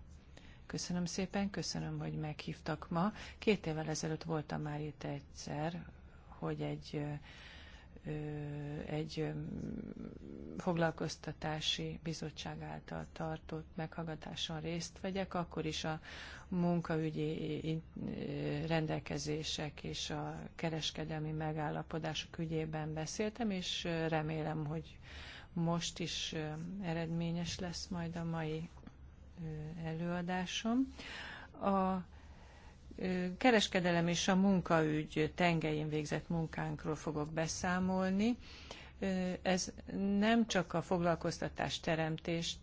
Köszönöm szépen, köszönöm, hogy meghívtak ma. Két évvel ezelőtt voltam már itt egyszer, hogy egy egy foglalkoztatási bizottság által tartott meghallgatáson részt vegyek, akkor is a munkaügyi rendelkezések és a kereskedelmi megállapodások ügyében beszéltem, és remélem, hogy most is eredményes lesz majd a mai előadásom. A kereskedelem és a munkaügy tengelyén végzett munkánkról fogok beszámolni. Ez nem csak a foglalkoztatás teremtést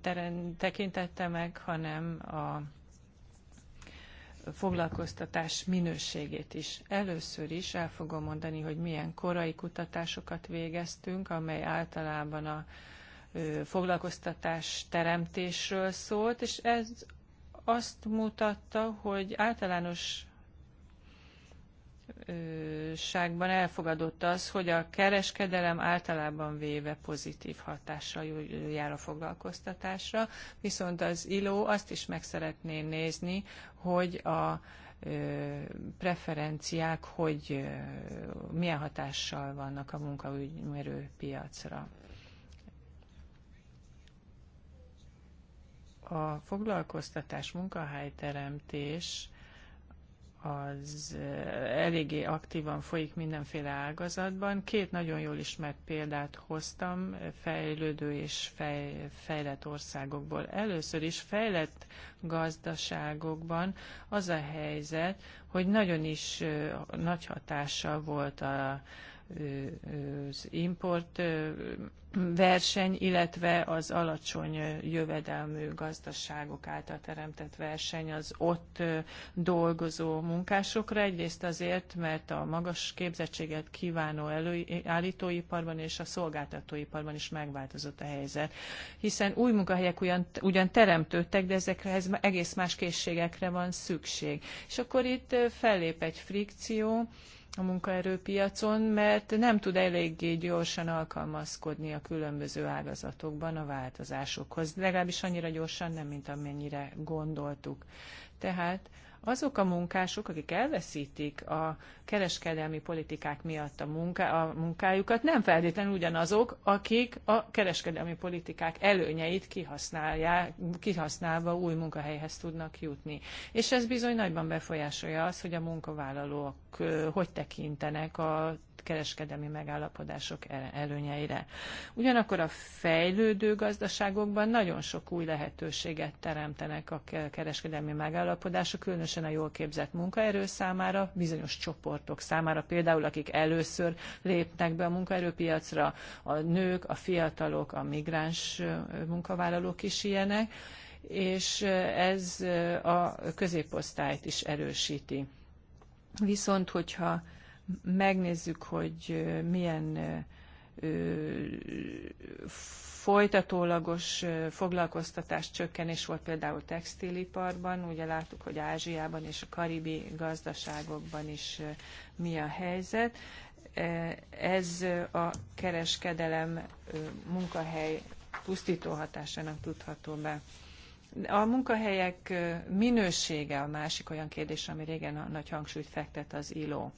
terem, tekintette meg, hanem a foglalkoztatás minőségét is. Először is el fogom mondani, hogy milyen korai kutatásokat végeztünk, amely általában a foglalkoztatás teremtésről szólt, és ez azt mutatta, hogy általános ságban elfogadott az, hogy a kereskedelem általában véve pozitív hatással jár a foglalkoztatásra, viszont az ILO azt is meg szeretné nézni, hogy a preferenciák, hogy milyen hatással vannak a munkaügymerő piacra. A foglalkoztatás, munkahelyteremtés az eh, eléggé aktívan folyik mindenféle ágazatban. Két nagyon jól ismert példát hoztam eh, fejlődő és fej, fejlett országokból. Először is fejlett gazdaságokban az a helyzet, hogy nagyon is eh, nagy hatással volt a, az import verseny, illetve az alacsony jövedelmű gazdaságok által teremtett verseny az ott dolgozó munkásokra. Egyrészt azért, mert a magas képzettséget kívánó előállítóiparban és a szolgáltatóiparban is megváltozott a helyzet. Hiszen új munkahelyek ugyan, ugyan teremtődtek, de ezekhez egész más készségekre van szükség. És akkor itt fellép egy frikció, a munkaerőpiacon, mert nem tud eléggé gyorsan alkalmazkodni a különböző ágazatokban a változásokhoz. Legalábbis annyira gyorsan nem, mint amennyire gondoltuk. Tehát azok a munkások, akik elveszítik a kereskedelmi politikák miatt a, munká, a munkájukat, nem feltétlenül ugyanazok, akik a kereskedelmi politikák előnyeit kihasználják, kihasználva új munkahelyhez tudnak jutni. És ez bizony nagyban befolyásolja az, hogy a munkavállalók hogy tekintenek a kereskedelmi megállapodások előnyeire. Ugyanakkor a fejlődő gazdaságokban nagyon sok új lehetőséget teremtenek a kereskedelmi megállapodások, különösen a jól képzett munkaerő számára, bizonyos csoportok számára, például akik először lépnek be a munkaerőpiacra, a nők, a fiatalok, a migráns munkavállalók is ilyenek, és ez a középosztályt is erősíti. Viszont, hogyha megnézzük, hogy milyen folytatólagos foglalkoztatás csökkenés volt például textiliparban. Ugye láttuk, hogy Ázsiában és a karibi gazdaságokban is mi a helyzet. Ez a kereskedelem munkahely pusztító hatásának tudható be. A munkahelyek minősége a másik olyan kérdés, ami régen nagy hangsúlyt fektet az ILO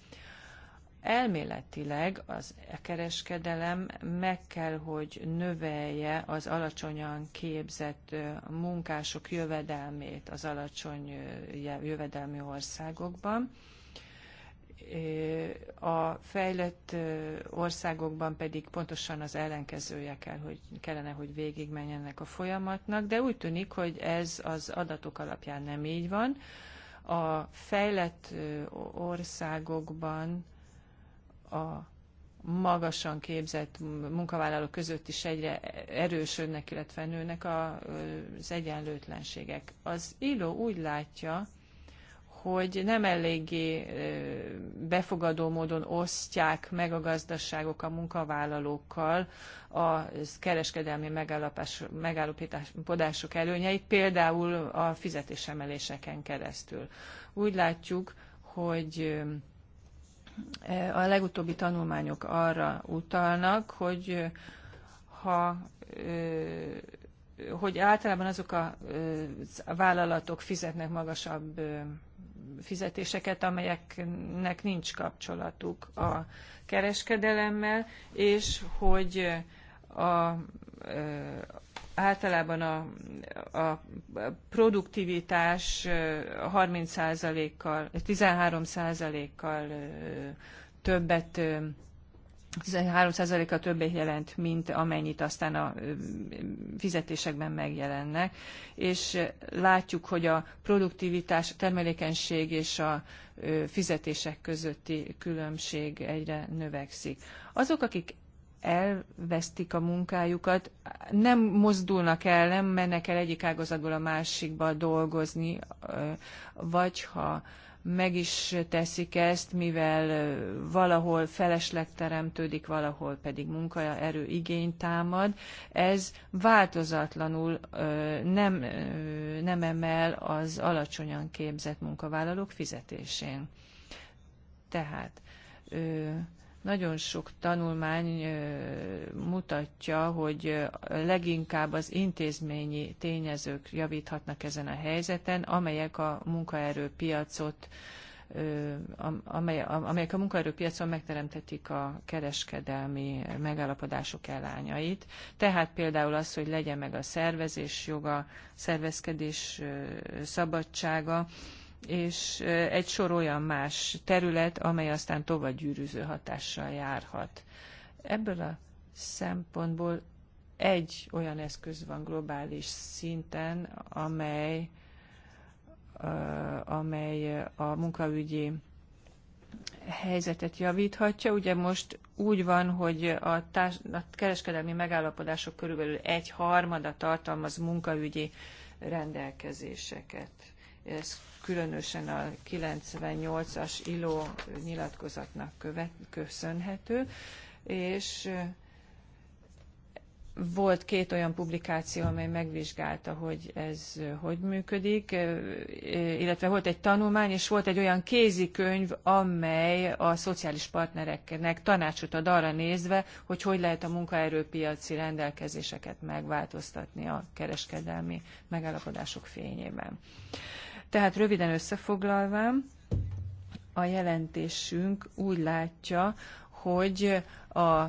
elméletileg az e kereskedelem meg kell, hogy növelje az alacsonyan képzett munkások jövedelmét az alacsony jövedelmi országokban. A fejlett országokban pedig pontosan az ellenkezője kell, hogy kellene, hogy végigmenjenek a folyamatnak, de úgy tűnik, hogy ez az adatok alapján nem így van. A fejlett országokban a magasan képzett munkavállalók között is egyre erősödnek, illetve nőnek az egyenlőtlenségek. Az író úgy látja, hogy nem eléggé befogadó módon osztják meg a gazdaságok a munkavállalókkal a kereskedelmi megállapodások előnyeit, például a fizetésemeléseken keresztül. Úgy látjuk, hogy a legutóbbi tanulmányok arra utalnak, hogy ha hogy általában azok a vállalatok fizetnek magasabb fizetéseket, amelyeknek nincs kapcsolatuk a kereskedelemmel, és hogy a, általában a, a produktivitás 30%-kal, 13%-kal többet 13%-kal többet jelent, mint amennyit aztán a fizetésekben megjelennek, és látjuk, hogy a produktivitás, a termelékenység és a fizetések közötti különbség egyre növekszik. Azok, akik elvesztik a munkájukat, nem mozdulnak el, nem mennek el egyik ágazatból a másikba dolgozni, vagy ha meg is teszik ezt, mivel valahol felesleg teremtődik, valahol pedig munkaerő igény támad. Ez változatlanul nem, nem emel az alacsonyan képzett munkavállalók fizetésén. Tehát nagyon sok tanulmány mutatja, hogy leginkább az intézményi tényezők javíthatnak ezen a helyzeten, amelyek a munkaerőpiacot amelyek a munkaerőpiacon megteremtetik a kereskedelmi megállapodások elányait. Tehát például az, hogy legyen meg a szervezés joga, szervezkedés szabadsága, és egy sor olyan más terület, amely aztán tovább gyűrűző hatással járhat. Ebből a szempontból egy olyan eszköz van globális szinten, amely, amely a munkaügyi helyzetet javíthatja. Ugye most úgy van, hogy a, társ, a kereskedelmi megállapodások körülbelül egy harmada tartalmaz munkaügyi rendelkezéseket. Ez különösen a 98-as ILO nyilatkozatnak követ, köszönhető, és volt két olyan publikáció, amely megvizsgálta, hogy ez hogy működik, illetve volt egy tanulmány, és volt egy olyan kézikönyv, amely a szociális partnereknek tanácsot ad arra nézve, hogy hogy lehet a munkaerőpiaci rendelkezéseket megváltoztatni a kereskedelmi megállapodások fényében. Tehát röviden összefoglalva a jelentésünk úgy látja, hogy a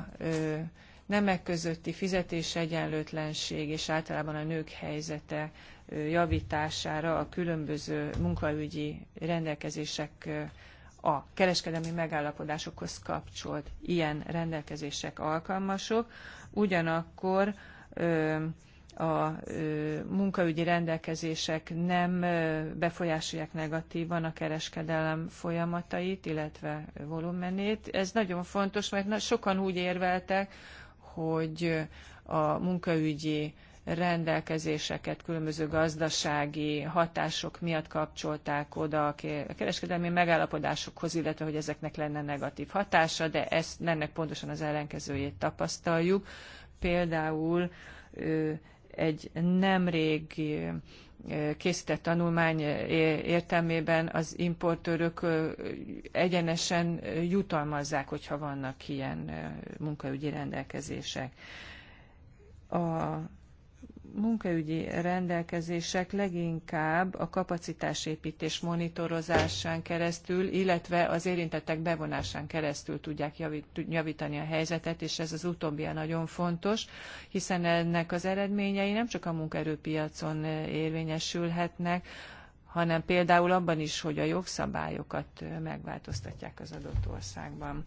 nemek közötti fizetésekyenlőtlenség és általában a nők helyzete javítására a különböző munkaügyi rendelkezések a kereskedelmi megállapodásokhoz kapcsolt ilyen rendelkezések alkalmasok, ugyanakkor a munkaügyi rendelkezések nem befolyásolják negatívan a kereskedelem folyamatait, illetve volumenét. Ez nagyon fontos, mert sokan úgy érveltek, hogy a munkaügyi rendelkezéseket különböző gazdasági hatások miatt kapcsolták oda a kereskedelmi megállapodásokhoz, illetve hogy ezeknek lenne negatív hatása, de ezt ennek pontosan az ellenkezőjét tapasztaljuk. Például egy nemrég eh, készített tanulmány eh, értelmében az importőrök eh, egyenesen jutalmazzák, hogyha vannak ilyen munkaügyi rendelkezések. A munkaügyi rendelkezések leginkább a kapacitásépítés monitorozásán keresztül, illetve az érintettek bevonásán keresztül tudják javítani a helyzetet, és ez az utóbbi nagyon fontos, hiszen ennek az eredményei nem csak a munkaerőpiacon eh, érvényesülhetnek, hanem például abban is, hogy a jogszabályokat eh, megváltoztatják az adott országban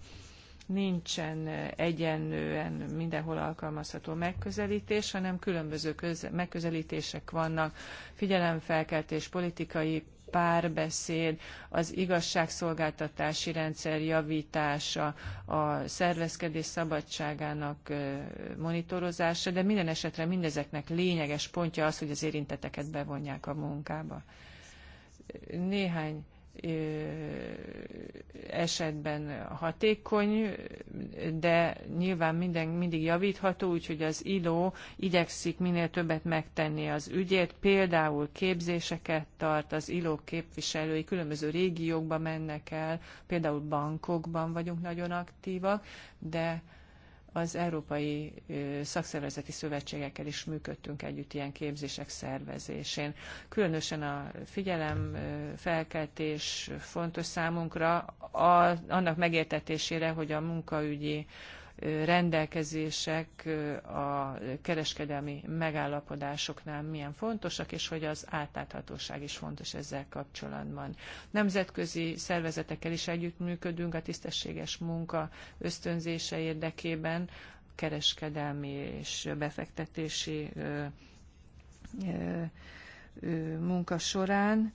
nincsen egyenlően mindenhol alkalmazható megközelítés, hanem különböző megközelítések vannak, figyelemfelkeltés, politikai párbeszéd, az igazságszolgáltatási rendszer javítása, a szervezkedés szabadságának monitorozása, de minden esetre mindezeknek lényeges pontja az, hogy az érinteteket bevonják a munkába. Néhány esetben hatékony, de nyilván minden mindig javítható, úgyhogy az ILO igyekszik minél többet megtenni az ügyét, például képzéseket tart, az ILO képviselői különböző régiókba mennek el, például bankokban vagyunk nagyon aktívak, de az Európai Szakszervezeti Szövetségekkel is működtünk együtt ilyen képzések szervezésén. Különösen a figyelem felkeltés fontos számunkra, a, annak megértetésére, hogy a munkaügyi rendelkezések a kereskedelmi megállapodásoknál milyen fontosak, és hogy az átláthatóság is fontos ezzel kapcsolatban. Nemzetközi szervezetekkel is együttműködünk a tisztességes munka ösztönzése érdekében, kereskedelmi és befektetési munka során,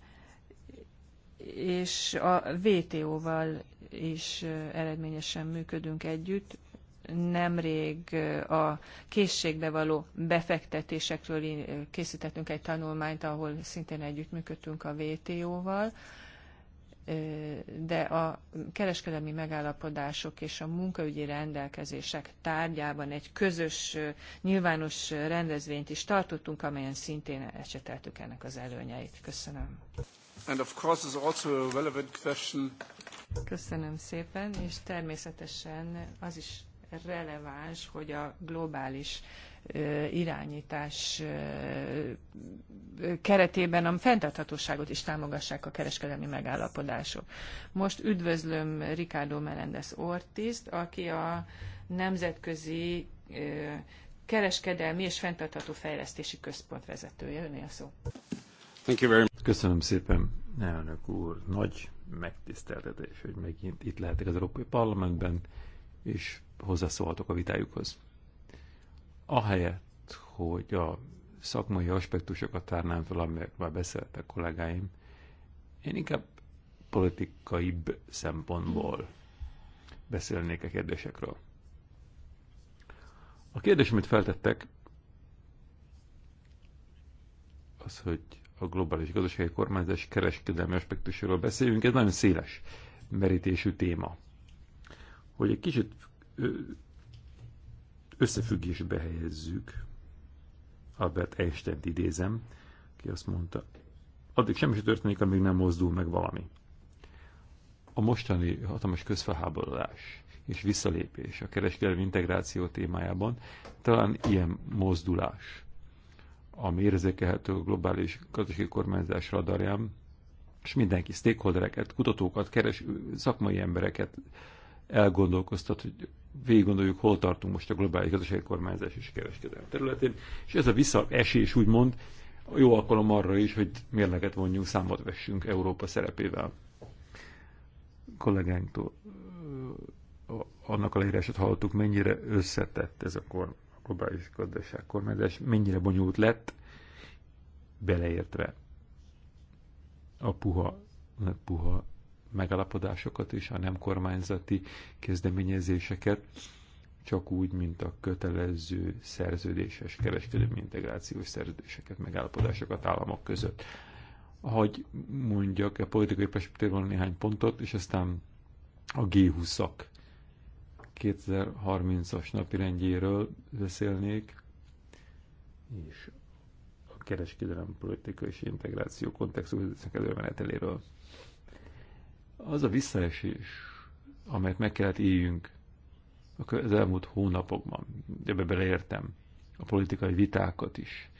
és a VTO-val is eredményesen működünk együtt, nemrég a készségbe való befektetésekről készítettünk egy tanulmányt, ahol szintén együttműködtünk a VTO-val, de a kereskedelmi megállapodások és a munkaügyi rendelkezések tárgyában egy közös nyilvános rendezvényt is tartottunk, amelyen szintén eseteltük ennek az előnyeit. Köszönöm. And of course is also a relevant question. Köszönöm szépen, és természetesen az is releváns, hogy a globális irányítás keretében a fenntarthatóságot is támogassák a kereskedelmi megállapodások. Most üdvözlöm Ricardo Melendez Ortizt, aki a Nemzetközi Kereskedelmi és Fenntartható Fejlesztési Központ vezetője. Öné a szó. Thank you very much. Köszönöm szépen, elnök úr. Nagy megtiszteltetés, hogy megint itt lehetek az Európai Parlamentben, és hozzászólhatok a vitájukhoz. Ahelyett, hogy a szakmai aspektusokat tárnám fel, amelyekről beszéltek kollégáim, én inkább politikai szempontból beszélnék a kérdésekről. A kérdés, amit feltettek, az, hogy a globális gazdasági kormányzás kereskedelmi aspektusról beszéljünk, ez nagyon széles merítésű téma. Hogy egy kicsit összefüggésbe helyezzük. Albert Einstein idézem, ki azt mondta, addig semmi sem történik, amíg nem mozdul meg valami. A mostani hatalmas közfelháborodás és visszalépés a kereskedelmi integráció témájában talán ilyen mozdulás, ami érzékelhető a globális gazdasági kormányzás radarján, és mindenki, stakeholdereket, kutatókat, keres, szakmai embereket, elgondolkoztat, hogy végig gondoljuk, hol tartunk most a globális gazdasági kormányzás és kereskedelmi területén, és ez a visszaesés úgymond jó alkalom arra is, hogy mérleget vonjunk, számot vessünk Európa szerepével. Kollégánktól annak a leírását hallottuk, mennyire összetett ez a kor, a globális gazdaság kormányzás, mennyire bonyolult lett, beleértve a puha, a puha megalapodásokat és a nem kormányzati kezdeményezéseket, csak úgy, mint a kötelező szerződéses kereskedelmi integrációs szerződéseket, megállapodásokat államok között. Hogy mondjak a politikai perspektívában néhány pontot, és aztán a G20-ak 2030-as napi rendjéről beszélnék, és a kereskedelem politika és integráció kontextusban előmeneteléről az a visszaesés, amelyet meg kellett éljünk az elmúlt hónapokban, ebbe beleértem a politikai vitákat is,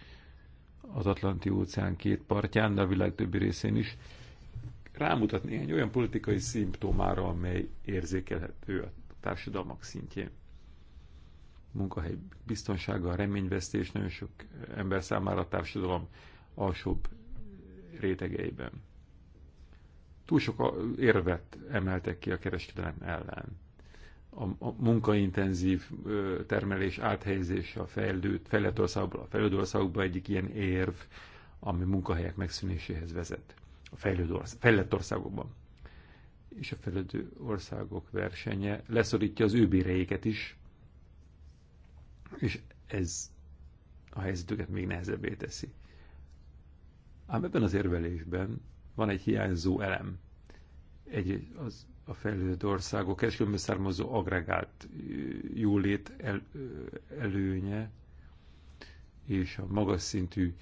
az Atlanti óceán két partján, de a világ többi részén is, rámutat néhány olyan politikai szimptomára, amely érzékelhető a társadalmak szintjén. Munkahely biztonsága, a reményvesztés nagyon sok ember számára a társadalom alsóbb rétegeiben túl sok érvet emeltek ki a kereskedelem ellen. A, a munkaintenzív termelés áthelyezése a fejlődött, fejlett a fejlődő országokba egyik ilyen érv, ami munkahelyek megszűnéséhez vezet a fejlődő ország, fejlett országokban. És a fejlődő országok versenye leszorítja az ő béreiket is, és ez a helyzetüket még nehezebbé teszi. Ám ebben az érvelésben van egy hiányzó elem. Egy, az, a fejlődő országok és származó agregált jólét el, előnye és a magas szintű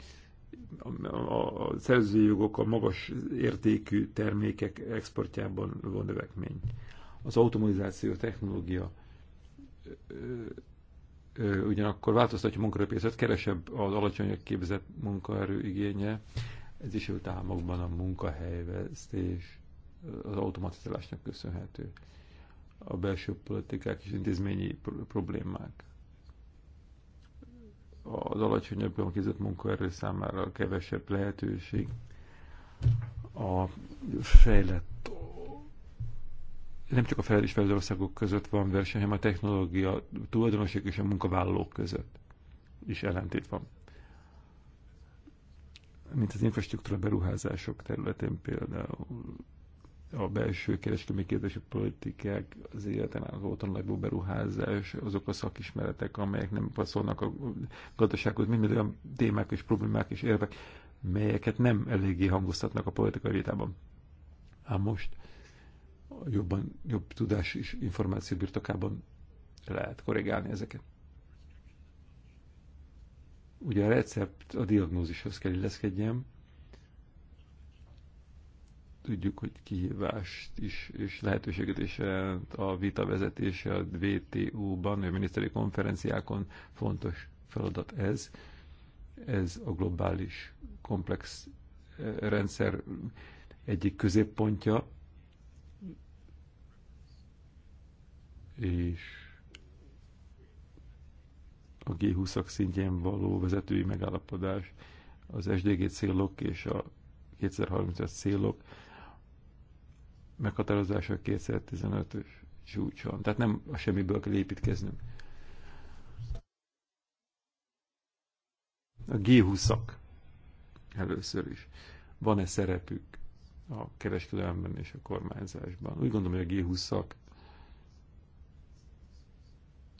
a, a, a szerzőjogok a magas értékű termékek exportjában van növekmény. Az automatizáció technológia ö, ö, ugyanakkor változtatja munkaerőpiacot, kevesebb az alacsonyabb képzett munkaerő igénye, ez is őt álmokban a munkahelyvesztés az automatizálásnak köszönhető. A belső politikák és intézményi problémák. Az alacsonyabban képzett munkaerő számára kevesebb lehetőség. A fejlett nem csak a fejlett és fejlett országok között van verseny, hanem a technológia a tulajdonosok és a munkavállalók között is ellentét van mint az infrastruktúra beruházások területén például a belső kereskedelmi kérdési politikák, az életen álló legjobb beruházás, azok a szakismeretek, amelyek nem passzolnak a gazdasághoz, mind olyan témák és problémák és érvek, melyeket nem eléggé hangoztatnak a politikai vitában. Ám most jobban, jobb tudás és információ birtokában lehet korrigálni ezeket. Ugye a recept a diagnózishoz kell illeszkedjen. Tudjuk, hogy kihívást is, és lehetőséget is a vita vezetése a WTO-ban, a miniszteri konferenciákon fontos feladat ez. Ez a globális komplex eh, rendszer egyik középpontja, és a G20-ak szintjén való vezetői megállapodás, az SDG célok és a 2030-as célok meghatározása a 2015-ös csúcson. Tehát nem a semmiből kell építkeznünk. A G20-ak először is. Van-e szerepük a kereskedelemben és a kormányzásban? Úgy gondolom, hogy a G20-ak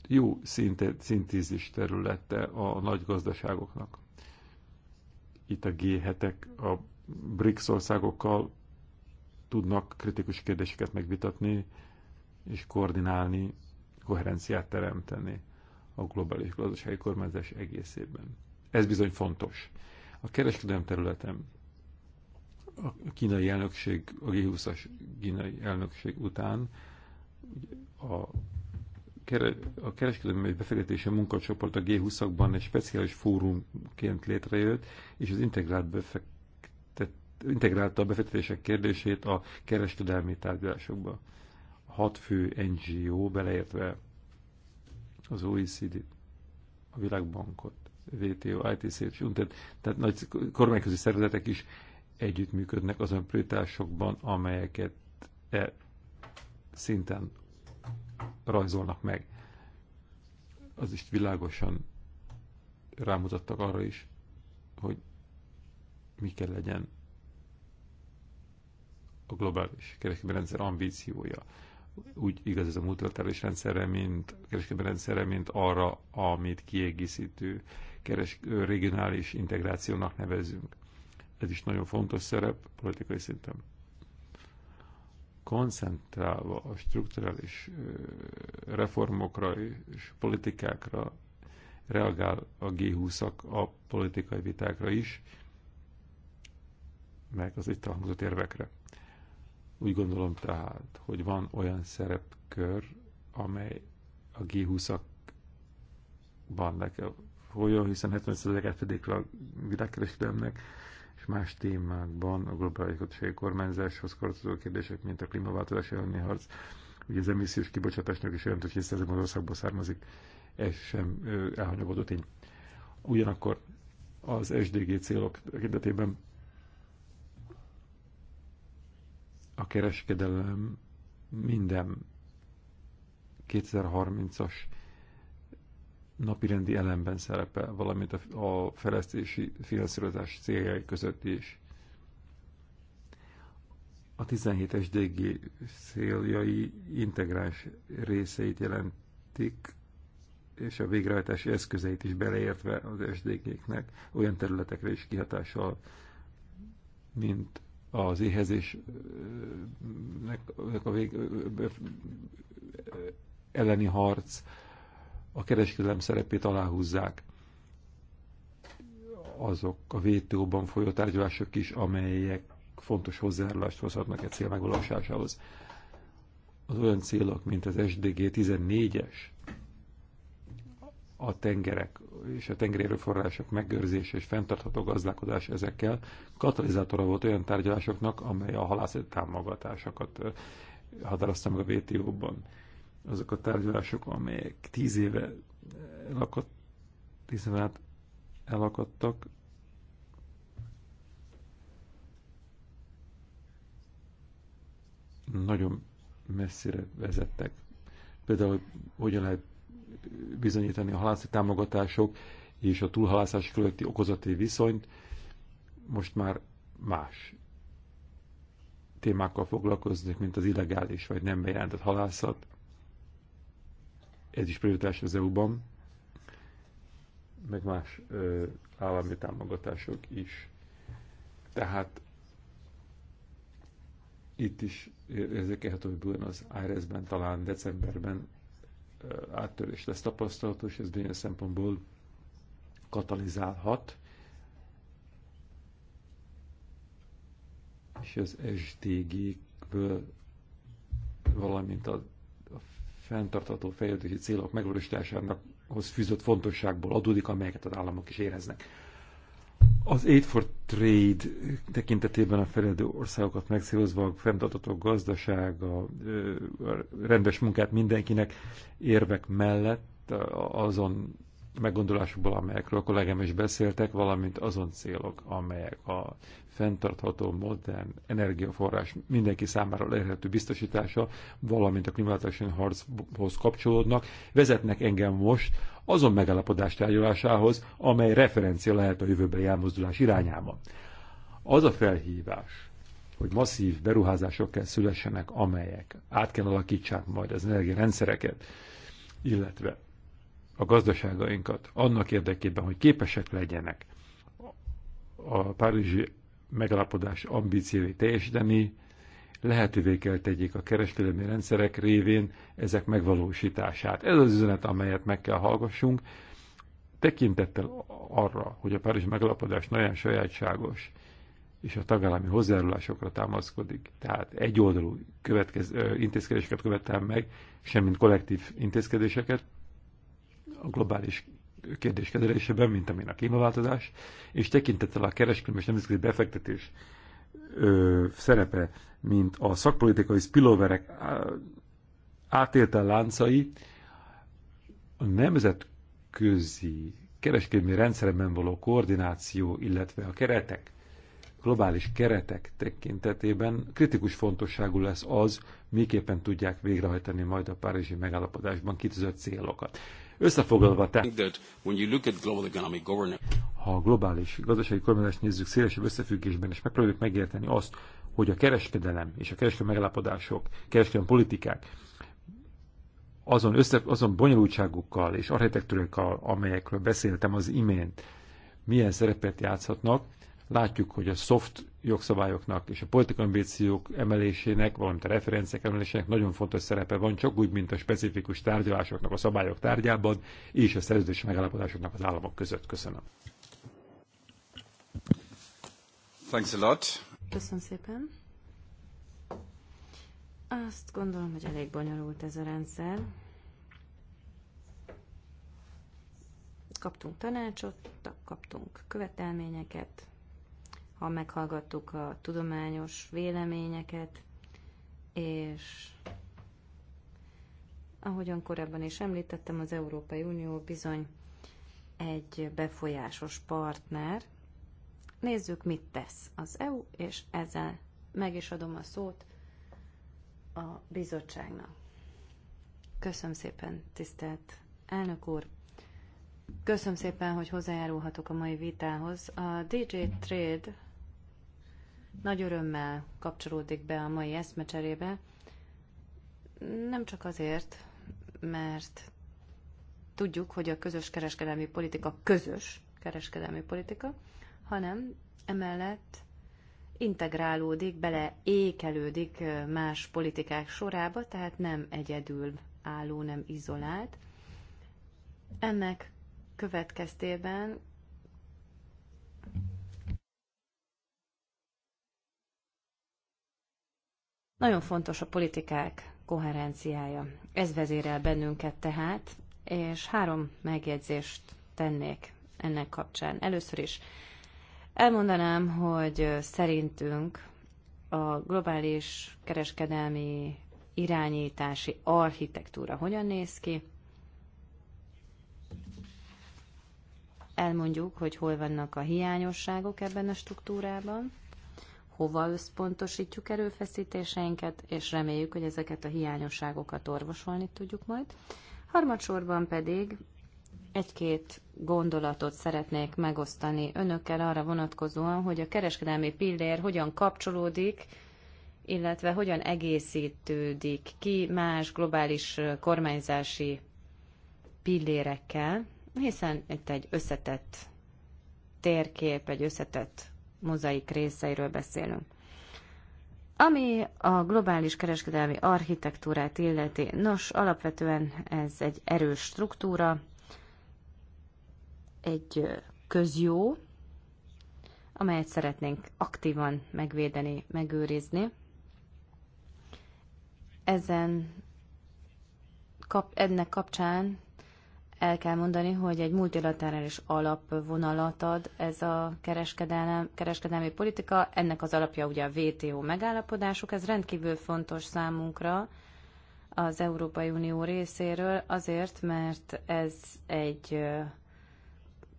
jó szinte, szintézis területe a nagy gazdaságoknak. Itt a g 7 ek a BRICS országokkal tudnak kritikus kérdéseket megvitatni, és koordinálni, koherenciát teremteni a globális gazdasági kormányzás egészében. Ez bizony fontos. A kereskedelem területen a kínai elnökség, a G20-as kínai elnökség után a a kereskedelmi és befektetési munkacsoport a G20-akban egy speciális fórumként létrejött, és az integrált befektet, integrálta a befektetések kérdését a kereskedelmi tárgyalásokba. Hat fő NGO, beleértve az oecd a Világbankot, VTO, ITC és UNTED, tehát nagy kormányközi szervezetek is együttműködnek azon prioritásokban, amelyeket e szinten rajzolnak meg. Az is világosan rámutattak arra is, hogy mi kell legyen a globális kereskedelmi rendszer ambíciója. Úgy igaz ez a multilaterális rendszerre, mint kereskedelmi rendszerre, mint arra, amit kiegészítő keres, regionális integrációnak nevezünk. Ez is nagyon fontos szerep politikai szinten koncentrálva a strukturális reformokra és politikákra reagál a g 20 a politikai vitákra is, meg az itt hangzott érvekre. Úgy gondolom tehát, hogy van olyan szerepkör, amely a g 20 van le kell folyjon, hiszen 70%-át pedig a világkereskedelmnek, és más témákban a globális gazdasági kormányzáshoz tartozó kérdések, mint a klímaváltozás elleni harc, ugye az emissziós kibocsátásnak is jelentős része ezekben az országból származik, ez sem elhanyagodott tény. Ugyanakkor az SDG célok tekintetében a kereskedelem minden 2030-as napirendi elemben szerepel, valamint a, a fejlesztési finanszírozás céljai között is. A 17-es DG céljai integráns részeit jelentik, és a végrehajtási eszközeit is beleértve az SDG-knek olyan területekre is kihatással, mint az éhezésnek a vég, elleni harc, a kereskedelem szerepét aláhúzzák azok a WTO-ban folyó tárgyalások is, amelyek fontos hozzájárulást hozhatnak egy cél megvalósításához. Az olyan célok, mint az SDG 14-es, a tengerek és a tengeri erőforrások megőrzése és fenntartható gazdálkodás ezekkel katalizátora volt olyan tárgyalásoknak, amely a halászat támogatásokat határozta meg a vto ban azok a tárgyalások, amelyek tíz éve elakadt, tíz éve át elakadtak, nagyon messzire vezettek. Például, hogy hogyan lehet bizonyítani a halászati támogatások és a túlhalászás közötti okozati viszonyt, most már más témákkal foglalkoznak, mint az illegális vagy nem bejelentett halászat, ez is prioritás az EU-ban, meg más ö, állami támogatások is. Tehát itt is érzékelhető, hogy IRS-ben talán decemberben ö, áttörés lesz tapasztalható, és ez bizonyos szempontból katalizálhat. És az SDG-ből, valamint a fenntartható fejlődési célok megvalósításának fűzött fontosságból adódik, amelyeket az államok is éreznek. Az Aid for Trade tekintetében a fejlődő országokat megszélozva a fenntartató gazdaság, a, rendes munkát mindenkinek érvek mellett azon meggondolásokból, amelyekről a kollégám is beszéltek, valamint azon célok, amelyek a fenntartható, modern energiaforrás mindenki számára elérhető biztosítása, valamint a klímaváltozás harchoz kapcsolódnak, vezetnek engem most azon megállapodás tárgyalásához, amely referencia lehet a jövőbeli elmozdulás irányába. Az a felhívás, hogy masszív beruházások kell szülessenek, amelyek át kell alakítsák majd az energiarendszereket, illetve a gazdaságainkat annak érdekében, hogy képesek legyenek a párizsi megállapodás ambíciói teljesíteni, lehetővé kell tegyék a kereskedelmi rendszerek révén ezek megvalósítását. Ez az üzenet, amelyet meg kell hallgassunk, tekintettel arra, hogy a Párizsi megalapodás nagyon sajátságos, és a tagállami hozzájárulásokra támaszkodik, tehát egyoldalú következ, intézkedéseket követel meg, semmint kollektív intézkedéseket, a globális kérdés kezelésében, mint amilyen a klímaváltozás, és tekintettel a kereskedelmi és nemzetközi befektetés ö, szerepe, mint a szakpolitikai spilloverek átélte láncai, a nemzetközi kereskedelmi rendszerben való koordináció, illetve a keretek, globális keretek tekintetében kritikus fontosságú lesz az, miképpen tudják végrehajtani majd a Párizsi megállapodásban kitűzött célokat. Összefoglalva, tehát ha a globális gazdasági kormányzást nézzük szélesebb összefüggésben, és megpróbáljuk megérteni azt, hogy a kereskedelem és a kereskedelmi megállapodások, kereskedelmi politikák azon, össze, azon bonyolultságukkal és architektúrákkal, amelyekről beszéltem az imént, milyen szerepet játszhatnak, Látjuk, hogy a soft jogszabályoknak és a politikai ambíciók emelésének, valamint a referenciák emelésének nagyon fontos szerepe van, csak úgy, mint a specifikus tárgyalásoknak a szabályok tárgyában és a szerződés megállapodásoknak az államok között. Köszönöm. Thanks a lot. Köszönöm szépen. Azt gondolom, hogy elég bonyolult ez a rendszer. Kaptunk tanácsot, kaptunk követelményeket, ha meghallgattuk a tudományos véleményeket, és ahogyan korábban is említettem, az Európai Unió bizony egy befolyásos partner. Nézzük, mit tesz az EU, és ezzel meg is adom a szót a bizottságnak. Köszönöm szépen, tisztelt elnök úr! Köszönöm szépen, hogy hozzájárulhatok a mai vitához. A DJ Trade nagy örömmel kapcsolódik be a mai eszmecserébe, nem csak azért, mert tudjuk, hogy a közös kereskedelmi politika közös kereskedelmi politika, hanem emellett integrálódik, bele ékelődik más politikák sorába, tehát nem egyedül álló, nem izolált. Ennek következtében Nagyon fontos a politikák koherenciája. Ez vezérel bennünket tehát, és három megjegyzést tennék ennek kapcsán. Először is elmondanám, hogy szerintünk a globális kereskedelmi irányítási architektúra hogyan néz ki. Elmondjuk, hogy hol vannak a hiányosságok ebben a struktúrában hova összpontosítjuk erőfeszítéseinket, és reméljük, hogy ezeket a hiányosságokat orvosolni tudjuk majd. Harmadsorban pedig egy-két gondolatot szeretnék megosztani önökkel arra vonatkozóan, hogy a kereskedelmi pillér hogyan kapcsolódik, illetve hogyan egészítődik ki más globális kormányzási pillérekkel, hiszen itt egy összetett térkép, egy összetett mozaik részeiről beszélünk. Ami a globális kereskedelmi architektúrát illeti, nos, alapvetően ez egy erős struktúra, egy közjó, amelyet szeretnénk aktívan megvédeni, megőrizni. Ezen, kap, ennek kapcsán el kell mondani, hogy egy multilaterális alapvonalat ad ez a kereskedelmi, kereskedelmi politika. Ennek az alapja ugye a WTO megállapodásuk Ez rendkívül fontos számunkra az Európai Unió részéről, azért, mert ez egy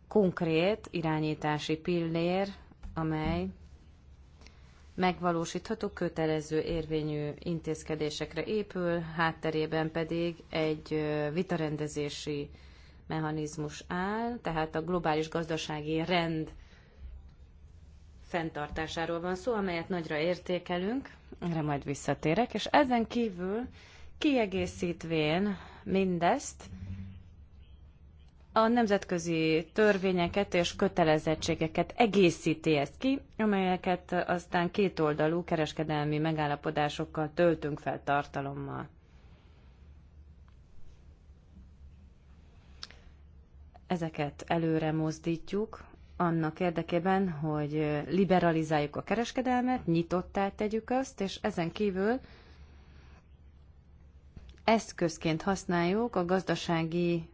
konkrét irányítási pillér, amely megvalósítható kötelező érvényű intézkedésekre épül, hátterében pedig egy vitarendezési mechanizmus áll, tehát a globális gazdasági rend fenntartásáról van szó, amelyet nagyra értékelünk, erre majd visszatérek, és ezen kívül kiegészítvén mindezt a nemzetközi törvényeket és kötelezettségeket egészíti ezt ki, amelyeket aztán kétoldalú kereskedelmi megállapodásokkal töltünk fel tartalommal. ezeket előre mozdítjuk, annak érdekében, hogy liberalizáljuk a kereskedelmet, nyitottá tegyük azt, és ezen kívül eszközként használjuk a gazdasági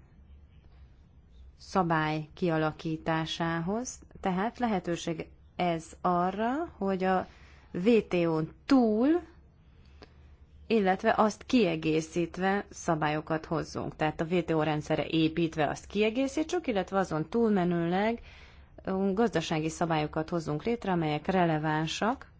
szabály kialakításához, tehát lehetőség ez arra, hogy a VTO-n túl illetve azt kiegészítve szabályokat hozzunk. Tehát a VTO rendszere építve azt kiegészítsük, illetve azon túlmenőleg gazdasági szabályokat hozzunk létre, amelyek relevánsak,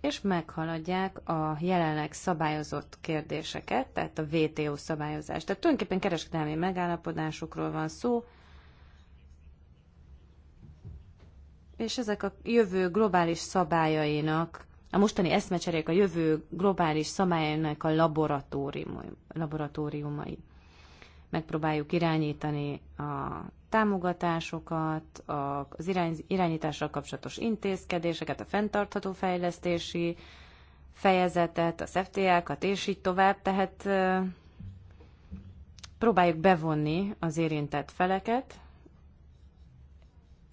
és meghaladják a jelenleg szabályozott kérdéseket, tehát a VTO szabályozást. Tehát tulajdonképpen kereskedelmi megállapodásokról van szó, és ezek a jövő globális szabályainak, a mostani eszmecserék a jövő globális szabályainak a laboratórium, laboratóriumai. Megpróbáljuk irányítani a támogatásokat, az irányításra irányítással kapcsolatos intézkedéseket, a fenntartható fejlesztési fejezetet, a FTA-kat, és így tovább. Tehát próbáljuk bevonni az érintett feleket,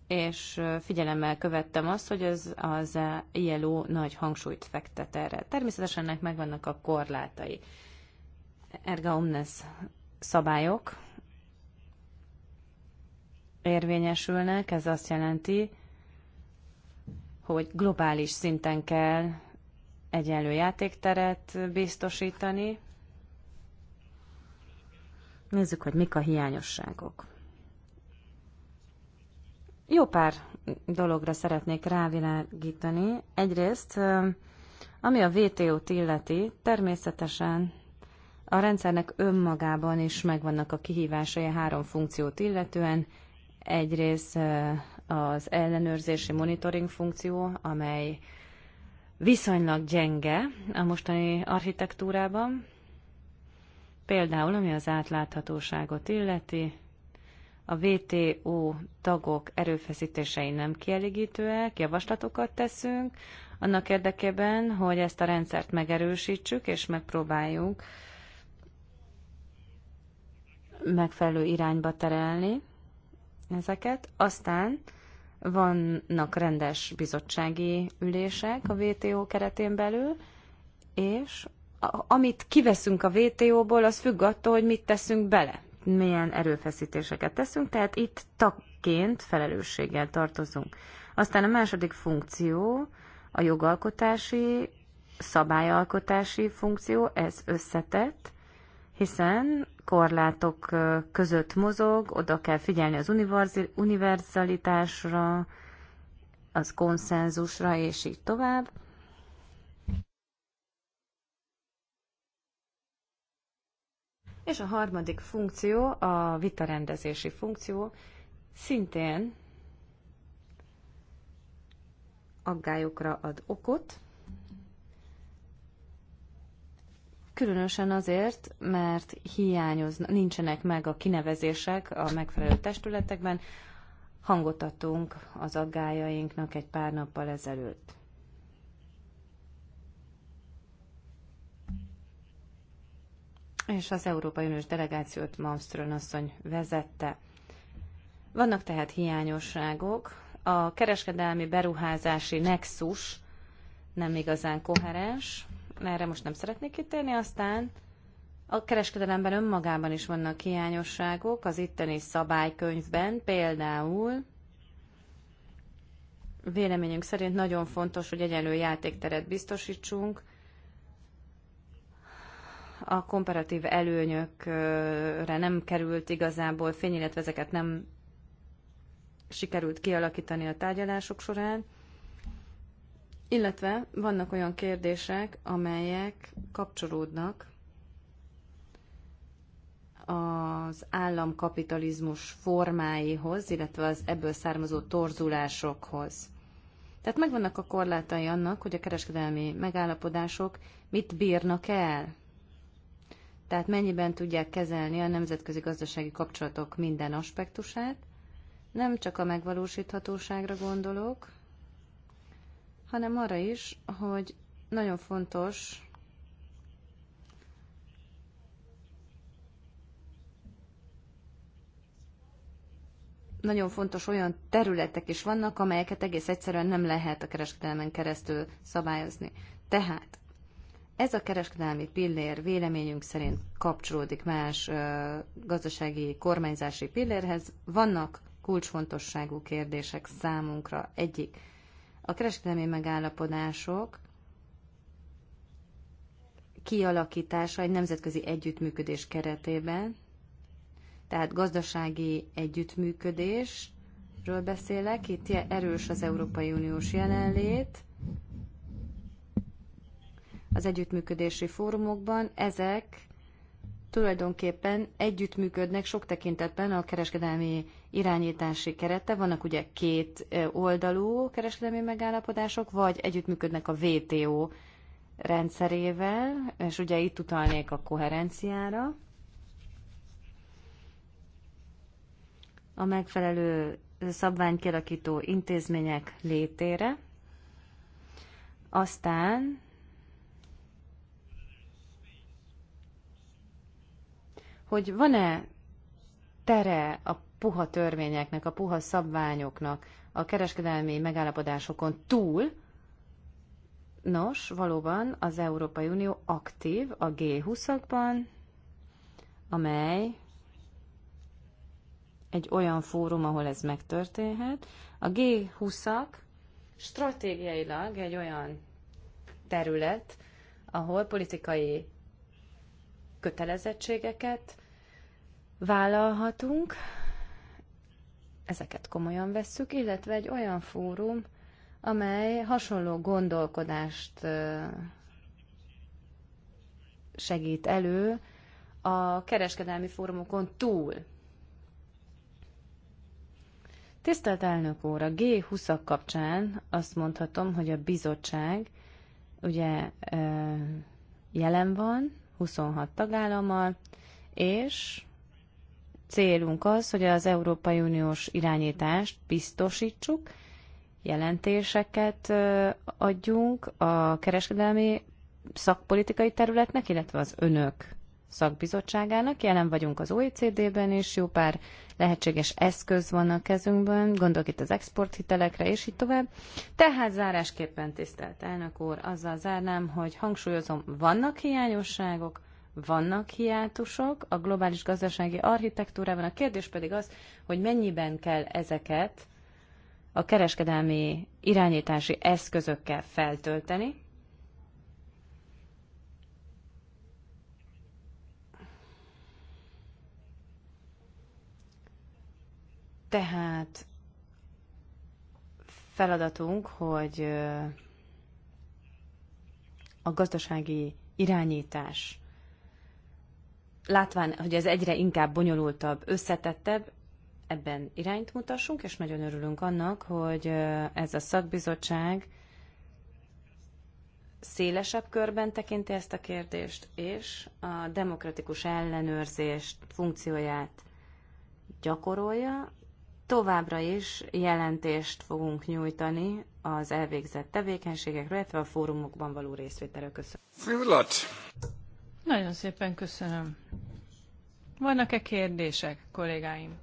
és figyelemmel követtem azt, hogy az, az ILO nagy hangsúlyt fektet erre. Természetesen ennek megvannak a korlátai. Erga omnes szabályok érvényesülnek, ez azt jelenti, hogy globális szinten kell egyenlő játékteret biztosítani. Nézzük, hogy mik a hiányosságok. Jó pár dologra szeretnék rávilágítani. Egyrészt, ami a VTO-t illeti, természetesen a rendszernek önmagában is megvannak a kihívásai a három funkciót illetően. Egyrészt az ellenőrzési monitoring funkció, amely viszonylag gyenge a mostani architektúrában, például ami az átláthatóságot illeti, a WTO tagok erőfeszítései nem kielégítőek, javaslatokat teszünk, annak érdekében, hogy ezt a rendszert megerősítsük, és megpróbáljuk megfelelő irányba terelni ezeket. Aztán vannak rendes bizottsági ülések a WTO keretén belül, és amit kiveszünk a WTO-ból, az függ attól, hogy mit teszünk bele milyen erőfeszítéseket teszünk, tehát itt tagként felelősséggel tartozunk. Aztán a második funkció, a jogalkotási, szabályalkotási funkció, ez összetett, hiszen korlátok között mozog, oda kell figyelni az univerzalitásra, az konszenzusra, és így tovább. És a harmadik funkció, a vitarendezési funkció, szintén aggályokra ad okot, Különösen azért, mert hiányoznak, nincsenek meg a kinevezések a megfelelő testületekben. Hangot adtunk az aggájainknak egy pár nappal ezelőtt. és az Európai Uniós delegációt Malmström asszony vezette. Vannak tehát hiányosságok. A kereskedelmi beruházási nexus nem igazán koherens, erre most nem szeretnék kitérni, aztán a kereskedelemben önmagában is vannak hiányosságok, az itteni szabálykönyvben például véleményünk szerint nagyon fontos, hogy egyenlő játékteret biztosítsunk, a komparatív előnyökre nem került igazából fény, illetve ezeket nem sikerült kialakítani a tárgyalások során. Illetve vannak olyan kérdések, amelyek kapcsolódnak az államkapitalizmus formáihoz, illetve az ebből származó torzulásokhoz. Tehát megvannak a korlátai annak, hogy a kereskedelmi megállapodások mit bírnak el, tehát mennyiben tudják kezelni a nemzetközi gazdasági kapcsolatok minden aspektusát? Nem csak a megvalósíthatóságra gondolok, hanem arra is, hogy nagyon fontos nagyon fontos olyan területek is vannak, amelyeket egész egyszerűen nem lehet a kereskedelmen keresztül szabályozni. Tehát ez a kereskedelmi pillér véleményünk szerint kapcsolódik más gazdasági kormányzási pillérhez. Vannak kulcsfontosságú kérdések számunkra. Egyik, a kereskedelmi megállapodások kialakítása egy nemzetközi együttműködés keretében, tehát gazdasági együttműködésről beszélek, itt erős az Európai Uniós jelenlét, az együttműködési fórumokban, ezek tulajdonképpen együttműködnek sok tekintetben a kereskedelmi irányítási kerete. Vannak ugye két oldalú kereskedelmi megállapodások, vagy együttműködnek a WTO rendszerével, és ugye itt utalnék a koherenciára. A megfelelő szabványkialakító intézmények létére. Aztán hogy van-e tere a puha törvényeknek, a puha szabványoknak a kereskedelmi megállapodásokon túl, Nos, valóban az Európai Unió aktív a G20-akban, amely egy olyan fórum, ahol ez megtörténhet. A G20-ak stratégiailag egy olyan terület, ahol politikai kötelezettségeket vállalhatunk, ezeket komolyan vesszük, illetve egy olyan fórum, amely hasonló gondolkodást segít elő a kereskedelmi fórumokon túl. Tisztelt elnök úr, a G20-ak kapcsán azt mondhatom, hogy a bizottság ugye jelen van, 26 tagállammal, és célunk az, hogy az Európai Uniós irányítást biztosítsuk, jelentéseket adjunk a kereskedelmi szakpolitikai területnek, illetve az önök szakbizottságának. Jelen vagyunk az OECD-ben, és jó pár lehetséges eszköz van a kezünkben, gondolok itt az exporthitelekre, és így tovább. Tehát zárásképpen tisztelt elnök úr, azzal zárnám, hogy hangsúlyozom, vannak hiányosságok, vannak hiátusok a globális gazdasági architektúrában, a kérdés pedig az, hogy mennyiben kell ezeket a kereskedelmi irányítási eszközökkel feltölteni, Tehát feladatunk, hogy a gazdasági irányítás látván, hogy ez egyre inkább bonyolultabb, összetettebb, ebben irányt mutassunk, és nagyon örülünk annak, hogy ez a szakbizottság szélesebb körben tekinti ezt a kérdést, és a demokratikus ellenőrzést, funkcióját gyakorolja, Továbbra is jelentést fogunk nyújtani az elvégzett tevékenységekről, illetve a fórumokban való részvételről. Köszönöm. Nagyon szépen köszönöm. Vannak-e kérdések, kollégáim?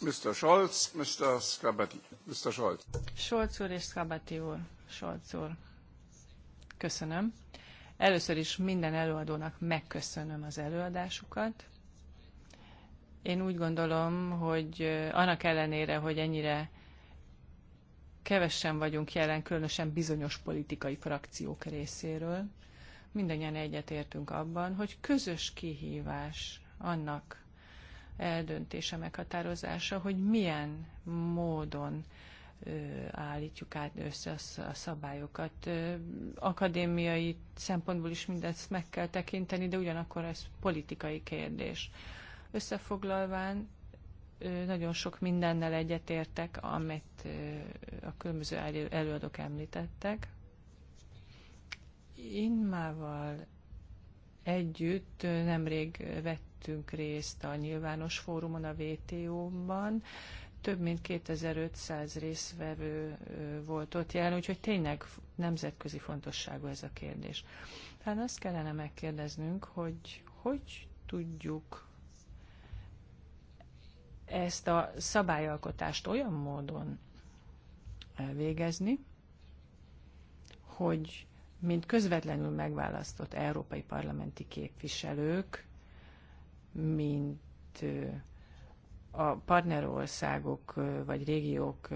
Mr. Scholz, Mr. Skabati. Mr. Scholz. Scholz úr és Skabati úr. Scholz úr. Köszönöm. Először is minden előadónak megköszönöm az előadásukat. Én úgy gondolom, hogy annak ellenére, hogy ennyire kevesen vagyunk jelen, különösen bizonyos politikai frakciók részéről, mindannyian egyetértünk abban, hogy közös kihívás annak eldöntése, meghatározása, hogy milyen módon állítjuk át össze a szabályokat. Akadémiai szempontból is mindezt meg kell tekinteni, de ugyanakkor ez politikai kérdés. Összefoglalván nagyon sok mindennel egyetértek, amit a különböző előadók említettek. Inmával együtt nemrég vettünk részt a nyilvános fórumon, a vto ban Több mint 2500 részvevő volt ott jelen, úgyhogy tényleg nemzetközi fontosságú ez a kérdés. Tehát azt kellene megkérdeznünk, hogy hogy tudjuk ezt a szabályalkotást olyan módon elvégezni, hogy mint közvetlenül megválasztott európai parlamenti képviselők, mint a partnerországok vagy régiók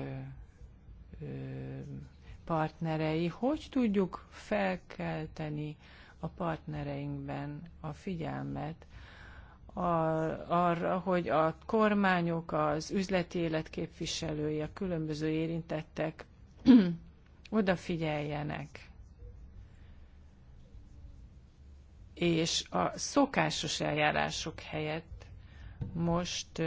partnerei, hogy tudjuk felkelteni a partnereinkben a figyelmet arra, hogy a kormányok, az üzleti élet képviselői, a különböző érintettek odafigyeljenek. És a szokásos eljárások helyett most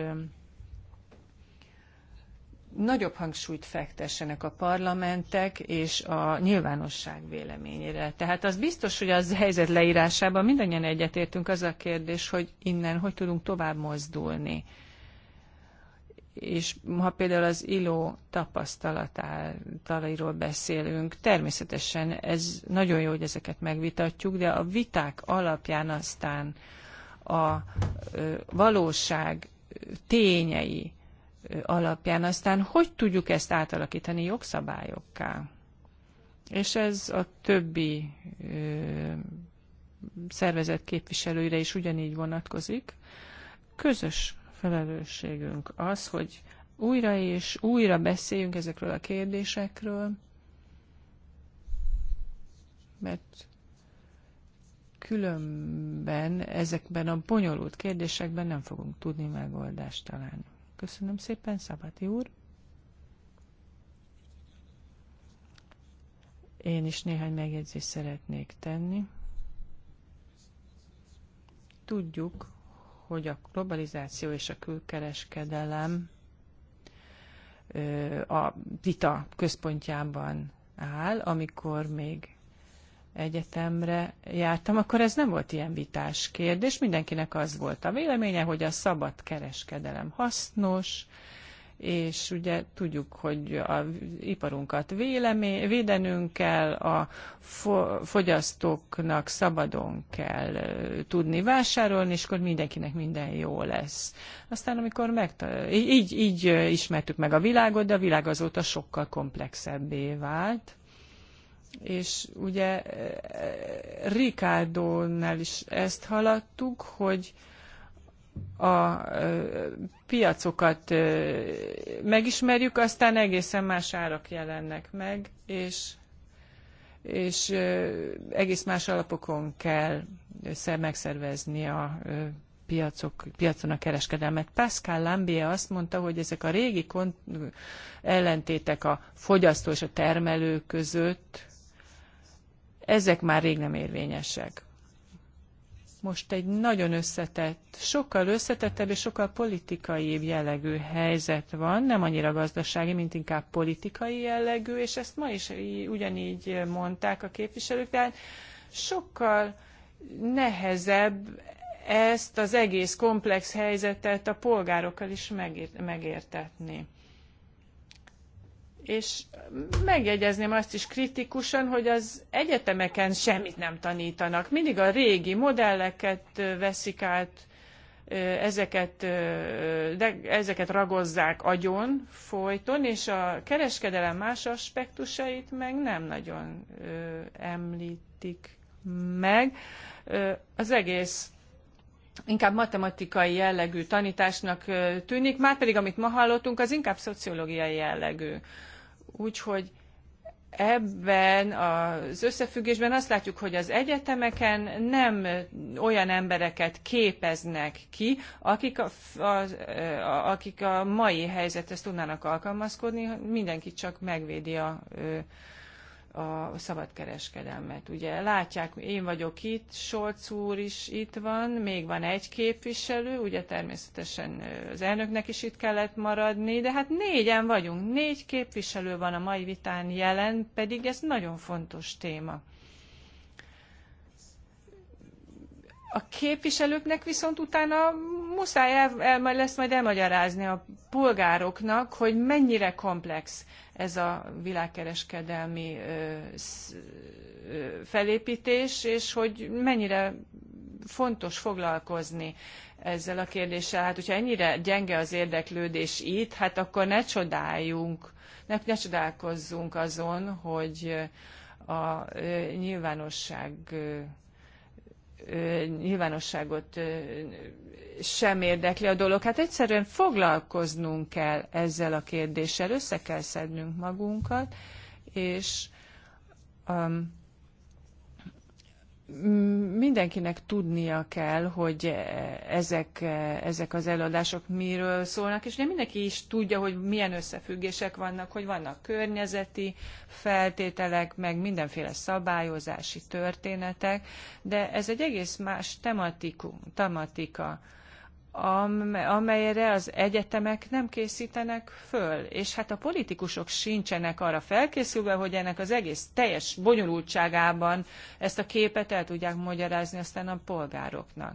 nagyobb hangsúlyt fektessenek a parlamentek és a nyilvánosság véleményére. Tehát az biztos, hogy az helyzet leírásában mindannyian egyetértünk az a kérdés, hogy innen hogy tudunk tovább mozdulni. És ha például az ILO tapasztalatáról beszélünk, természetesen ez nagyon jó, hogy ezeket megvitatjuk, de a viták alapján aztán a valóság tényei, alapján. Aztán hogy tudjuk ezt átalakítani jogszabályokká? És ez a többi szervezet képviselőire is ugyanígy vonatkozik. Közös felelősségünk az, hogy újra és újra beszéljünk ezekről a kérdésekről, mert különben ezekben a bonyolult kérdésekben nem fogunk tudni megoldást találni. Köszönöm szépen, Szabati úr. Én is néhány megjegyzést szeretnék tenni. Tudjuk, hogy a globalizáció és a külkereskedelem a vita központjában áll, amikor még egyetemre jártam, akkor ez nem volt ilyen vitás kérdés. Mindenkinek az volt a véleménye, hogy a szabad kereskedelem hasznos, és ugye tudjuk, hogy a iparunkat vélemé, védenünk kell, a fo fogyasztóknak szabadon kell tudni vásárolni, és akkor mindenkinek minden jó lesz. Aztán amikor megta- így, így ismertük meg a világot, de a világ azóta sokkal komplexebbé vált és ugye eh, Ricardo-nál is ezt haladtuk, hogy a eh, piacokat eh, megismerjük, aztán egészen más árak jelennek meg, és, és egész más alapokon kell megszervezni a piacok, piacon a kereskedelmet. Pascal Lambie azt mondta, hogy ezek a régi ellentétek a fogyasztó és a termelő között, ezek már rég nem érvényesek. Most egy nagyon összetett, sokkal összetettebb és sokkal politikai jellegű helyzet van, nem annyira gazdasági, mint inkább politikai jellegű, és ezt ma is ugyanígy mondták a képviselők, tehát sokkal nehezebb ezt az egész komplex helyzetet a polgárokkal is megértetni és megjegyezném azt is kritikusan, hogy az egyetemeken semmit nem tanítanak. Mindig a régi modelleket veszik át, ezeket, de ezeket ragozzák agyon folyton, és a kereskedelem más aspektusait meg nem nagyon említik meg. Az egész inkább matematikai jellegű tanításnak tűnik, már pedig amit ma hallottunk, az inkább szociológiai jellegű. Úgyhogy ebben az összefüggésben azt látjuk, hogy az egyetemeken nem olyan embereket képeznek ki, akik a, a, a, akik a mai helyzethez tudnának alkalmazkodni, mindenki csak megvédi a, a szabadkereskedelmet. Ugye látják, én vagyok itt, Solc úr is itt van, még van egy képviselő, ugye természetesen az elnöknek is itt kellett maradni, de hát négyen vagyunk, négy képviselő van a mai vitán jelen, pedig ez nagyon fontos téma. A képviselőknek viszont utána muszáj el, el, majd lesz majd elmagyarázni a polgároknak, hogy mennyire komplex ez a világkereskedelmi felépítés, és hogy mennyire fontos foglalkozni ezzel a kérdéssel. Hát, hogyha ennyire gyenge az érdeklődés itt, hát akkor ne csodáljunk, ne, ne csodálkozzunk azon, hogy a nyilvánosság nyilvánosságot sem érdekli a dolog. Hát egyszerűen foglalkoznunk kell ezzel a kérdéssel, össze kell szednünk magunkat, és um, mindenkinek tudnia kell, hogy ezek, ezek az előadások miről szólnak, és nem mindenki is tudja, hogy milyen összefüggések vannak, hogy vannak környezeti feltételek, meg mindenféle szabályozási történetek, de ez egy egész más tematikum, tematika amelyre az egyetemek nem készítenek föl. És hát a politikusok sincsenek arra felkészülve, hogy ennek az egész teljes bonyolultságában ezt a képet el tudják magyarázni aztán a polgároknak.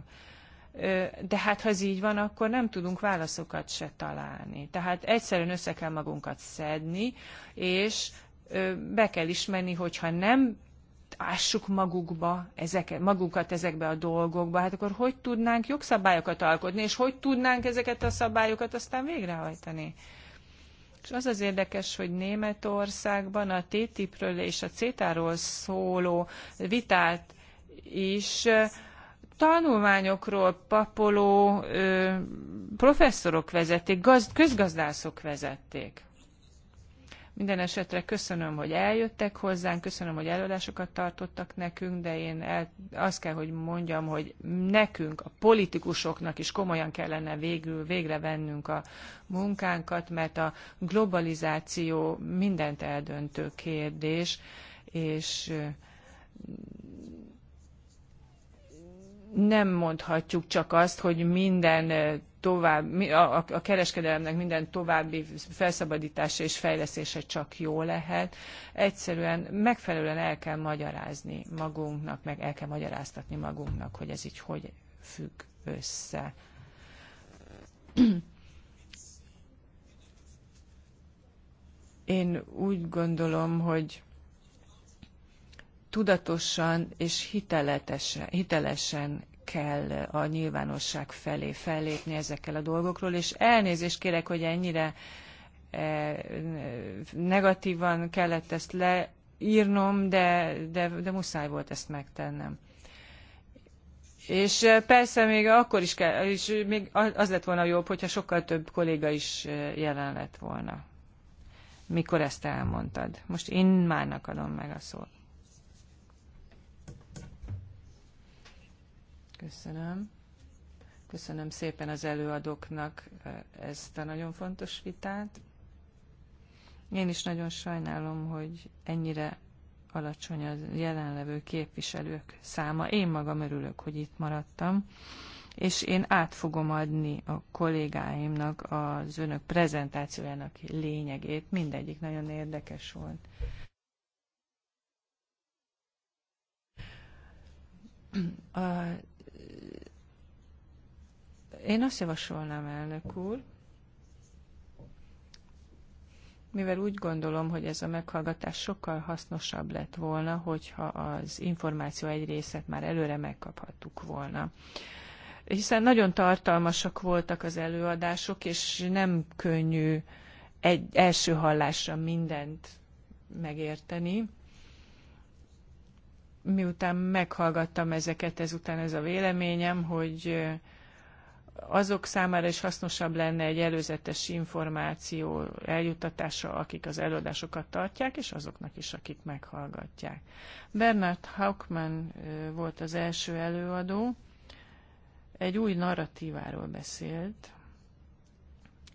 De hát ha ez így van, akkor nem tudunk válaszokat se találni. Tehát egyszerűen össze kell magunkat szedni, és be kell ismerni, hogyha nem ássuk magukba, ezek, magukat ezekbe a dolgokba, hát akkor hogy tudnánk jogszabályokat alkotni, és hogy tudnánk ezeket a szabályokat aztán végrehajtani? És az az érdekes, hogy Németországban a TTIP-ről és a CETA-ról szóló vitát is tanulmányokról papoló ö, professzorok vezették, gaz, közgazdászok vezették. Minden esetre köszönöm, hogy eljöttek hozzánk, köszönöm, hogy előadásokat tartottak nekünk, de én el, azt kell, hogy mondjam, hogy nekünk, a politikusoknak is komolyan kellene végül végre vennünk a munkánkat, mert a globalizáció mindent eldöntő kérdés, és nem mondhatjuk csak azt, hogy minden tovább, a, a kereskedelemnek minden további felszabadítása és fejlesztése csak jó lehet. Egyszerűen megfelelően el kell magyarázni magunknak, meg el kell magyaráztatni magunknak, hogy ez így hogy függ össze. Én úgy gondolom, hogy tudatosan és hitelesen kell a nyilvánosság felé fellépni ezekkel a dolgokról, és elnézést kérek, hogy ennyire e, negatívan kellett ezt leírnom, de, de, de muszáj volt ezt megtennem. És e, persze még akkor is kell, és még az lett volna jobb, hogyha sokkal több kolléga is e, jelen lett volna, mikor ezt elmondtad. Most én márnak adom meg a szót. Köszönöm. Köszönöm szépen az előadóknak eh, ezt a nagyon fontos vitát. Én is nagyon sajnálom, hogy ennyire alacsony a jelenlevő képviselők száma. Én magam örülök, hogy itt maradtam, és én át fogom adni a kollégáimnak az önök prezentációjának lényegét. Mindegyik nagyon érdekes volt. A én azt javasolnám, elnök úr, mivel úgy gondolom, hogy ez a meghallgatás sokkal hasznosabb lett volna, hogyha az információ egy részét már előre megkaphattuk volna. Hiszen nagyon tartalmasak voltak az előadások, és nem könnyű egy első hallásra mindent megérteni. Miután meghallgattam ezeket, ezután ez a véleményem, hogy azok számára is hasznosabb lenne egy előzetes információ eljuttatása, akik az előadásokat tartják, és azoknak is, akik meghallgatják. Bernard Hauptmann volt az első előadó, egy új narratíváról beszélt.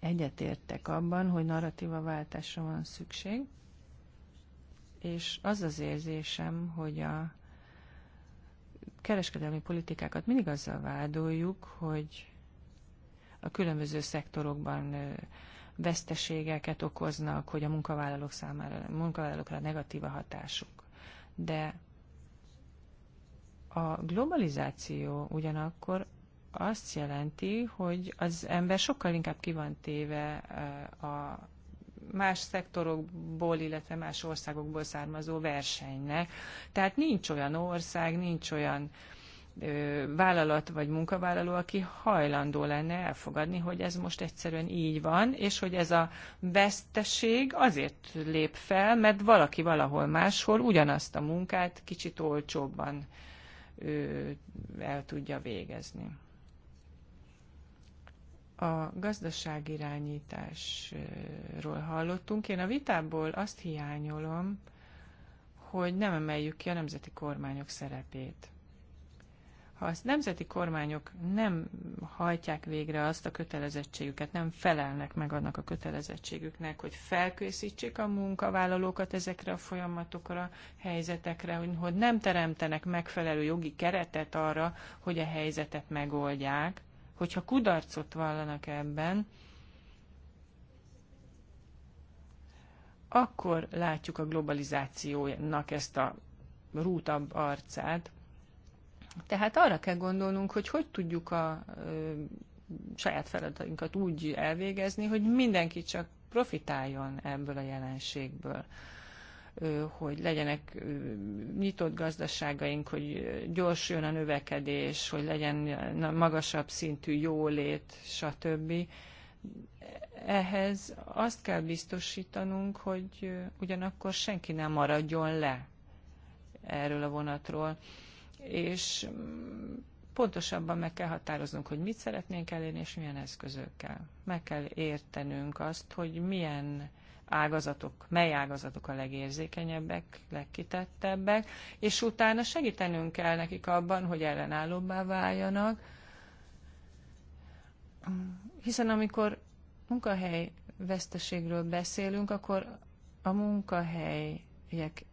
Egyetértek abban, hogy narratíva váltásra van szükség, és az az érzésem, hogy a kereskedelmi politikákat mindig azzal vádoljuk, hogy a különböző szektorokban veszteségeket okoznak, hogy a munkavállalók számára, a munkavállalókra negatív a hatásuk. De a globalizáció ugyanakkor azt jelenti, hogy az ember sokkal inkább ki van téve a más szektorokból, illetve más országokból származó versenynek. Tehát nincs olyan ország, nincs olyan uh, vállalat vagy munkavállaló, aki hajlandó lenne elfogadni, hogy ez most egyszerűen így van, és hogy ez a veszteség azért lép fel, mert valaki valahol máshol ugyanazt a munkát kicsit olcsóbban el tudja végezni. A gazdaságirányításról hallottunk. Én a vitából azt hiányolom, hogy nem emeljük ki a nemzeti kormányok szerepét ha az nemzeti kormányok nem hajtják végre azt a kötelezettségüket, nem felelnek meg annak a kötelezettségüknek, hogy felkészítsék a munkavállalókat ezekre a folyamatokra, helyzetekre, hogy nem teremtenek megfelelő jogi keretet arra, hogy a helyzetet megoldják, hogyha kudarcot vallanak ebben, akkor látjuk a globalizációnak ezt a rútabb arcát, tehát arra kell gondolnunk, hogy hogy tudjuk a saját feladatainkat úgy elvégezni, hogy mindenki csak profitáljon ebből a jelenségből hogy legyenek nyitott gazdaságaink, hogy gyorsuljon a növekedés, hogy legyen magasabb szintű jólét, stb. Ehhez azt kell biztosítanunk, hogy ugyanakkor senki nem maradjon le erről a vonatról és mm, pontosabban meg kell határoznunk, hogy mit szeretnénk elérni, és milyen eszközökkel. Meg kell értenünk azt, hogy milyen ágazatok, mely ágazatok a legérzékenyebbek, legkitettebbek, és utána segítenünk kell nekik abban, hogy ellenállóbbá váljanak, hiszen amikor munkahely veszteségről beszélünk, akkor a munkahelyek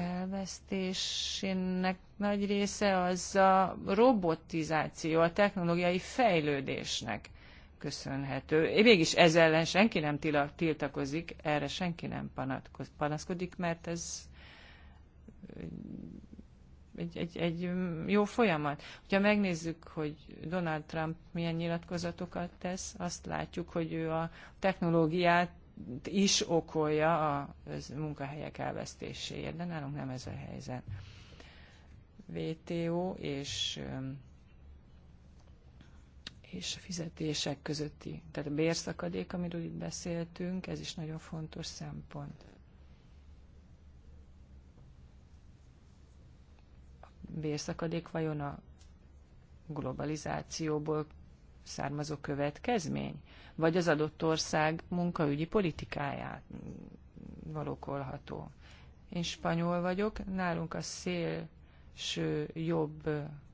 elvesztésének nagy része az a robotizáció, a technológiai fejlődésnek köszönhető. Mégis ez ellen senki nem tiltakozik, erre senki nem panaszkodik, mert ez egy, egy, egy jó folyamat. Ha megnézzük, hogy Donald Trump milyen nyilatkozatokat tesz, azt látjuk, hogy ő a technológiát is okolja a munkahelyek elvesztéséért, de nálunk nem ez a helyzet. VTO és és a fizetések közötti, tehát a bérszakadék, amiről itt beszéltünk, ez is nagyon fontos szempont. A bérszakadék vajon a globalizációból származó következmény, vagy az adott ország munkaügyi politikáját valókolható. Én spanyol vagyok, nálunk a szélső jobb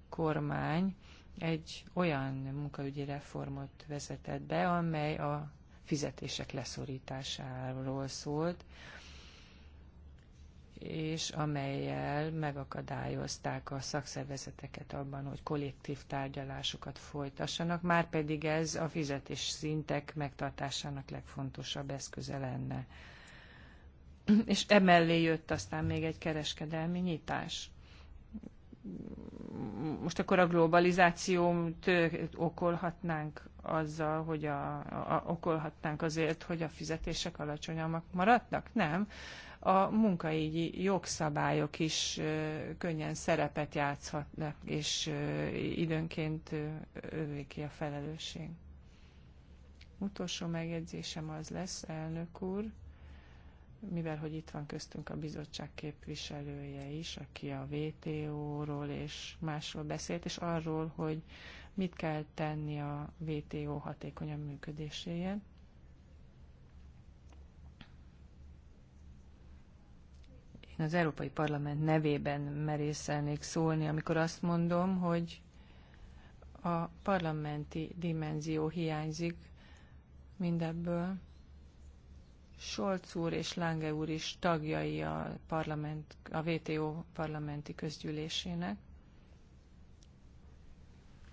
kormány egy olyan munkaügyi reformot vezetett be, amely a fizetések leszorításáról szólt, és amelyel megakadályozták a szakszervezeteket abban, hogy kollektív tárgyalásokat folytassanak, már pedig ez a fizetés szintek megtartásának legfontosabb eszköze lenne. És emellé jött aztán még egy kereskedelmi nyitás. Most akkor a globalizációt okolhatnánk azzal, hogy a, a, okolhatnánk azért, hogy a fizetések alacsonyabbak maradnak? Nem a munkaügyi jogszabályok is könnyen szerepet játszhatnak, és időnként övék ki a felelősség. Utolsó megjegyzésem az lesz, elnök úr, mivel hogy itt van köztünk a bizottság képviselője is, aki a VTO-ról és másról beszélt, és arról, hogy mit kell tenni a VTO hatékonyabb működéséért Én az Európai Parlament nevében merészelnék szólni, amikor azt mondom, hogy a parlamenti dimenzió hiányzik mindebből. Solc úr és Lange úr is tagjai a, parlament, a WTO parlamenti közgyűlésének,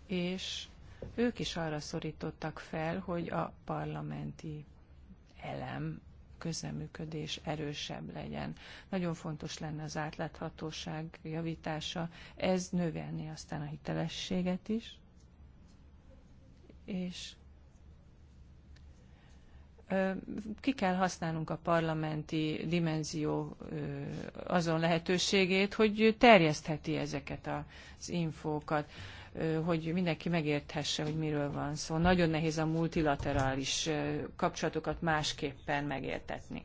és ők is arra szorítottak fel, hogy a parlamenti elem közeműködés erősebb legyen. Nagyon fontos lenne az átláthatóság javítása, ez növelni aztán a hitelességet is, és ki kell használnunk a parlamenti dimenzió azon lehetőségét, hogy terjesztheti ezeket az infókat hogy mindenki megérthesse, hogy miről van szó. Nagyon nehéz a multilaterális kapcsolatokat másképpen megértetni.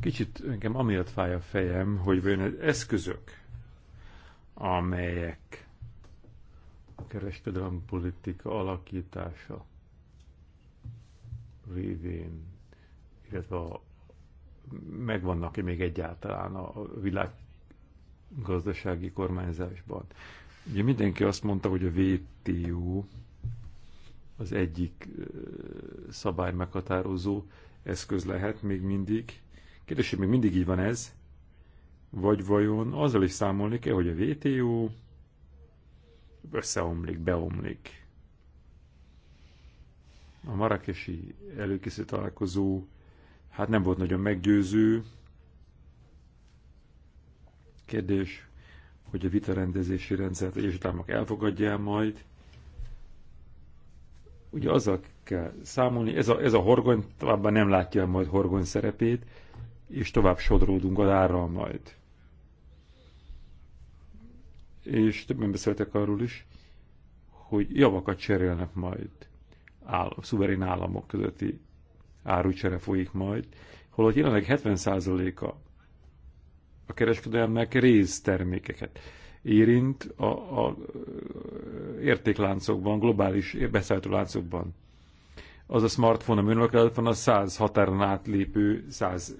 Kicsit engem amiatt fáj a fejem, hogy vajon az eszközök, amelyek a kereskedelmi politika alakítása révén, illetve a, megvannak -e még egyáltalán a világ gazdasági kormányzásban. Ugye mindenki azt mondta, hogy a WTO az egyik szabály meghatározó eszköz lehet még mindig. Kérdés, hogy még mindig így van ez, vagy vajon azzal is számolni kell, hogy a WTO összeomlik, beomlik. A marakesi előkészítő találkozó hát nem volt nagyon meggyőző. Kérdés, hogy a vitarendezési rendszert egyes elfogadja el majd. Ugye azzal kell számolni, ez a, ez a horgony továbbá nem látja majd horgony szerepét, és tovább sodródunk a árral majd. És többen beszéltek arról is, hogy javakat cserélnek majd állam, szuverén államok közötti árucsere folyik majd, holott jelenleg 70%-a a kereskedelmek résztermékeket érint a, a értékláncokban, globális beszállító láncokban. Az a smartphone, a önök van, a 100 határon átlépő 100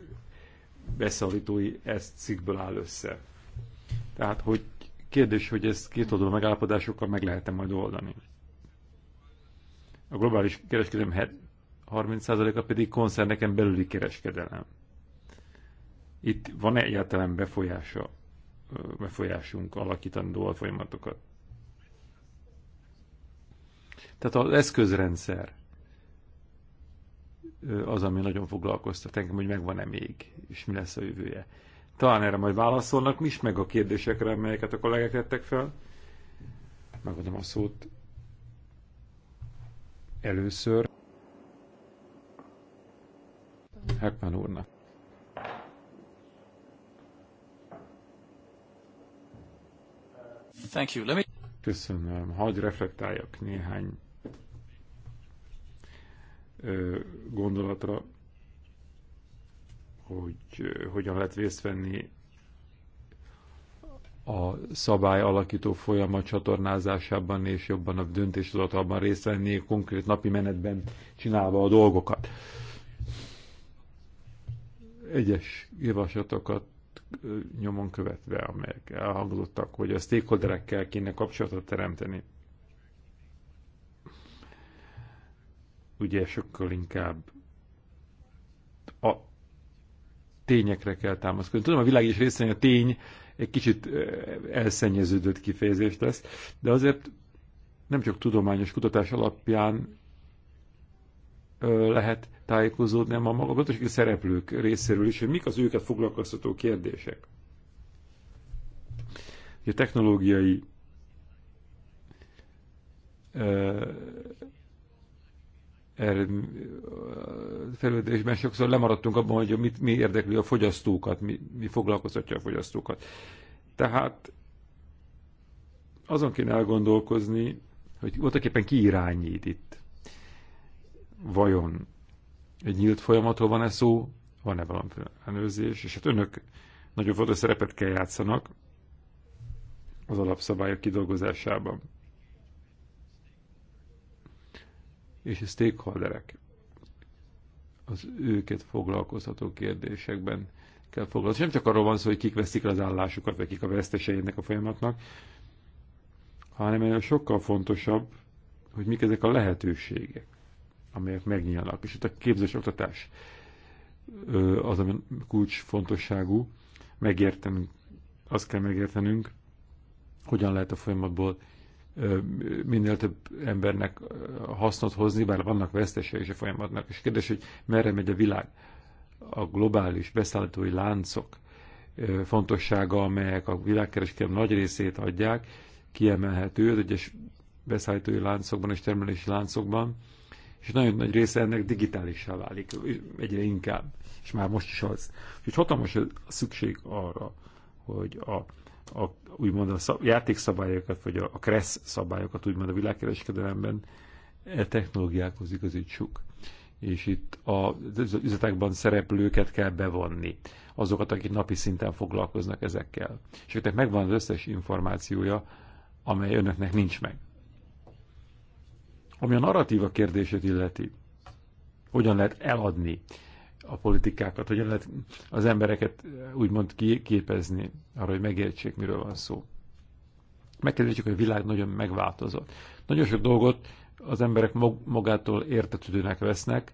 beszállítói ezt cikkből áll össze. Tehát, hogy kérdés, hogy ezt két oldalú megállapodásokkal meg lehet majd oldani. A globális kereskedelem 30%-a pedig koncerneken belüli kereskedelem itt van-e egyáltalán befolyása, befolyásunk alakítandó a folyamatokat? Tehát az eszközrendszer az, ami nagyon foglalkoztat engem, hogy megvan-e még, és mi lesz a jövője. Talán erre majd válaszolnak mi is, meg a kérdésekre, amelyeket a kollégák tettek fel. Megadom a szót először Heckman úrnak. Thank you. Let me... Köszönöm. Hagy reflektáljak néhány gondolatra, hogy hogyan lehet részt venni a szabály alakító folyamat csatornázásában és jobban a döntéshozatalban részt venni, konkrét napi menetben csinálva a dolgokat. Egyes javaslatokat nyomon követve, amelyek elhangzottak, hogy a stakeholderekkel kéne kapcsolatot teremteni. Ugye sokkal inkább a tényekre kell támaszkodni. Tudom, a világ is részén a tény egy kicsit elszennyeződött kifejezést lesz, de azért nem csak tudományos kutatás alapján lehet tájékozódni, a maga gazdasági szereplők részéről is, hogy mik az őket foglalkoztató kérdések. A technológiai er, fejlődésben sokszor lemaradtunk abban, hogy mit, mi érdekli a fogyasztókat, mi, mi foglalkoztatja a fogyasztókat. Tehát azon kéne elgondolkozni, hogy voltaképpen ki irányít itt vajon egy nyílt folyamatról van-e szó, van-e valami előzés, és hát önök nagyon fontos szerepet kell játszanak az alapszabályok kidolgozásában. És a stakeholderek az őket foglalkoztató kérdésekben kell foglalkozni. Nem csak arról van szó, hogy kik veszik az állásukat, vagy kik a veszteseinek a folyamatnak, hanem sokkal fontosabb, hogy mik ezek a lehetőségek amelyek megnyílnak. És itt a képzés oktatás az, ami kulcs fontosságú. Megértenünk, azt kell megértenünk, hogyan lehet a folyamatból minél több embernek hasznot hozni, bár vannak vesztesei is a folyamatnak. És kérdés, hogy merre megy a világ? A globális beszállítói láncok fontossága, amelyek a világkereskedelem nagy részét adják, kiemelhető az egyes beszállítói láncokban és termelési láncokban, és nagyon nagy része ennek digitálisá válik egyre inkább, és már most is az. Úgyhogy hatalmas a szükség arra, hogy a, a úgymond a szab, játékszabályokat, vagy a, a kressz szabályokat, úgymond a világkereskedelemben e technológiákhoz igazítsuk. És itt az üzletekben szereplőket kell bevonni, azokat, akik napi szinten foglalkoznak ezekkel. És akiknek megvan az összes információja, amely önöknek nincs meg ami a narratíva kérdését illeti, hogyan lehet eladni a politikákat, hogyan lehet az embereket úgymond képezni arra, hogy megértsék, miről van szó. Megkérdezhetjük, hogy a világ nagyon megváltozott. Nagyon sok dolgot az emberek magától értetődőnek vesznek,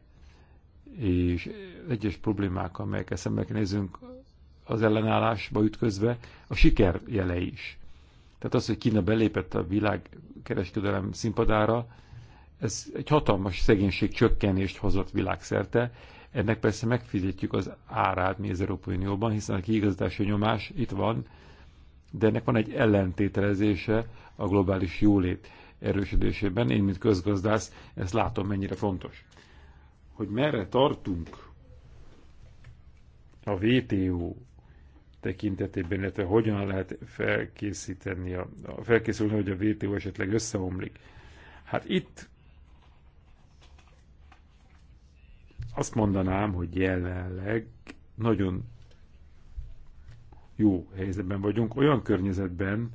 és egyes problémák, amelyek szemben nézünk az ellenállásba ütközve, a siker jele is. Tehát az, hogy Kína belépett a világkereskedelem színpadára, ez egy hatalmas szegénység csökkenést hozott világszerte, ennek persze megfizetjük az árát mi az Európai Unióban, hiszen a kiigazdási nyomás itt van, de ennek van egy ellentételezése a globális jólét erősödésében. Én, mint közgazdász, ezt látom mennyire fontos. Hogy merre tartunk a WTO tekintetében, illetve hogyan lehet felkészíteni, a, felkészülni, hogy a WTO esetleg összeomlik. Hát itt Azt mondanám, hogy jelenleg nagyon jó helyzetben vagyunk, olyan környezetben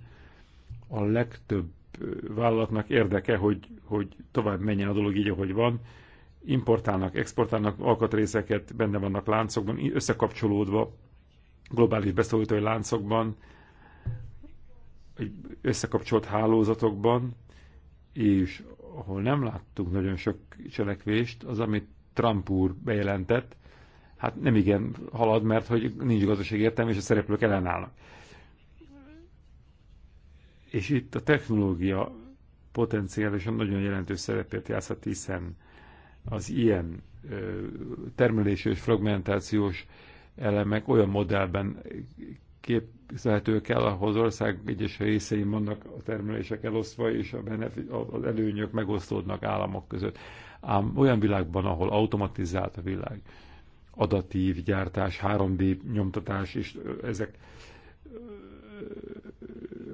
a legtöbb vállalatnak érdeke, hogy, hogy tovább menjen a dolog így, ahogy van. Importálnak, exportálnak alkatrészeket, benne vannak láncokban, összekapcsolódva globális beszólítói láncokban, összekapcsolt hálózatokban, és ahol nem láttunk nagyon sok cselekvést, az, amit Trump úr bejelentett, hát nem igen halad, mert hogy nincs gazdaság értelme, és a szereplők ellenállnak. És itt a technológia potenciálisan nagyon jelentős szerepet játszhat, hiszen az ilyen termelési és fragmentációs elemek olyan modellben képzelhetők el, az ország egyes részein vannak a termelések elosztva, és a az előnyök megosztódnak államok között ám olyan világban, ahol automatizált a világ, adatív gyártás, 3D nyomtatás, és ezek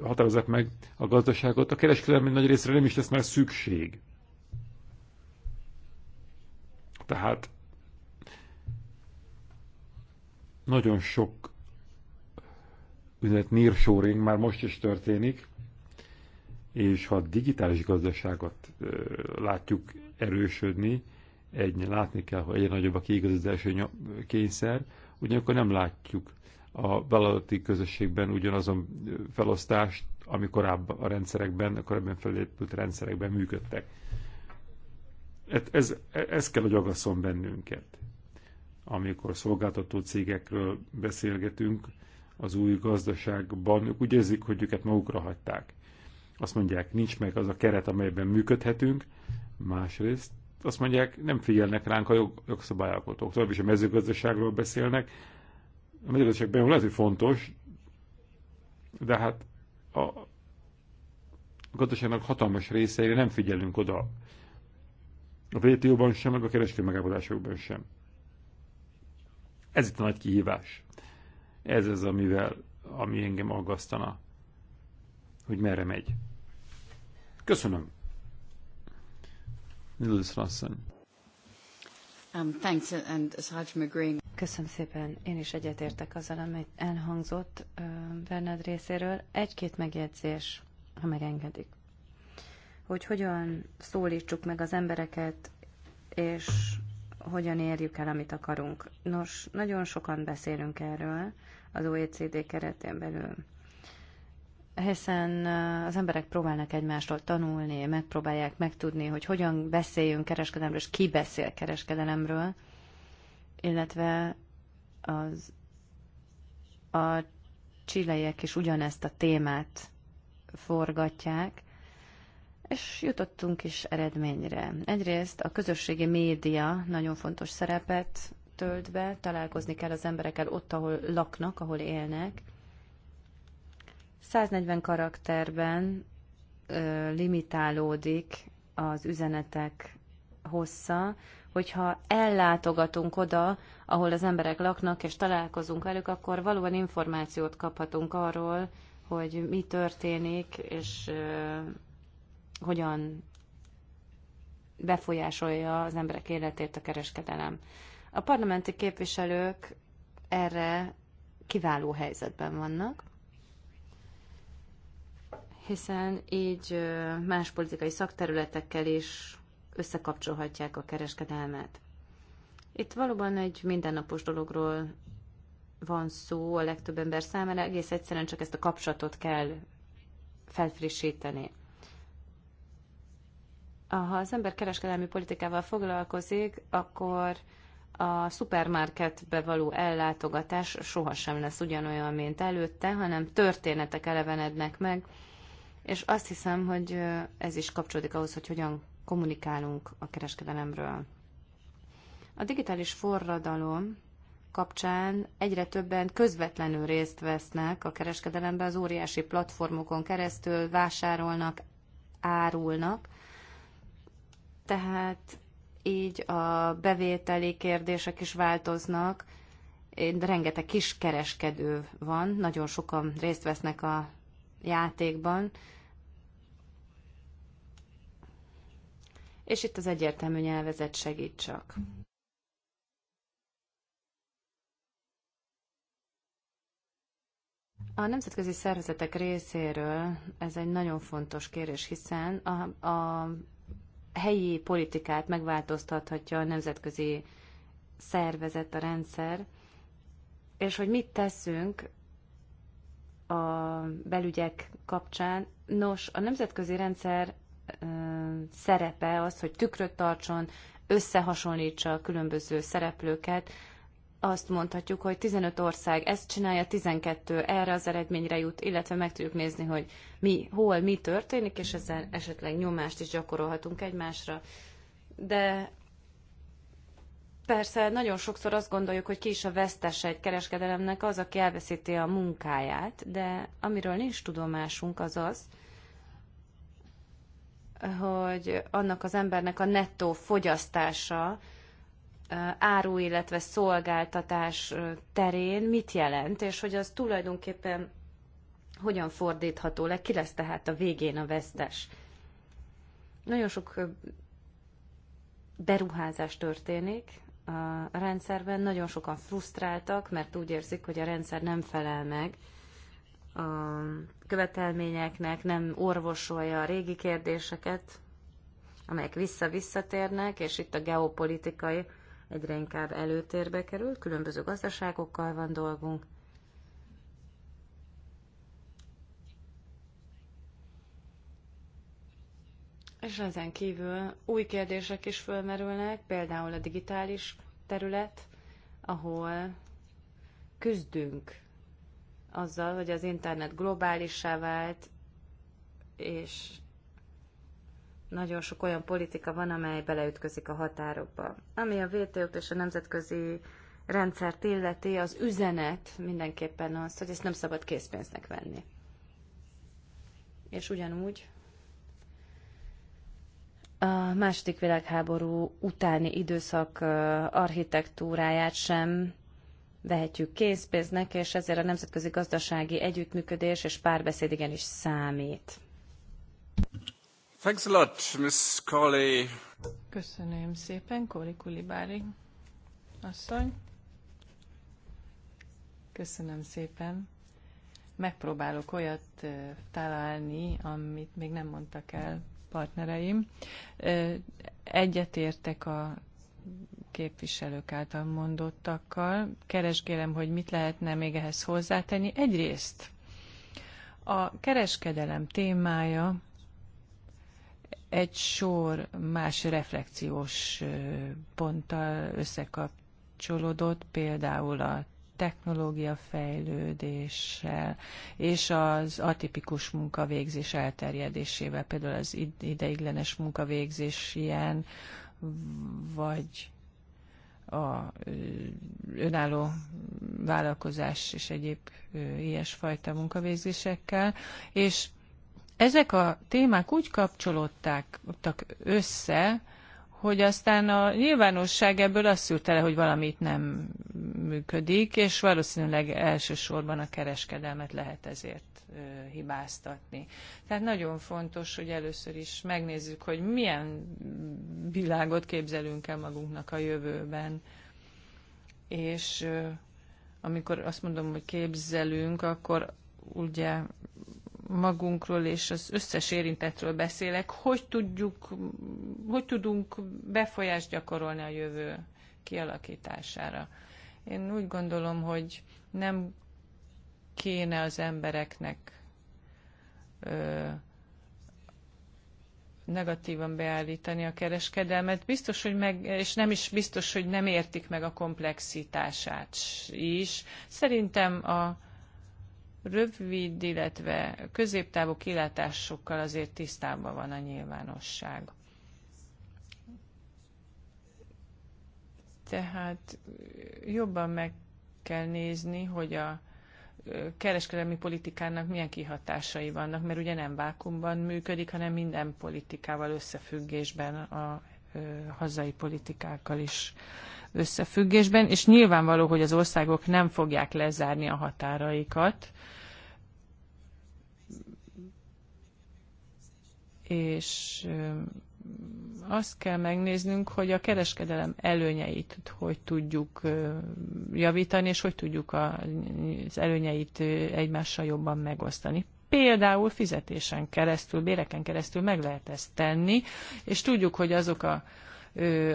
határozzák meg a gazdaságot, a kereskedelmi nagy részre nem is lesz már szükség. Tehát nagyon sok üzenet nearshoring már most is történik, és ha a digitális gazdaságot látjuk erősödni, egy, látni kell, hogy egyre nagyobb a kiigazítási kényszer, ugyanakkor nem látjuk a vállalati közösségben ugyanazon felosztást, ami korábban a rendszerekben, a korábban felépült rendszerekben működtek. Ez, ez kell, hogy agasszon bennünket. Amikor szolgáltató cégekről beszélgetünk, az új gazdaságban, ők úgy érzik, hogy őket magukra hagyták. Azt mondják, nincs meg az a keret, amelyben működhetünk, Másrészt azt mondják, nem figyelnek ránk a jog, jogszabályalkotók. Tovább is a mezőgazdaságról beszélnek. A mezőgazdaságban lehet, hogy fontos, de hát a, a gazdaságnak hatalmas részeire nem figyelünk oda. A WTO-ban sem, meg a kereskedelmi megállapodásokban sem. Ez itt a nagy kihívás. Ez az, amivel, ami engem aggasztana, hogy merre megy. Köszönöm. Um, Köszönöm szépen. Én is egyetértek azzal, amit elhangzott Bernard részéről. Egy-két megjegyzés, ha megengedik. Hogy hogyan szólítsuk meg az embereket, és hogyan érjük el, amit akarunk. Nos, nagyon sokan beszélünk erről az OECD keretén belül hiszen az emberek próbálnak egymástól tanulni, megpróbálják megtudni, hogy hogyan beszéljünk kereskedelemről, és ki beszél kereskedelemről, illetve az, a csileiek is ugyanezt a témát forgatják, és jutottunk is eredményre. Egyrészt a közösségi média nagyon fontos szerepet tölt be, találkozni kell az emberekkel ott, ahol laknak, ahol élnek, 140 karakterben ö, limitálódik az üzenetek hossza, hogyha ellátogatunk oda, ahol az emberek laknak, és találkozunk velük, akkor valóban információt kaphatunk arról, hogy mi történik, és ö, hogyan befolyásolja az emberek életét a kereskedelem. A parlamenti képviselők erre kiváló helyzetben vannak, hiszen így más politikai szakterületekkel is összekapcsolhatják a kereskedelmet. Itt valóban egy mindennapos dologról van szó a legtöbb ember számára, egész egyszerűen csak ezt a kapcsolatot kell felfrissíteni. Ha az ember kereskedelmi politikával foglalkozik, akkor a szupermarketbe való ellátogatás sohasem lesz ugyanolyan, mint előtte, hanem történetek elevenednek meg, és azt hiszem, hogy ez is kapcsolódik ahhoz, hogy hogyan kommunikálunk a kereskedelemről. A digitális forradalom kapcsán egyre többen közvetlenül részt vesznek a kereskedelembe, az óriási platformokon keresztül vásárolnak, árulnak. Tehát így a bevételi kérdések is változnak, de rengeteg kiskereskedő van, nagyon sokan részt vesznek a játékban, és itt az egyértelmű nyelvezet segít csak. A nemzetközi szervezetek részéről ez egy nagyon fontos kérés, hiszen a, a helyi politikát megváltoztathatja a nemzetközi szervezet, a rendszer, és hogy mit teszünk a belügyek kapcsán. Nos, a nemzetközi rendszer szerepe az, hogy tükröt tartson, összehasonlítsa a különböző szereplőket. Azt mondhatjuk, hogy 15 ország ezt csinálja, 12 erre az eredményre jut, illetve meg tudjuk nézni, hogy mi, hol, mi történik, és ezzel esetleg nyomást is gyakorolhatunk egymásra. De persze nagyon sokszor azt gondoljuk, hogy ki is a vesztese egy kereskedelemnek, az, aki elveszíti a munkáját, de amiről nincs tudomásunk, az az, hogy annak az embernek a nettó fogyasztása áru, illetve szolgáltatás terén mit jelent, és hogy az tulajdonképpen hogyan fordítható le, ki lesz tehát a végén a vesztes. Nagyon sok beruházás történik a rendszerben, nagyon sokan frusztráltak, mert úgy érzik, hogy a rendszer nem felel meg a követelményeknek, nem orvosolja a régi kérdéseket, amelyek vissza-visszatérnek, és itt a geopolitikai egyre inkább előtérbe kerül, különböző gazdaságokkal van dolgunk. És ezen kívül új kérdések is fölmerülnek, például a digitális terület, ahol küzdünk azzal, hogy az internet globálissá vált, és nagyon sok olyan politika van, amely beleütközik a határokba. Ami a WTO-t és a nemzetközi rendszert illeti, az üzenet mindenképpen az, hogy ezt nem szabad készpénznek venni. És ugyanúgy a második világháború utáni időszak architektúráját sem vehetjük készpénznek, és ezért a nemzetközi gazdasági együttműködés és párbeszéd igenis számít. Thanks a lot, Miss Corley. Köszönöm szépen, Kóli Kulibári asszony. Köszönöm szépen. Megpróbálok olyat találni, amit még nem mondtak el partnereim. Egyetértek a képviselők által mondottakkal. Keresgélem, hogy mit lehetne még ehhez hozzátenni. Egyrészt a kereskedelem témája egy sor más reflexiós ponttal összekapcsolódott, például a technológia fejlődéssel és az atipikus munkavégzés elterjedésével, például az ideiglenes munkavégzés ilyen, vagy a önálló vállalkozás és egyéb ilyesfajta munkavégzésekkel, és ezek a témák úgy kapcsolódtak össze, hogy aztán a nyilvánosság ebből azt szűrte le, hogy valamit nem működik, és valószínűleg elsősorban a kereskedelmet lehet ezért hibáztatni. Tehát nagyon fontos, hogy először is megnézzük, hogy milyen világot képzelünk el magunknak a jövőben. És amikor azt mondom, hogy képzelünk, akkor ugye magunkról és az összes érintetről beszélek, hogy, tudjuk, hogy tudunk befolyást gyakorolni a jövő kialakítására. Én úgy gondolom, hogy nem kéne az embereknek ö, negatívan beállítani a kereskedelmet. Biztos, hogy meg, és nem is biztos, hogy nem értik meg a komplexitását is. Szerintem a rövid, illetve középtávú kilátásokkal azért tisztában van a nyilvánosság. Tehát jobban meg kell nézni, hogy a kereskedelmi politikának milyen kihatásai vannak, mert ugye nem vákumban működik, hanem minden politikával összefüggésben a hazai politikákkal is összefüggésben, és nyilvánvaló, hogy az országok nem fogják lezárni a határaikat, és azt kell megnéznünk, hogy a kereskedelem előnyeit hogy tudjuk javítani, és hogy tudjuk az előnyeit egymással jobban megosztani. Például fizetésen keresztül, béreken keresztül meg lehet ezt tenni, és tudjuk, hogy azok a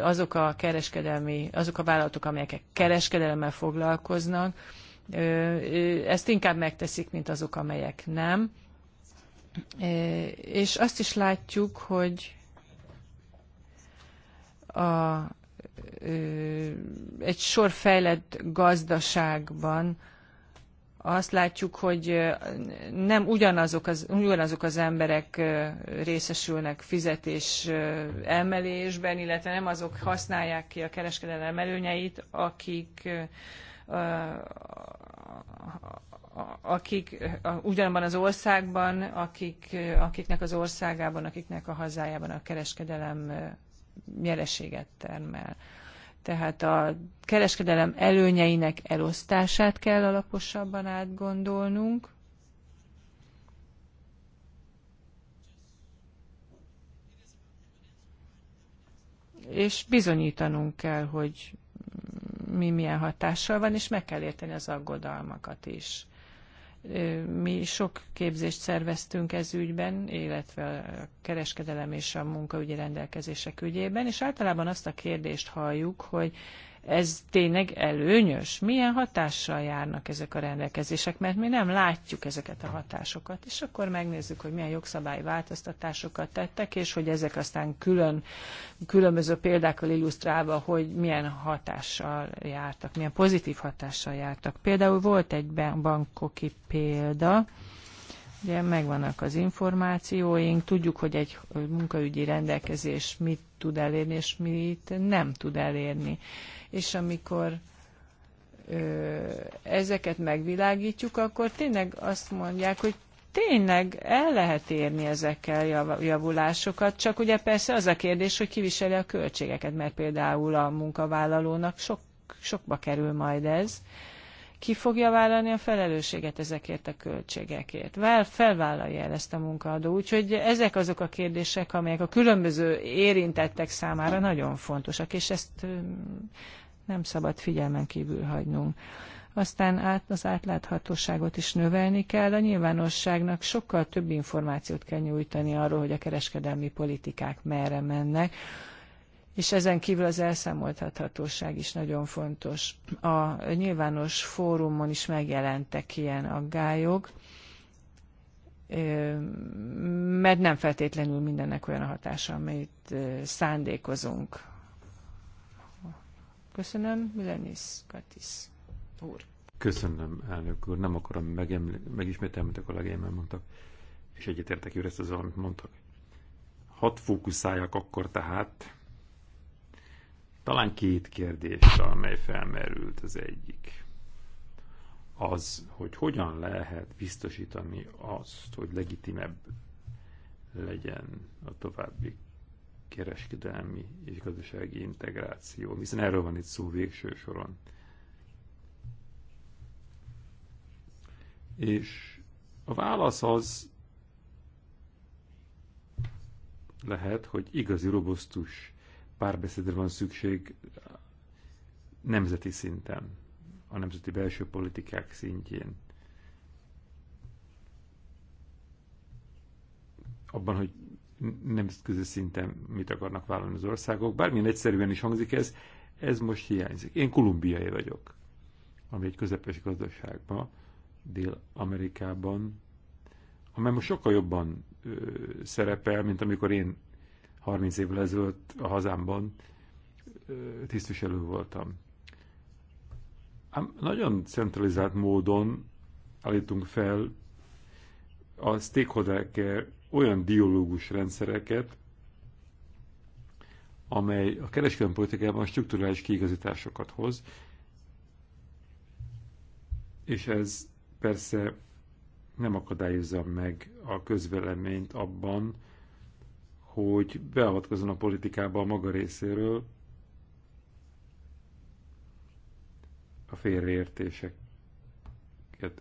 azok a kereskedelmi, azok a vállalatok, amelyek kereskedelemmel foglalkoznak, ezt inkább megteszik, mint azok, amelyek nem. És azt is látjuk, hogy a, egy sor fejlett gazdaságban azt látjuk, hogy nem ugyanazok az, ugyanazok az emberek részesülnek fizetés emelésben, illetve nem azok használják ki a kereskedelem előnyeit, akik, akik ugyanabban az országban, akik, akiknek az országában, akiknek a hazájában a kereskedelem nyereséget termel. Tehát a kereskedelem előnyeinek elosztását kell alaposabban átgondolnunk, és bizonyítanunk kell, hogy mi milyen hatással van, és meg kell érteni az aggodalmakat is. Mi sok képzést szerveztünk ez ügyben, illetve a kereskedelem és a munkaügyi rendelkezések ügyében, és általában azt a kérdést halljuk, hogy ez tényleg előnyös? Milyen hatással járnak ezek a rendelkezések? Mert mi nem látjuk ezeket a hatásokat. És akkor megnézzük, hogy milyen jogszabályi változtatásokat tettek, és hogy ezek aztán külön, különböző példákkal illusztrálva, hogy milyen hatással jártak, milyen pozitív hatással jártak. Például volt egy bankoki példa, Ugye megvannak az információink, tudjuk, hogy egy munkaügyi rendelkezés mit tud elérni, és mit nem tud elérni és amikor ezeket megvilágítjuk, akkor tényleg azt mondják, hogy tényleg el lehet érni ezekkel javulásokat, csak ugye persze az a kérdés, hogy kiviseli a költségeket, mert például a munkavállalónak sok, sokba kerül majd ez. Ki fogja vállalni a felelősséget ezekért a költségekért? Vál, felvállalja el ezt a munkaadó. Úgyhogy ezek azok a kérdések, amelyek a különböző érintettek számára nagyon fontosak, és ezt nem szabad figyelmen kívül hagynunk. Aztán át, az átláthatóságot is növelni kell, a nyilvánosságnak sokkal több információt kell nyújtani arról, hogy a kereskedelmi politikák merre mennek, és ezen kívül az elszámoltathatóság is nagyon fontos. A nyilvános fórumon is megjelentek ilyen aggályok, mert nem feltétlenül mindennek olyan a hatása, amit szándékozunk Köszönöm, Milenis Katis úr. Köszönöm, elnök úr. Nem akarom megeml- megismételni, amit a kollégáim elmondtak, és egyetértek őre ezt az, amit mondtak. Hat fókuszáljak akkor tehát. Talán két kérdés, amely felmerült az egyik. Az, hogy hogyan lehet biztosítani azt, hogy legitimebb legyen a további kereskedelmi és gazdasági integráció, hiszen erről van itt szó végső soron. És a válasz az lehet, hogy igazi, robusztus párbeszédre van szükség nemzeti szinten, a nemzeti belső politikák szintjén. Abban, hogy nemzetközi szinten mit akarnak vállalni az országok. Bármilyen egyszerűen is hangzik ez, ez most hiányzik. Én kolumbiai vagyok, ami egy közepes gazdaságban, Dél-Amerikában, amely most sokkal jobban ö, szerepel, mint amikor én 30 évvel ezelőtt a hazámban ö, tisztviselő voltam. Ám nagyon centralizált módon állítunk fel a stakeholder olyan biológus rendszereket, amely a kereskedelmi politikában strukturális kiigazításokat hoz, és ez persze nem akadályozza meg a közveleményt abban, hogy beavatkozzon a politikába a maga részéről a félreértéseket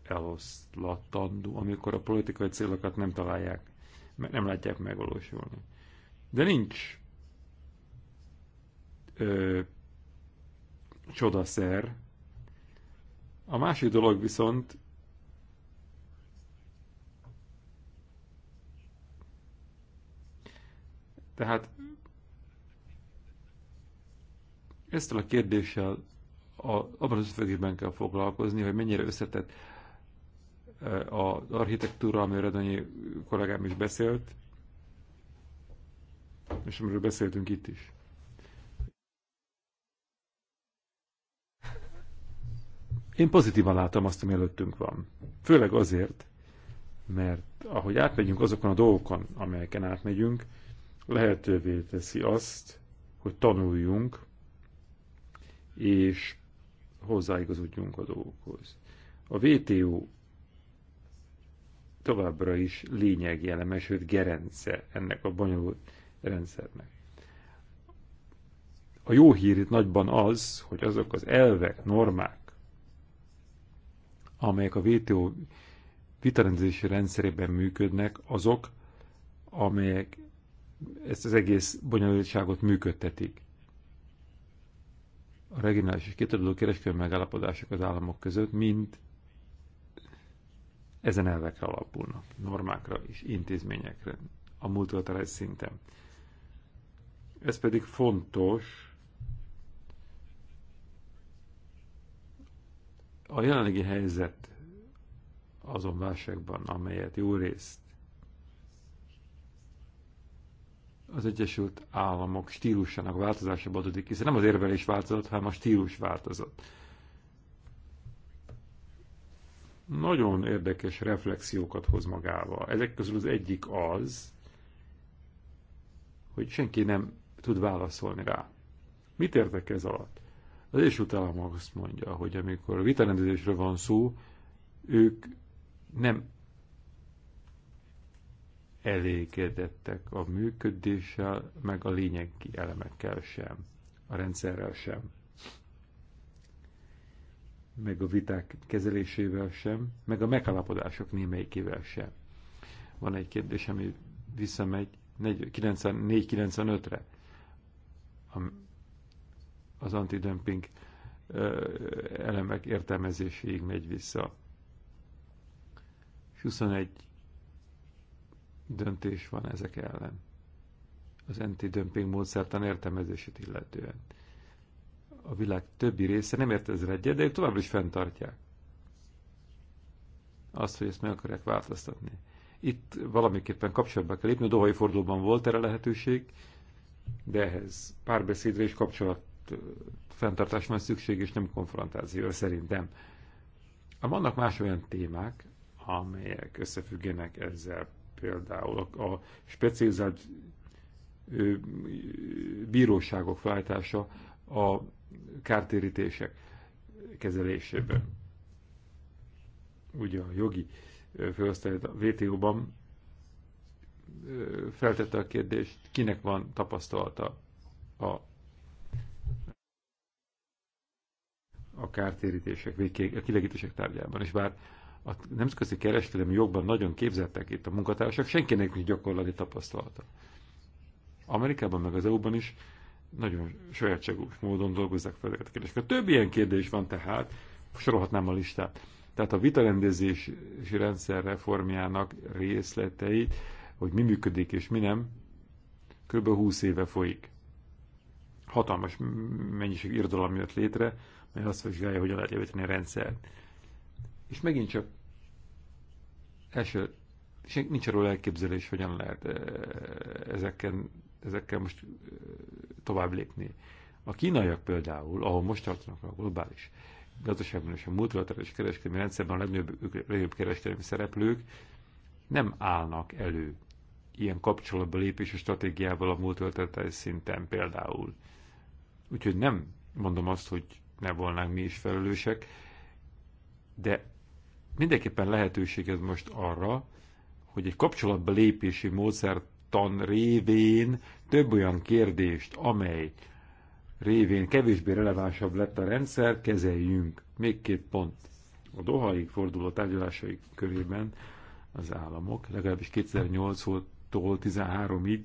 eloszlatandó, amikor a politikai célokat nem találják nem látják megvalósulni. De nincs ö, csodaszer. A másik dolog viszont tehát ezzel a kérdéssel a, abban az összefüggésben kell foglalkozni, hogy mennyire összetett az architektúra, amiről Danyi kollégám is beszélt, és amiről beszéltünk itt is. Én pozitívan látom azt, ami előttünk van. Főleg azért, mert ahogy átmegyünk azokon a dolgokon, amelyeken átmegyünk, lehetővé teszi azt, hogy tanuljunk, és hozzáigazodjunk a dolgokhoz. A VTO továbbra is lényegjelemes, sőt gerence ennek a bonyolult rendszernek. A jó hír itt nagyban az, hogy azok az elvek, normák, amelyek a VTO vitarendezési rendszerében működnek, azok, amelyek ezt az egész bonyolultságot működtetik. A regionális és kétoldalú kereskedelmi megállapodások az államok között mind ezen elvekre alapulnak, normákra és intézményekre a multilaterális szinten. Ez pedig fontos a jelenlegi helyzet azon válságban, amelyet jó részt az Egyesült Államok stílusának változása adódik, hiszen nem az érvelés változott, hanem a stílus változott. nagyon érdekes reflexiókat hoz magával. Ezek közül az egyik az, hogy senki nem tud válaszolni rá. Mit értek ez alatt? Az is utána azt mondja, hogy amikor vitarendezésről van szó, ők nem elégedettek a működéssel, meg a lényegi elemekkel sem, a rendszerrel sem meg a viták kezelésével sem, meg a megállapodások némelyikével sem. Van egy kérdés, ami visszamegy 94-95-re az antidömping elemek értelmezéséig megy vissza. 21 döntés van ezek ellen. Az antidömping módszertan értelmezését illetően a világ többi része nem ért ezzel egyet, de ők továbbra is fenntartják azt, hogy ezt meg akarják változtatni. Itt valamiképpen kapcsolatba kell lépni, a Dohai fordulóban volt erre lehetőség, de ehhez párbeszédre és kapcsolat fenntartás van szükség, és nem konfrontáció szerintem. Vannak más olyan témák, amelyek összefüggenek ezzel például a, a specializált bíróságok felállítása a kártérítések kezelésében. Ugye a jogi főosztály a WTO-ban feltette a kérdést, kinek van tapasztalata a, a kártérítések, a kilegítések tárgyában. És bár a nemzetközi kereskedelmi jogban nagyon képzettek itt a munkatársak, senkinek nincs gyakorlati tapasztalata. Amerikában meg az EU-ban is nagyon sajátságos módon dolgozzák fel ezeket a kérdéseket. Több ilyen kérdés van tehát, sorolhatnám a listát. Tehát a vitarendezési rendszer reformjának részleteit, hogy mi működik és mi nem, kb. 20 éve folyik. Hatalmas mennyiség irodalom jött létre, mert azt vizsgálja, hogyan lehet javítani a rendszert. És megint csak első, nincs arról elképzelés, hogyan lehet eh, ezeken ezekkel most tovább lépni. A kínaiak például, ahol most tartanak a globális gazdaságban és a multilaterális kereskedelmi rendszerben a legnagyobb, legnagyobb kereskedelmi szereplők nem állnak elő ilyen kapcsolatba lépési stratégiával a multilaterális szinten például. Úgyhogy nem mondom azt, hogy ne volnánk mi is felelősek, de mindenképpen lehetőség ez most arra, hogy egy kapcsolatba lépési módszert tan révén több olyan kérdést, amely révén kevésbé relevánsabb lett a rendszer, kezeljünk. Még két pont. A Dohaig forduló tárgyalásai körében az államok legalábbis 2008-tól 13-ig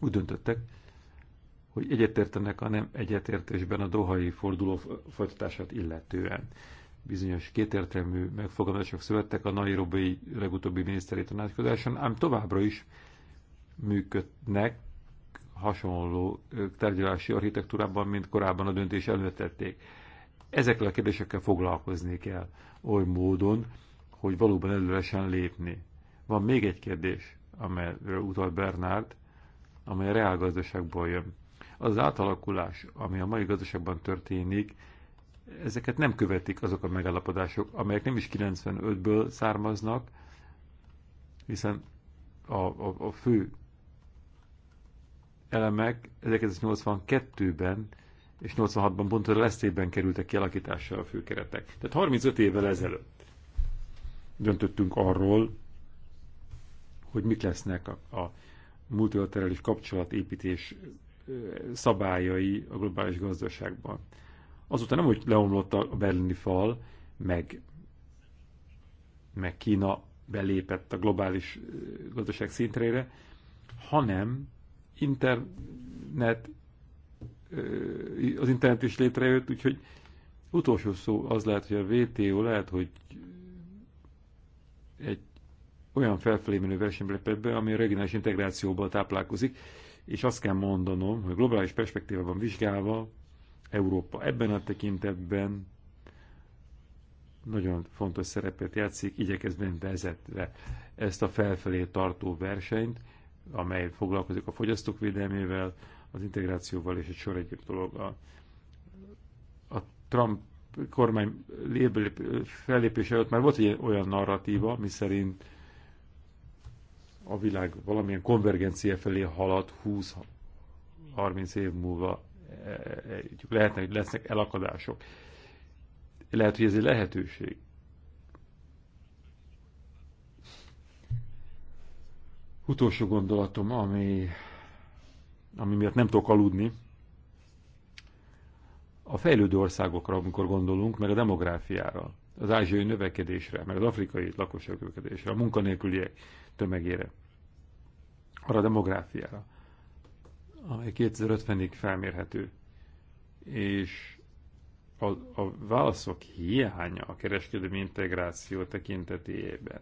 úgy döntöttek, hogy egyetértenek a nem egyetértésben a Dohai forduló folytatását illetően bizonyos kétértelmű megfogadások születtek a Nairobi legutóbbi miniszteri tanácskozáson, ám továbbra is működnek hasonló tárgyalási architektúrában, mint korábban a döntés előtették. Ezekkel a kérdésekkel foglalkozni kell oly módon, hogy valóban előlesen lépni. Van még egy kérdés, amelyről utal Bernard, amely a reálgazdaságból jön. Az átalakulás, ami a mai gazdaságban történik, ezeket nem követik azok a megállapodások, amelyek nem is 95-ből származnak, hiszen a, a, a fő elemek 1982-ben és 86-ban pont a lesztében kerültek kialakításra a főkeretek. Tehát 35 évvel ezelőtt döntöttünk arról, hogy mik lesznek a, a multilaterális kapcsolatépítés szabályai a globális gazdaságban azután nem, hogy leomlott a berlini fal, meg, meg Kína belépett a globális gazdaság szintrére, hanem internet, az internet is létrejött, úgyhogy utolsó szó az lehet, hogy a WTO lehet, hogy egy olyan felfelé menő versenybe lépett be, ami a regionális integrációból táplálkozik, és azt kell mondanom, hogy globális perspektívában vizsgálva Európa ebben a tekintetben nagyon fontos szerepet játszik, igyekezben vezetve ezt a felfelé tartó versenyt, amely foglalkozik a fogyasztók védelmével, az integrációval és egy sor egyéb dologgal. A Trump kormány fellépése előtt már volt egy olyan narratíva, miszerint a világ valamilyen konvergencia felé halad 20-30 év múlva lehetne, hogy lesznek elakadások. Lehet, hogy ez egy lehetőség. Utolsó gondolatom, ami, ami miatt nem tudok aludni, a fejlődő országokra, amikor gondolunk, meg a demográfiára, az ázsiai növekedésre, meg az afrikai lakosság növekedésre, a munkanélküliek tömegére, arra a demográfiára, amely 2050-ig felmérhető. És a, a válaszok hiánya a kereskedelmi integráció tekintetében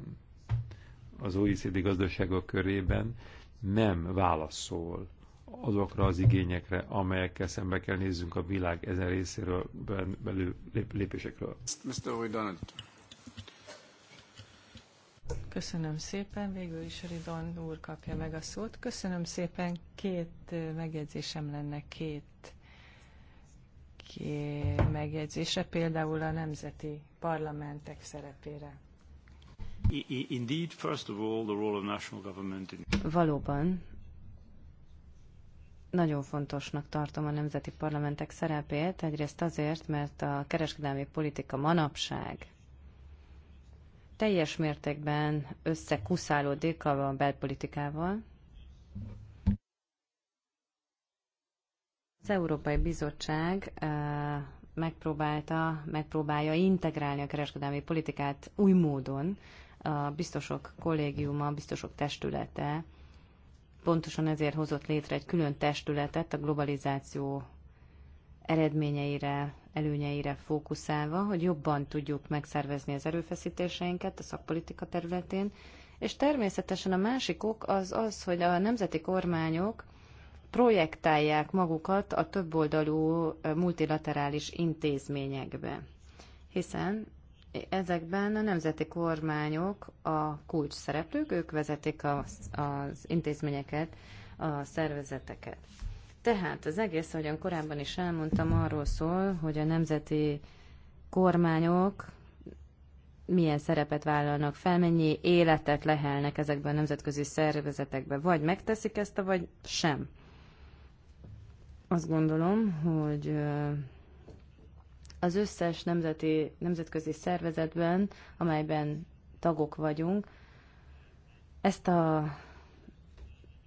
az OECD gazdaságok körében nem válaszol azokra az igényekre, amelyekkel szembe kell nézzünk a világ ezen részéről belül lépésekről. Mr. Köszönöm szépen. Végül is Ridon úr kapja meg a szót. Köszönöm szépen. Két megjegyzésem lenne, két, megjegyzése, például a nemzeti parlamentek szerepére. Indeed, first of all, the role of national government in... Valóban, nagyon fontosnak tartom a nemzeti parlamentek szerepét, egyrészt azért, mert a kereskedelmi politika manapság teljes mértékben összekuszálódik a belpolitikával. Az Európai Bizottság megpróbálta, megpróbálja integrálni a kereskedelmi politikát új módon. A biztosok kollégiuma, a biztosok testülete pontosan ezért hozott létre egy külön testületet a globalizáció eredményeire, előnyeire fókuszálva, hogy jobban tudjuk megszervezni az erőfeszítéseinket a szakpolitika területén, és természetesen a másik ok az az, hogy a nemzeti kormányok projektálják magukat a többoldalú multilaterális intézményekbe, hiszen ezekben a nemzeti kormányok a kulcs szereplők, ők vezetik az, az intézményeket, a szervezeteket. Tehát az egész, ahogyan korábban is elmondtam, arról szól, hogy a nemzeti kormányok milyen szerepet vállalnak fel, mennyi életet lehelnek ezekben a nemzetközi szervezetekben. Vagy megteszik ezt, vagy sem. Azt gondolom, hogy az összes nemzeti, nemzetközi szervezetben, amelyben tagok vagyunk, ezt a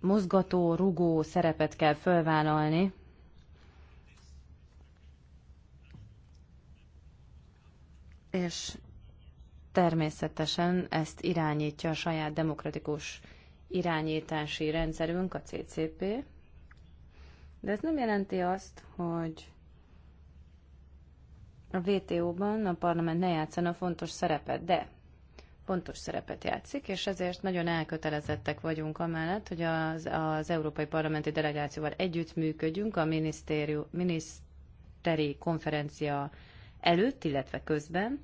mozgató, rugó szerepet kell fölvállalni. És természetesen ezt irányítja a saját demokratikus irányítási rendszerünk, a CCP. De ez nem jelenti azt, hogy a WTO-ban a parlament ne játszana fontos szerepet, de fontos szerepet játszik, és ezért nagyon elkötelezettek vagyunk amellett, hogy az, az Európai Parlamenti Delegációval együttműködjünk a miniszteri konferencia előtt, illetve közben.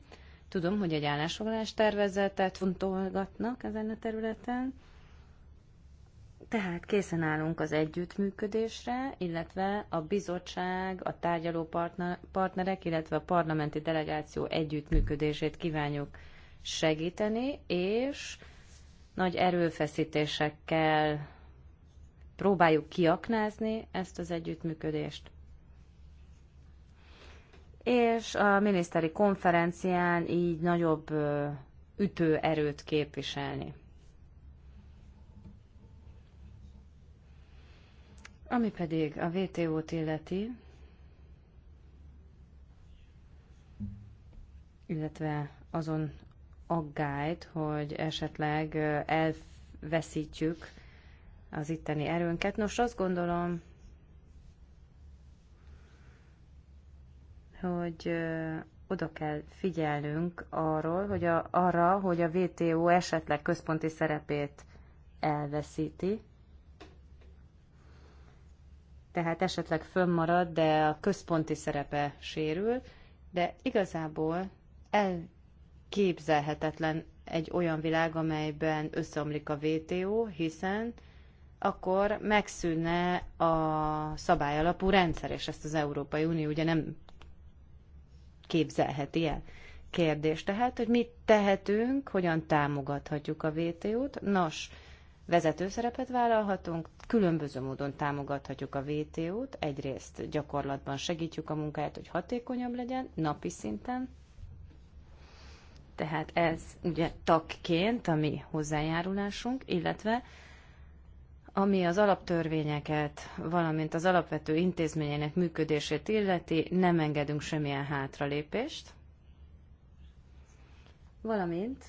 Tudom, hogy egy állásfoglalás tervezetet fontolgatnak ezen a területen, tehát készen állunk az együttműködésre, illetve a bizottság, a tárgyaló partner, partnerek, illetve a parlamenti delegáció együttműködését kívánjuk segíteni, és nagy erőfeszítésekkel próbáljuk kiaknázni ezt az együttműködést. És a miniszteri konferencián így nagyobb ütőerőt képviselni. Ami pedig a VTO-t illeti, illetve azon aggályt, hogy esetleg elveszítjük az itteni erőnket. Nos, azt gondolom, hogy oda kell figyelnünk arról, hogy a, arra, hogy a VTO esetleg központi szerepét elveszíti, tehát esetleg fönnmarad, de a központi szerepe sérül, de igazából el képzelhetetlen egy olyan világ, amelyben összeomlik a WTO, hiszen akkor megszűnne a szabályalapú rendszer, és ezt az Európai Unió ugye nem képzelheti el. Kérdés tehát, hogy mit tehetünk, hogyan támogathatjuk a WTO-t. Nos, vezető szerepet vállalhatunk, különböző módon támogathatjuk a WTO-t, egyrészt gyakorlatban segítjük a munkáját, hogy hatékonyabb legyen, napi szinten, tehát ez ugye tagként a mi hozzájárulásunk, illetve ami az alaptörvényeket, valamint az alapvető intézményének működését illeti, nem engedünk semmilyen hátralépést, valamint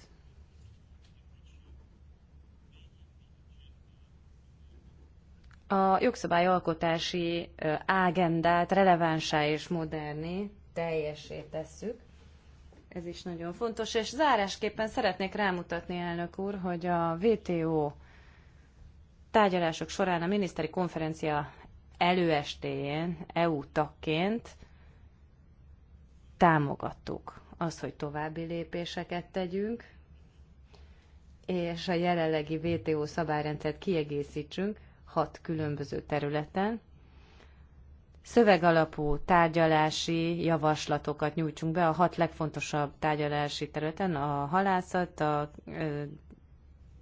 a jogszabályalkotási ágendát relevánsá és moderni teljesé tesszük, ez is nagyon fontos, és zárásképpen szeretnék rámutatni, elnök úr, hogy a WTO tárgyalások során a miniszteri konferencia előestéjén EU tagként támogattuk az, hogy további lépéseket tegyünk, és a jelenlegi WTO szabályrendszert kiegészítsünk hat különböző területen, szövegalapú tárgyalási javaslatokat nyújtsunk be a hat legfontosabb tárgyalási területen, a halászat, a,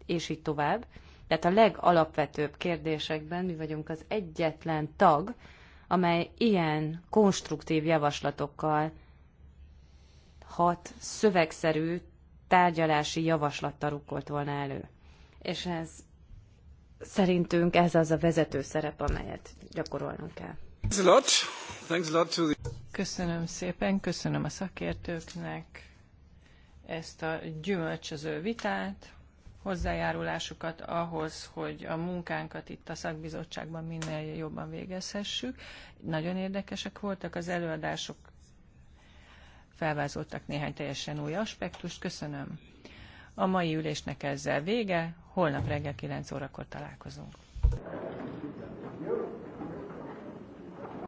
és így tovább. Tehát a legalapvetőbb kérdésekben mi vagyunk az egyetlen tag, amely ilyen konstruktív javaslatokkal hat szövegszerű tárgyalási javaslattal rukkolt volna elő. És ez szerintünk ez az a vezető szerep, amelyet gyakorolnunk kell. Köszönöm szépen, köszönöm a szakértőknek ezt a gyümölcsöző vitát, hozzájárulásukat ahhoz, hogy a munkánkat itt a szakbizottságban minél jobban végezhessük. Nagyon érdekesek voltak az előadások, felvázoltak néhány teljesen új aspektust. Köszönöm. A mai ülésnek ezzel vége, holnap reggel 9 órakor találkozunk.